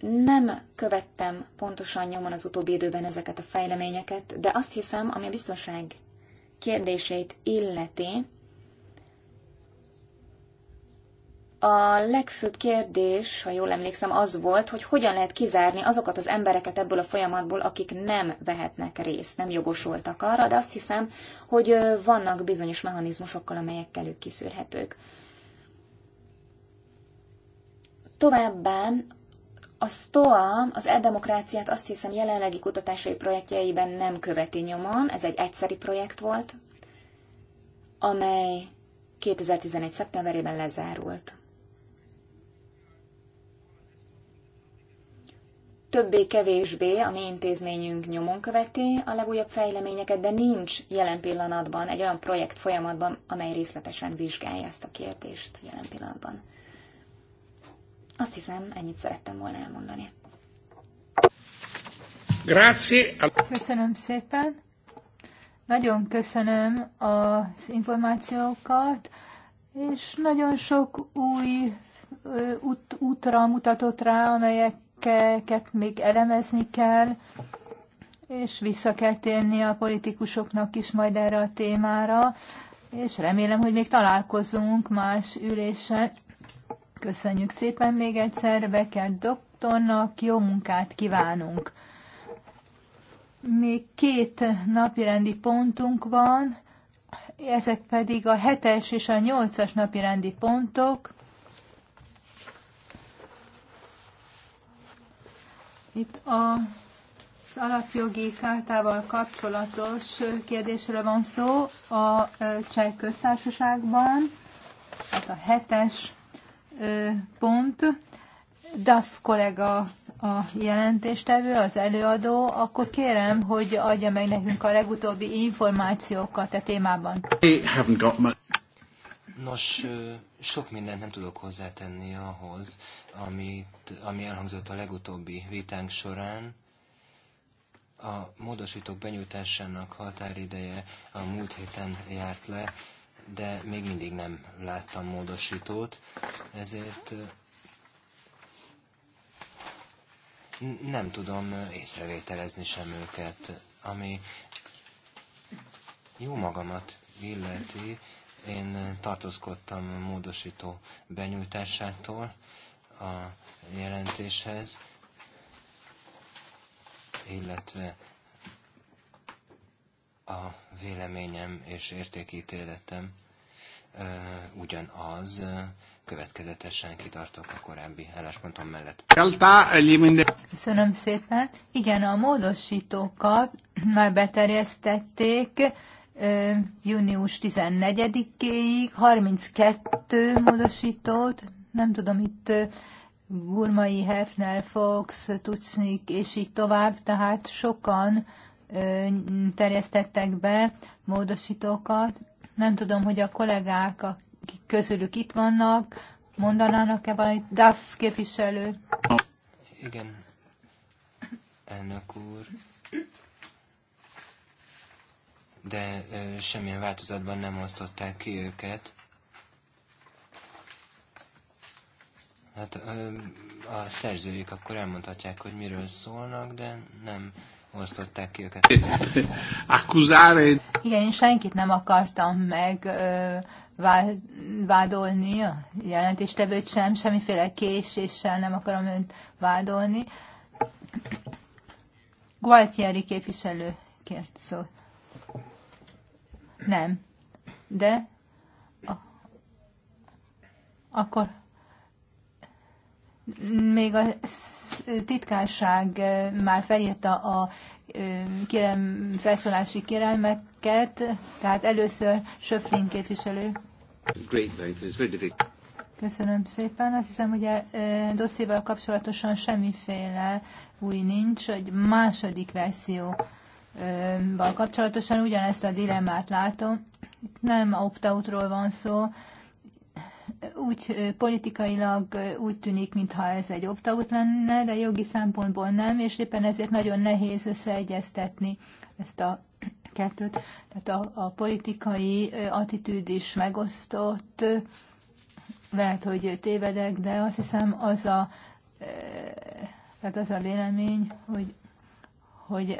Nem követtem pontosan nyomon az utóbbi időben ezeket a fejleményeket, de azt hiszem, ami a biztonság kérdését illeti, A legfőbb kérdés, ha jól emlékszem, az volt, hogy hogyan lehet kizárni azokat az embereket ebből a folyamatból, akik nem vehetnek részt, nem jogosultak arra, de azt hiszem, hogy vannak bizonyos mechanizmusokkal, amelyekkel ők kiszűrhetők. Továbbá a STOA az e-demokráciát azt hiszem jelenlegi kutatásai projektjeiben nem követi nyomon, ez egy egyszeri projekt volt, amely 2011. szeptemberében lezárult. többé-kevésbé a mi intézményünk nyomon követi a legújabb fejleményeket, de nincs jelen pillanatban egy olyan projekt folyamatban, amely részletesen vizsgálja ezt a kérdést jelen pillanatban. Azt hiszem, ennyit szerettem volna elmondani. Köszönöm szépen. Nagyon köszönöm az információkat, és nagyon sok új út, útra mutatott rá, amelyek érdekeket még elemezni kell, és vissza kell térni a politikusoknak is majd erre a témára, és remélem, hogy még találkozunk más ülésen. Köszönjük szépen még egyszer, Becker doktornak jó munkát kívánunk. Még két napirendi pontunk van, ezek pedig a hetes és a nyolcas napirendi pontok. Itt a az alapjogi kártával kapcsolatos kérdésre van szó a Cseh köztársaságban, tehát a hetes pont. DAF kollega a jelentéstevő, az előadó, akkor kérem, hogy adja meg nekünk a legutóbbi információkat a témában. Nos, sok mindent nem tudok hozzátenni ahhoz, amit, ami elhangzott a legutóbbi vitánk során. A módosítók benyújtásának határideje a múlt héten járt le, de még mindig nem láttam módosítót, ezért nem tudom észrevételezni sem őket, ami jó magamat illeti, én tartózkodtam módosító benyújtásától a jelentéshez, illetve a véleményem és értékítéletem ugyanaz, következetesen kitartok a korábbi álláspontom mellett. Köszönöm szépen. Igen, a módosítókat már beterjesztették, június 14-éig, 32 módosítót, nem tudom, itt Gurmai, Hefner, Fox, Tucnik, és így tovább, tehát sokan terjesztettek be módosítókat. Nem tudom, hogy a kollégák, akik közülük itt vannak, mondanának-e valamit? DAF képviselő. Igen, elnök úr de semmilyen változatban nem osztották ki őket. Hát a szerzőik akkor elmondhatják, hogy miről szólnak, de nem osztották ki őket. Accusare. Igen, én senkit nem akartam meg ö, vá, vádolni, a jelentéstevőt sem, semmiféle késéssel nem akarom őt vádolni. Gualtieri képviselő kért szót. Nem. De a, akkor még a titkárság már felírta a kérem, felszólási kérelmeket, tehát először Söflin képviselő. Köszönöm szépen. Azt hiszem, hogy a dosszéval kapcsolatosan semmiféle új nincs, egy második verszió val kapcsolatosan ugyanezt a dilemmát látom. Itt nem opt-outról van szó, úgy politikailag úgy tűnik, mintha ez egy opt-out lenne, de jogi szempontból nem, és éppen ezért nagyon nehéz összeegyeztetni ezt a kettőt. Tehát a, a politikai attitűd is megosztott, lehet, hogy tévedek, de azt hiszem az a, tehát az a vélemény, hogy, hogy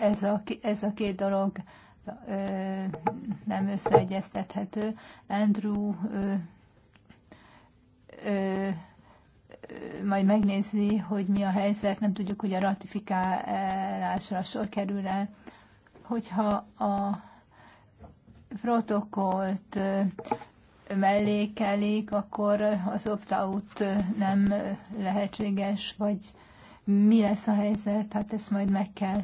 ez a, ez a két dolog nem összeegyeztethető. Andrew majd megnézi, hogy mi a helyzet, nem tudjuk, hogy a ratifikálásra sor kerül-e, hogyha a protokollt mellékelik, akkor az opt-out nem lehetséges, vagy mi lesz a helyzet, hát ezt majd meg kell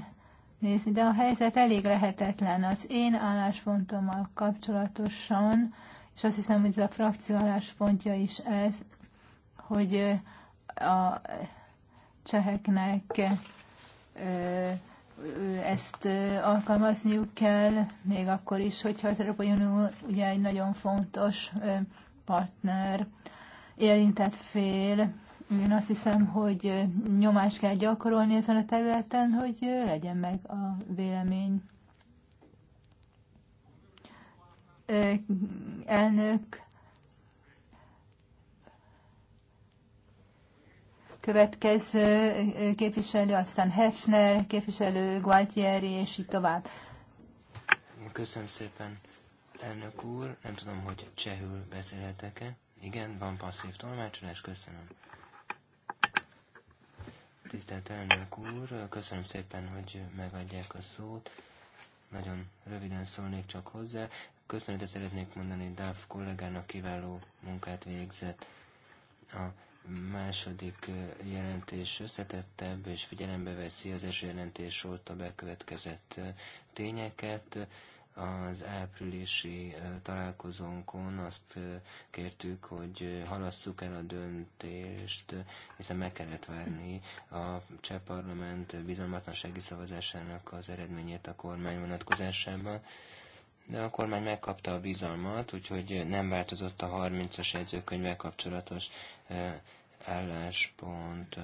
nézni, de a helyzet elég lehetetlen. Az én álláspontommal kapcsolatosan, és azt hiszem, hogy ez a frakció álláspontja is ez, hogy a cseheknek ezt alkalmazniuk kell, még akkor is, hogyha az Európai Unió ugye egy nagyon fontos partner, érintett fél, én azt hiszem, hogy nyomást kell gyakorolni ezen a területen, hogy legyen meg a vélemény. Elnök, következő képviselő, aztán Hefner képviselő, Gualtieri, és így tovább. Köszönöm szépen, elnök úr. Nem tudom, hogy csehül beszélhetek-e. Igen, van passzív tolmácsolás, köszönöm. Tisztelt elnök úr, köszönöm szépen, hogy megadják a szót. Nagyon röviden szólnék csak hozzá. Köszönetet szeretnék mondani DAF kollégának kiváló munkát végzett. A második jelentés összetettebb, és figyelembe veszi az első jelentés óta bekövetkezett tényeket az áprilisi találkozónkon azt kértük, hogy halasszuk el a döntést, hiszen meg kellett várni a cseh parlament bizalmatlansági szavazásának az eredményét a kormány vonatkozásában. De a kormány megkapta a bizalmat, úgyhogy nem változott a 30-as jegyzőkönyvvel kapcsolatos álláspont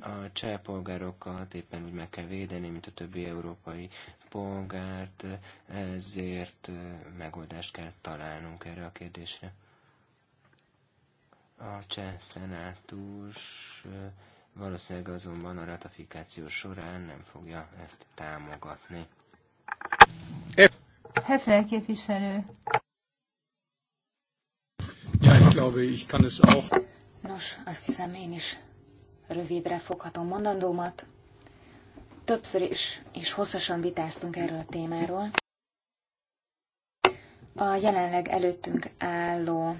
a cseh polgárokat éppen úgy meg kell védeni, mint a többi európai polgárt, ezért megoldást kell találnunk erre a kérdésre. A cseh szenátus valószínűleg azonban a ratifikáció során nem fogja ezt támogatni. Hefel képviselő. Ja, ich glaube, ich kann es auch. Nos, azt hiszem én is rövidre foghatom mondandómat. Többször is, és hosszasan vitáztunk erről a témáról. A jelenleg előttünk álló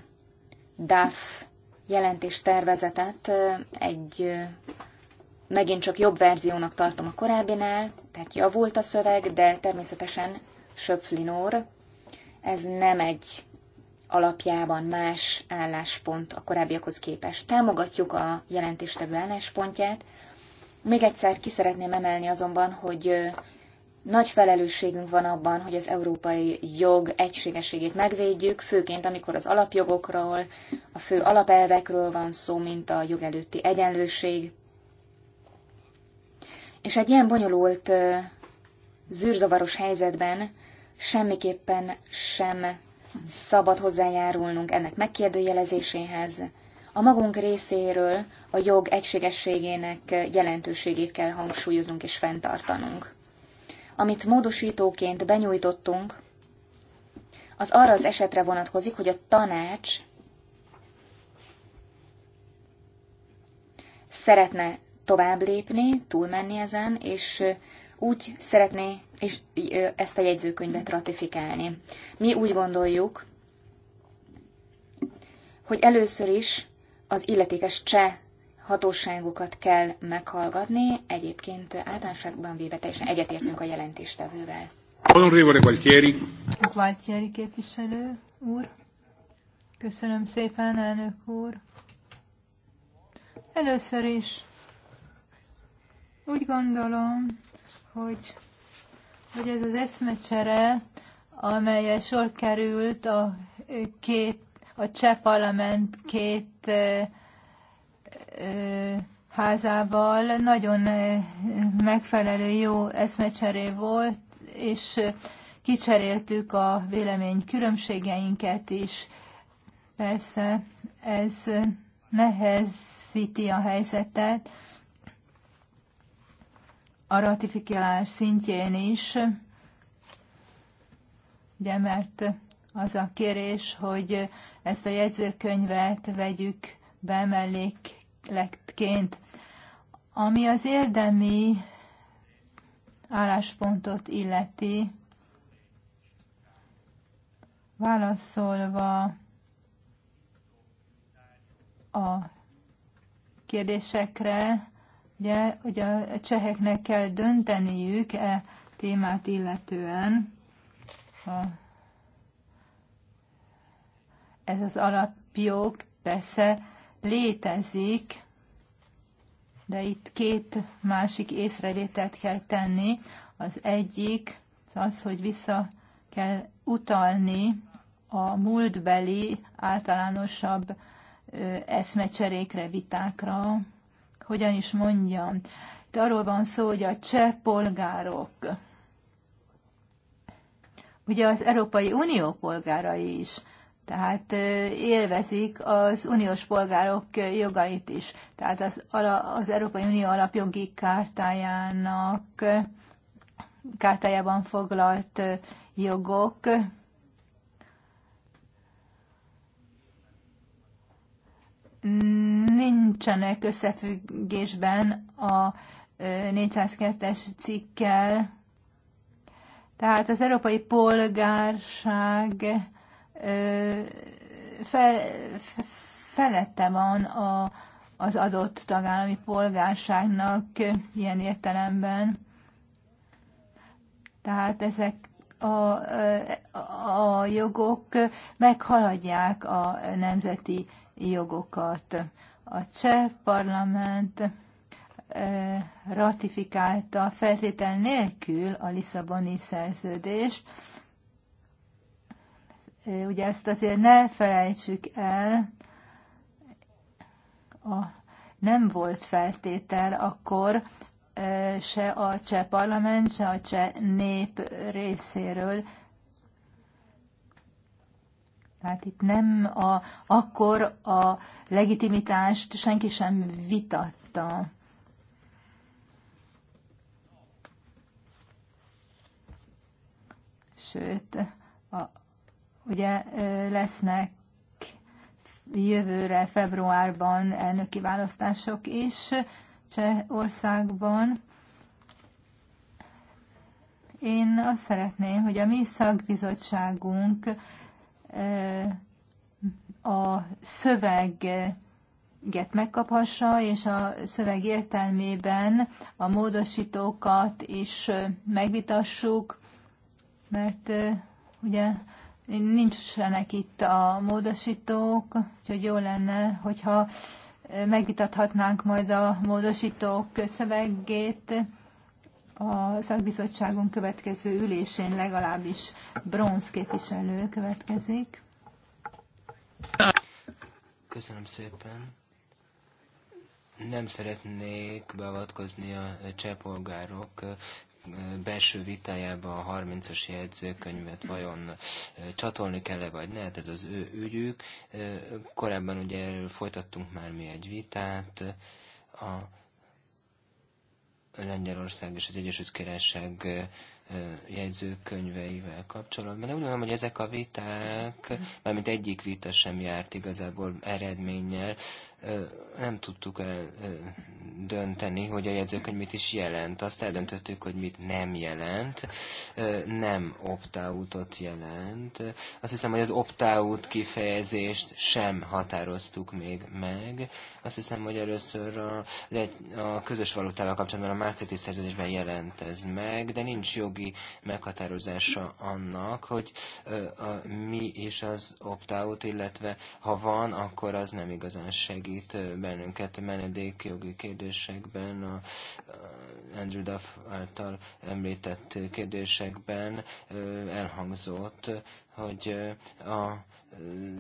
DAF jelentés tervezetet egy megint csak jobb verziónak tartom a korábbinál, tehát javult a szöveg, de természetesen söpflinór. Ez nem egy alapjában más álláspont a korábbiakhoz képest. Támogatjuk a jelentéstevő álláspontját, még egyszer ki szeretném emelni azonban, hogy nagy felelősségünk van abban, hogy az európai jog egységességét megvédjük, főként amikor az alapjogokról, a fő alapelvekről van szó, mint a jog előtti egyenlőség. És egy ilyen bonyolult, zűrzavaros helyzetben semmiképpen sem szabad hozzájárulnunk ennek megkérdőjelezéséhez, a magunk részéről a jog egységességének jelentőségét kell hangsúlyoznunk és fenntartanunk. Amit módosítóként benyújtottunk, az arra az esetre vonatkozik, hogy a tanács szeretne tovább lépni, túlmenni ezen, és úgy szeretné és ezt a jegyzőkönyvet ratifikálni. Mi úgy gondoljuk, hogy először is az illetékes cseh hatóságokat kell meghallgatni, egyébként általánosságban véve teljesen egyetértünk a jelentéstevővel. Honorable Valtieri. Valtieri képviselő úr. Köszönöm szépen, elnök úr. Először is úgy gondolom, hogy, hogy ez az eszmecsere, amelyel sor került a két a cseh parlament két házával nagyon megfelelő jó eszmecseré volt, és kicseréltük a vélemény különbségeinket is. Persze ez nehezíti a helyzetet a ratifikálás szintjén is, ugye mert az a kérés, hogy ezt a jegyzőkönyvet vegyük be mellékletként. Ami az érdemi álláspontot illeti, válaszolva a kérdésekre, ugye, hogy a cseheknek kell dönteniük e témát illetően, a ez az alapjog persze létezik, de itt két másik észrevételt kell tenni. Az egyik az, hogy vissza kell utalni a múltbeli általánosabb eszmecserékre, vitákra, hogyan is mondjam. Itt arról van szó, hogy a cseh polgárok, ugye az Európai Unió polgárai is tehát élvezik az uniós polgárok jogait is. Tehát az, az Európai Unió alapjogi kártájának kártájában foglalt jogok nincsenek összefüggésben a 402-es cikkel. Tehát az európai polgárság fe, felette van a, az adott tagállami polgárságnak ilyen értelemben. Tehát ezek a, a jogok meghaladják a nemzeti jogokat. A cseh parlament ratifikálta feltétel nélkül a Lisszaboni szerződést, Ugye ezt azért ne felejtsük el, a, nem volt feltétel akkor se a cseh parlament, se a cseh nép részéről. Tehát itt nem a, akkor a legitimitást senki sem vitatta. Sőt, a, Ugye lesznek jövőre februárban elnöki választások is Csehországban. Én azt szeretném, hogy a mi szakbizottságunk a szöveget megkaphassa, és a szöveg értelmében a módosítókat is megvitassuk, mert ugye Nincsenek itt a módosítók, úgyhogy jó lenne, hogyha megvitathatnánk majd a módosítók szövegét a szakbizottságunk következő ülésén legalábbis bronz képviselő következik. Köszönöm szépen. Nem szeretnék beavatkozni a cseppolgárok belső vitájába a 30-as jegyzőkönyvet vajon csatolni kell-e, vagy ne, hát ez az ő ügyük. Korábban ugye erről folytattunk már mi egy vitát, a Lengyelország és az Egyesült Királyság jegyzőkönyveivel kapcsolatban. De úgy gondolom, hogy ezek a viták, mármint egyik vita sem járt igazából eredménnyel, nem tudtuk el dönteni, hogy a jegyzőkönyv mit is jelent. Azt eldöntöttük, hogy mit nem jelent. Nem opt-outot jelent. Azt hiszem, hogy az opt-out kifejezést sem határoztuk még meg. Azt hiszem, hogy először a, a közös valutával kapcsolatban a Maastrichti szerződésben jelent ez meg, de nincs jogi meghatározása annak, hogy a, mi is az opt-out, illetve ha van, akkor az nem igazán segít segít bennünket menedékjogi kérdésekben, a Andrew Duff által említett kérdésekben elhangzott, hogy a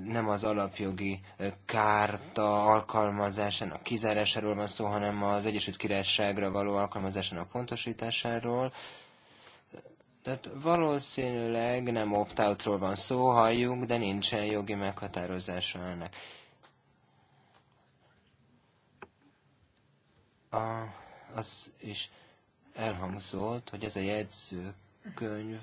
nem az alapjogi kárta alkalmazásának kizárásáról van szó, hanem az Egyesült Királyságra való alkalmazásának pontosításáról. Tehát valószínűleg nem opt-outról van szó, halljunk, de nincsen jogi meghatározása ennek. a, az is elhangzott, hogy ez a jegyzőkönyv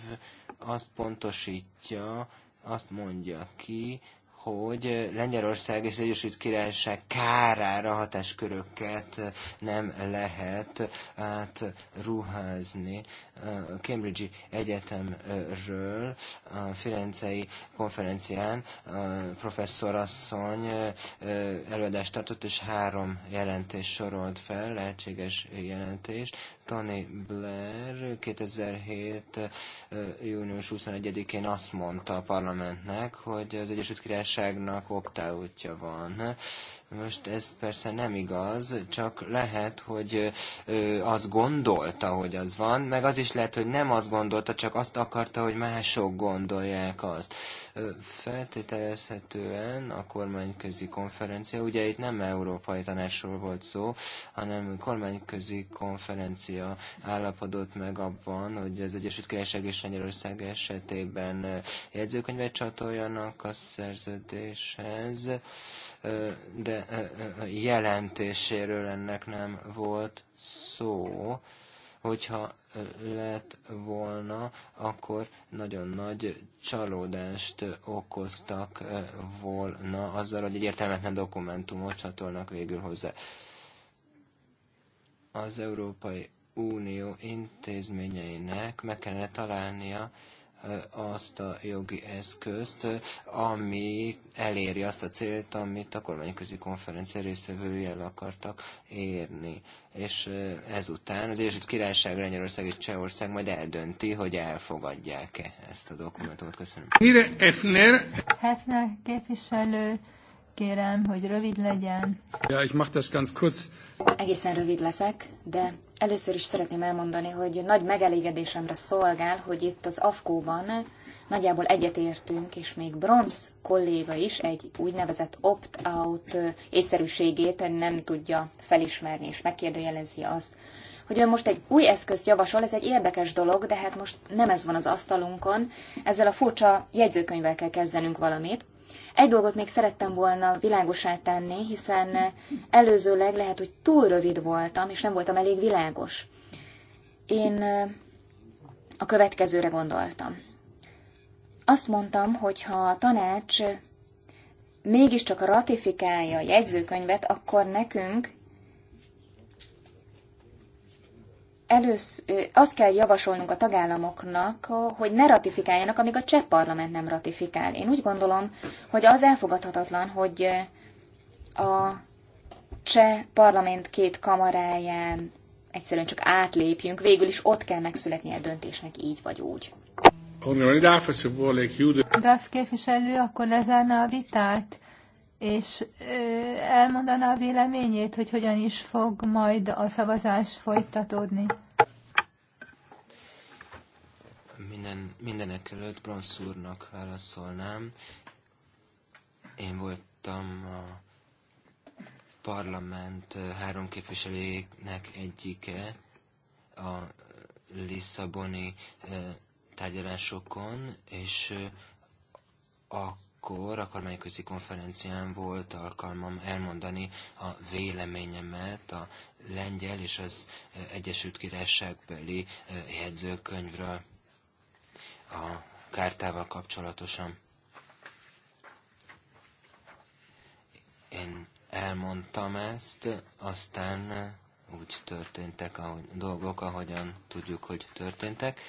azt pontosítja, azt mondja ki, hogy Lengyelország és az Egyesült Királyság kárára hatásköröket nem lehet átruházni a Cambridge-i Egyetemről a Firencei konferencián a professzorasszony előadást tartott, és három jelentést sorolt fel, lehetséges jelentést. Tony Blair 2007. június 21-én azt mondta a parlamentnek, hogy az Egyesült Királyságnak optáutja van most ez persze nem igaz, csak lehet, hogy ö, azt gondolta, hogy az van, meg az is lehet, hogy nem azt gondolta, csak azt akarta, hogy mások gondolják azt. Ö, feltételezhetően a kormányközi konferencia, ugye itt nem európai tanácsról volt szó, hanem kormányközi konferencia állapodott meg abban, hogy az Egyesült Királyság és Lengyelország esetében jegyzőkönyvet csatoljanak a szerződéshez, de jelentéséről ennek nem volt szó. Hogyha lett volna, akkor nagyon nagy csalódást okoztak volna azzal, hogy egy értelmetlen dokumentumot csatolnak végül hozzá. Az Európai Unió intézményeinek meg kellene találnia azt a jogi eszközt, ami eléri azt a célt, amit a kormányközi konferencia részvevői el akartak érni. És ezután az Egyesült Királyság, Lengyelország és Csehország majd eldönti, hogy elfogadják-e ezt a dokumentumot. Köszönöm. Hefner. Hefner képviselő, kérem, hogy rövid legyen. Ja, ich mach das ganz kurz. Egészen rövid leszek, de először is szeretném elmondani, hogy nagy megelégedésemre szolgál, hogy itt az AFKO-ban nagyjából egyetértünk, és még Bronz kolléga is egy úgynevezett opt-out észszerűségét nem tudja felismerni, és megkérdőjelezi azt, hogy ön most egy új eszközt javasol, ez egy érdekes dolog, de hát most nem ez van az asztalunkon, ezzel a furcsa jegyzőkönyvvel kell kezdenünk valamit, egy dolgot még szerettem volna világosá tenni, hiszen előzőleg lehet, hogy túl rövid voltam, és nem voltam elég világos. Én a következőre gondoltam. Azt mondtam, hogy ha a tanács mégiscsak ratifikálja a jegyzőkönyvet, akkor nekünk elősz, azt kell javasolnunk a tagállamoknak, hogy ne ratifikáljanak, amíg a cseh parlament nem ratifikál. Én úgy gondolom, hogy az elfogadhatatlan, hogy a cseh parlament két kamaráján egyszerűen csak átlépjünk, végül is ott kell megszületnie a döntésnek így vagy úgy. Daf képviselő, akkor lezárna a vitát és elmondaná a véleményét, hogy hogyan is fog majd a szavazás folytatódni. Minden, mindenek előtt Bronsz úrnak válaszolnám. Én voltam a parlament három képviselőjének egyike a Lisszaboni tárgyalásokon, és a akkor a kormányközi konferencián volt alkalmam elmondani a véleményemet a lengyel és az e, Egyesült Királyságbeli e, jegyzőkönyvről a kártával kapcsolatosan. Én elmondtam ezt, aztán úgy történtek ahogy, dolgok, ahogyan tudjuk, hogy történtek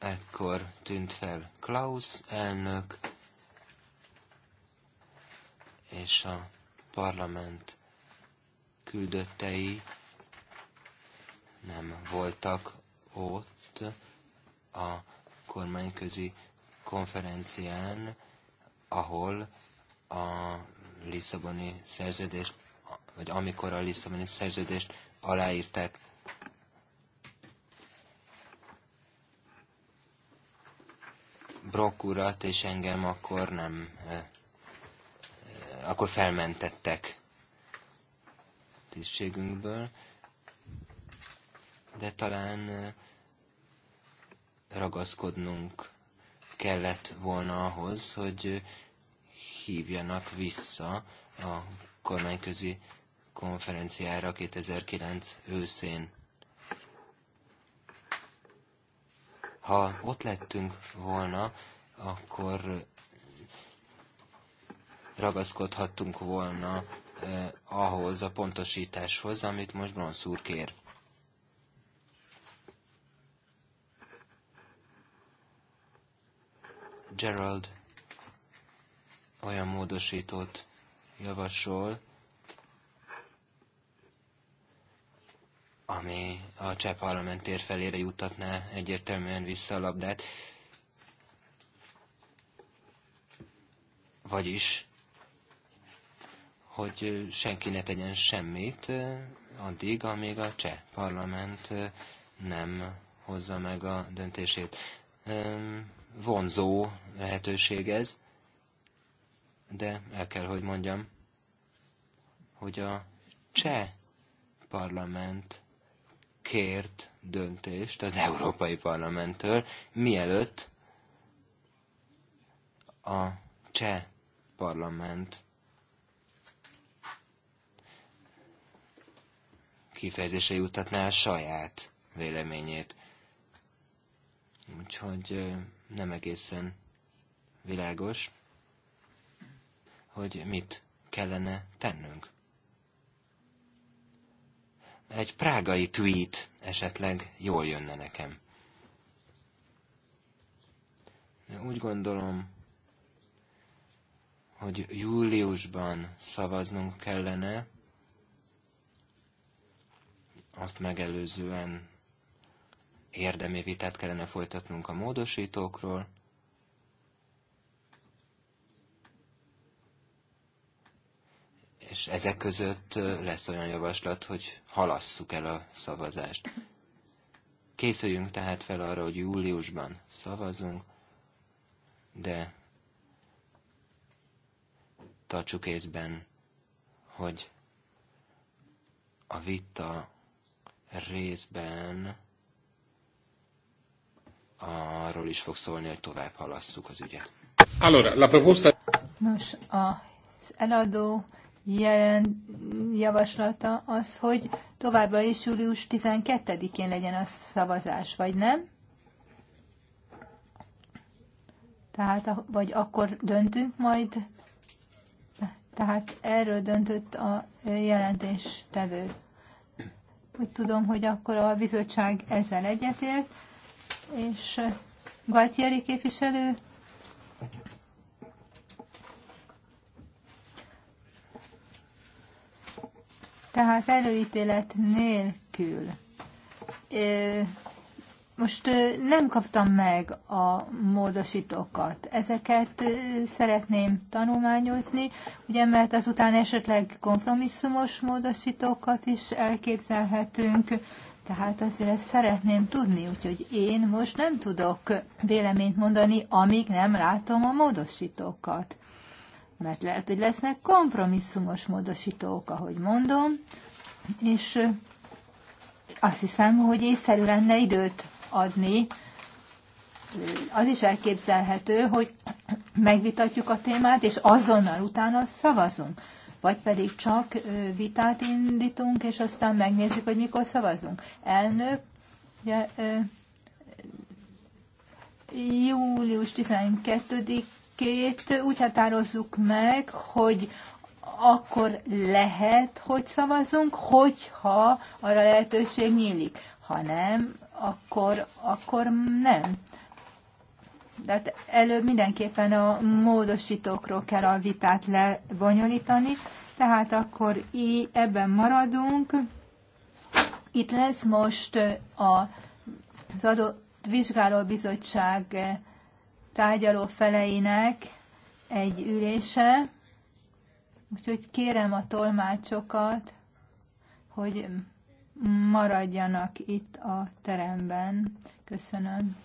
Ekkor tűnt fel Klaus elnök, és a parlament küldöttei nem voltak ott a kormányközi konferencián, ahol a Lisszaboni szerződést, vagy amikor a Lisszaboni szerződést aláírták Brock urat, és engem akkor nem, akkor felmentettek tisztségünkből, de talán ragaszkodnunk kellett volna ahhoz, hogy hívjanak vissza a kormányközi konferenciára 2009 őszén. Ha ott lettünk volna, akkor eh, ragaszkodhattunk volna eh, ahhoz a pontosításhoz, amit most Bronszúr kér. Gerald olyan módosítót javasol, ami a cseh parlament tér felére juttatná egyértelműen vissza a labdát. Vagyis, hogy senki ne tegyen semmit addig, amíg a cseh parlament nem hozza meg a döntését. Vonzó lehetőség ez, de el kell, hogy mondjam, hogy a cseh parlament kért döntést az Európai Parlamenttől, mielőtt a cseh parlament kifejezése juttatná a saját véleményét. Úgyhogy nem egészen világos, hogy mit kellene tennünk egy prágai tweet esetleg jól jönne nekem. De úgy gondolom, hogy júliusban szavaznunk kellene, azt megelőzően érdemi vitát kellene folytatnunk a módosítókról, és ezek között lesz olyan javaslat, hogy halasszuk el a szavazást. Készüljünk tehát fel arra, hogy júliusban szavazunk, de tartsuk észben, hogy a vita részben arról is fog szólni, hogy tovább halasszuk az ügyet. Allora, la proposta... Nos, a eladó jelen javaslata az, hogy továbbra is július 12-én legyen a szavazás, vagy nem? Tehát, vagy akkor döntünk majd? Tehát erről döntött a jelentéstevő. Úgy tudom, hogy akkor a bizottság ezzel egyetért, és Galtieri képviselő Tehát előítélet nélkül. Most nem kaptam meg a módosítókat. Ezeket szeretném tanulmányozni, ugye mert azután esetleg kompromisszumos módosítókat is elképzelhetünk, tehát azért ezt szeretném tudni, úgyhogy én most nem tudok véleményt mondani, amíg nem látom a módosítókat mert lehet, hogy lesznek kompromisszumos módosítók, ahogy mondom, és azt hiszem, hogy észszerű lenne időt adni. Az is elképzelhető, hogy megvitatjuk a témát, és azonnal utána szavazunk. Vagy pedig csak vitát indítunk, és aztán megnézzük, hogy mikor szavazunk. Elnök, ugye, július 12 cikkét úgy határozzuk meg, hogy akkor lehet, hogy szavazunk, hogyha arra lehetőség nyílik. Ha nem, akkor, akkor nem. Tehát előbb mindenképpen a módosítókról kell a vitát lebonyolítani, tehát akkor így ebben maradunk. Itt lesz most a, az adott vizsgálóbizottság tárgyaló feleinek egy ülése, úgyhogy kérem a tolmácsokat, hogy maradjanak itt a teremben. Köszönöm.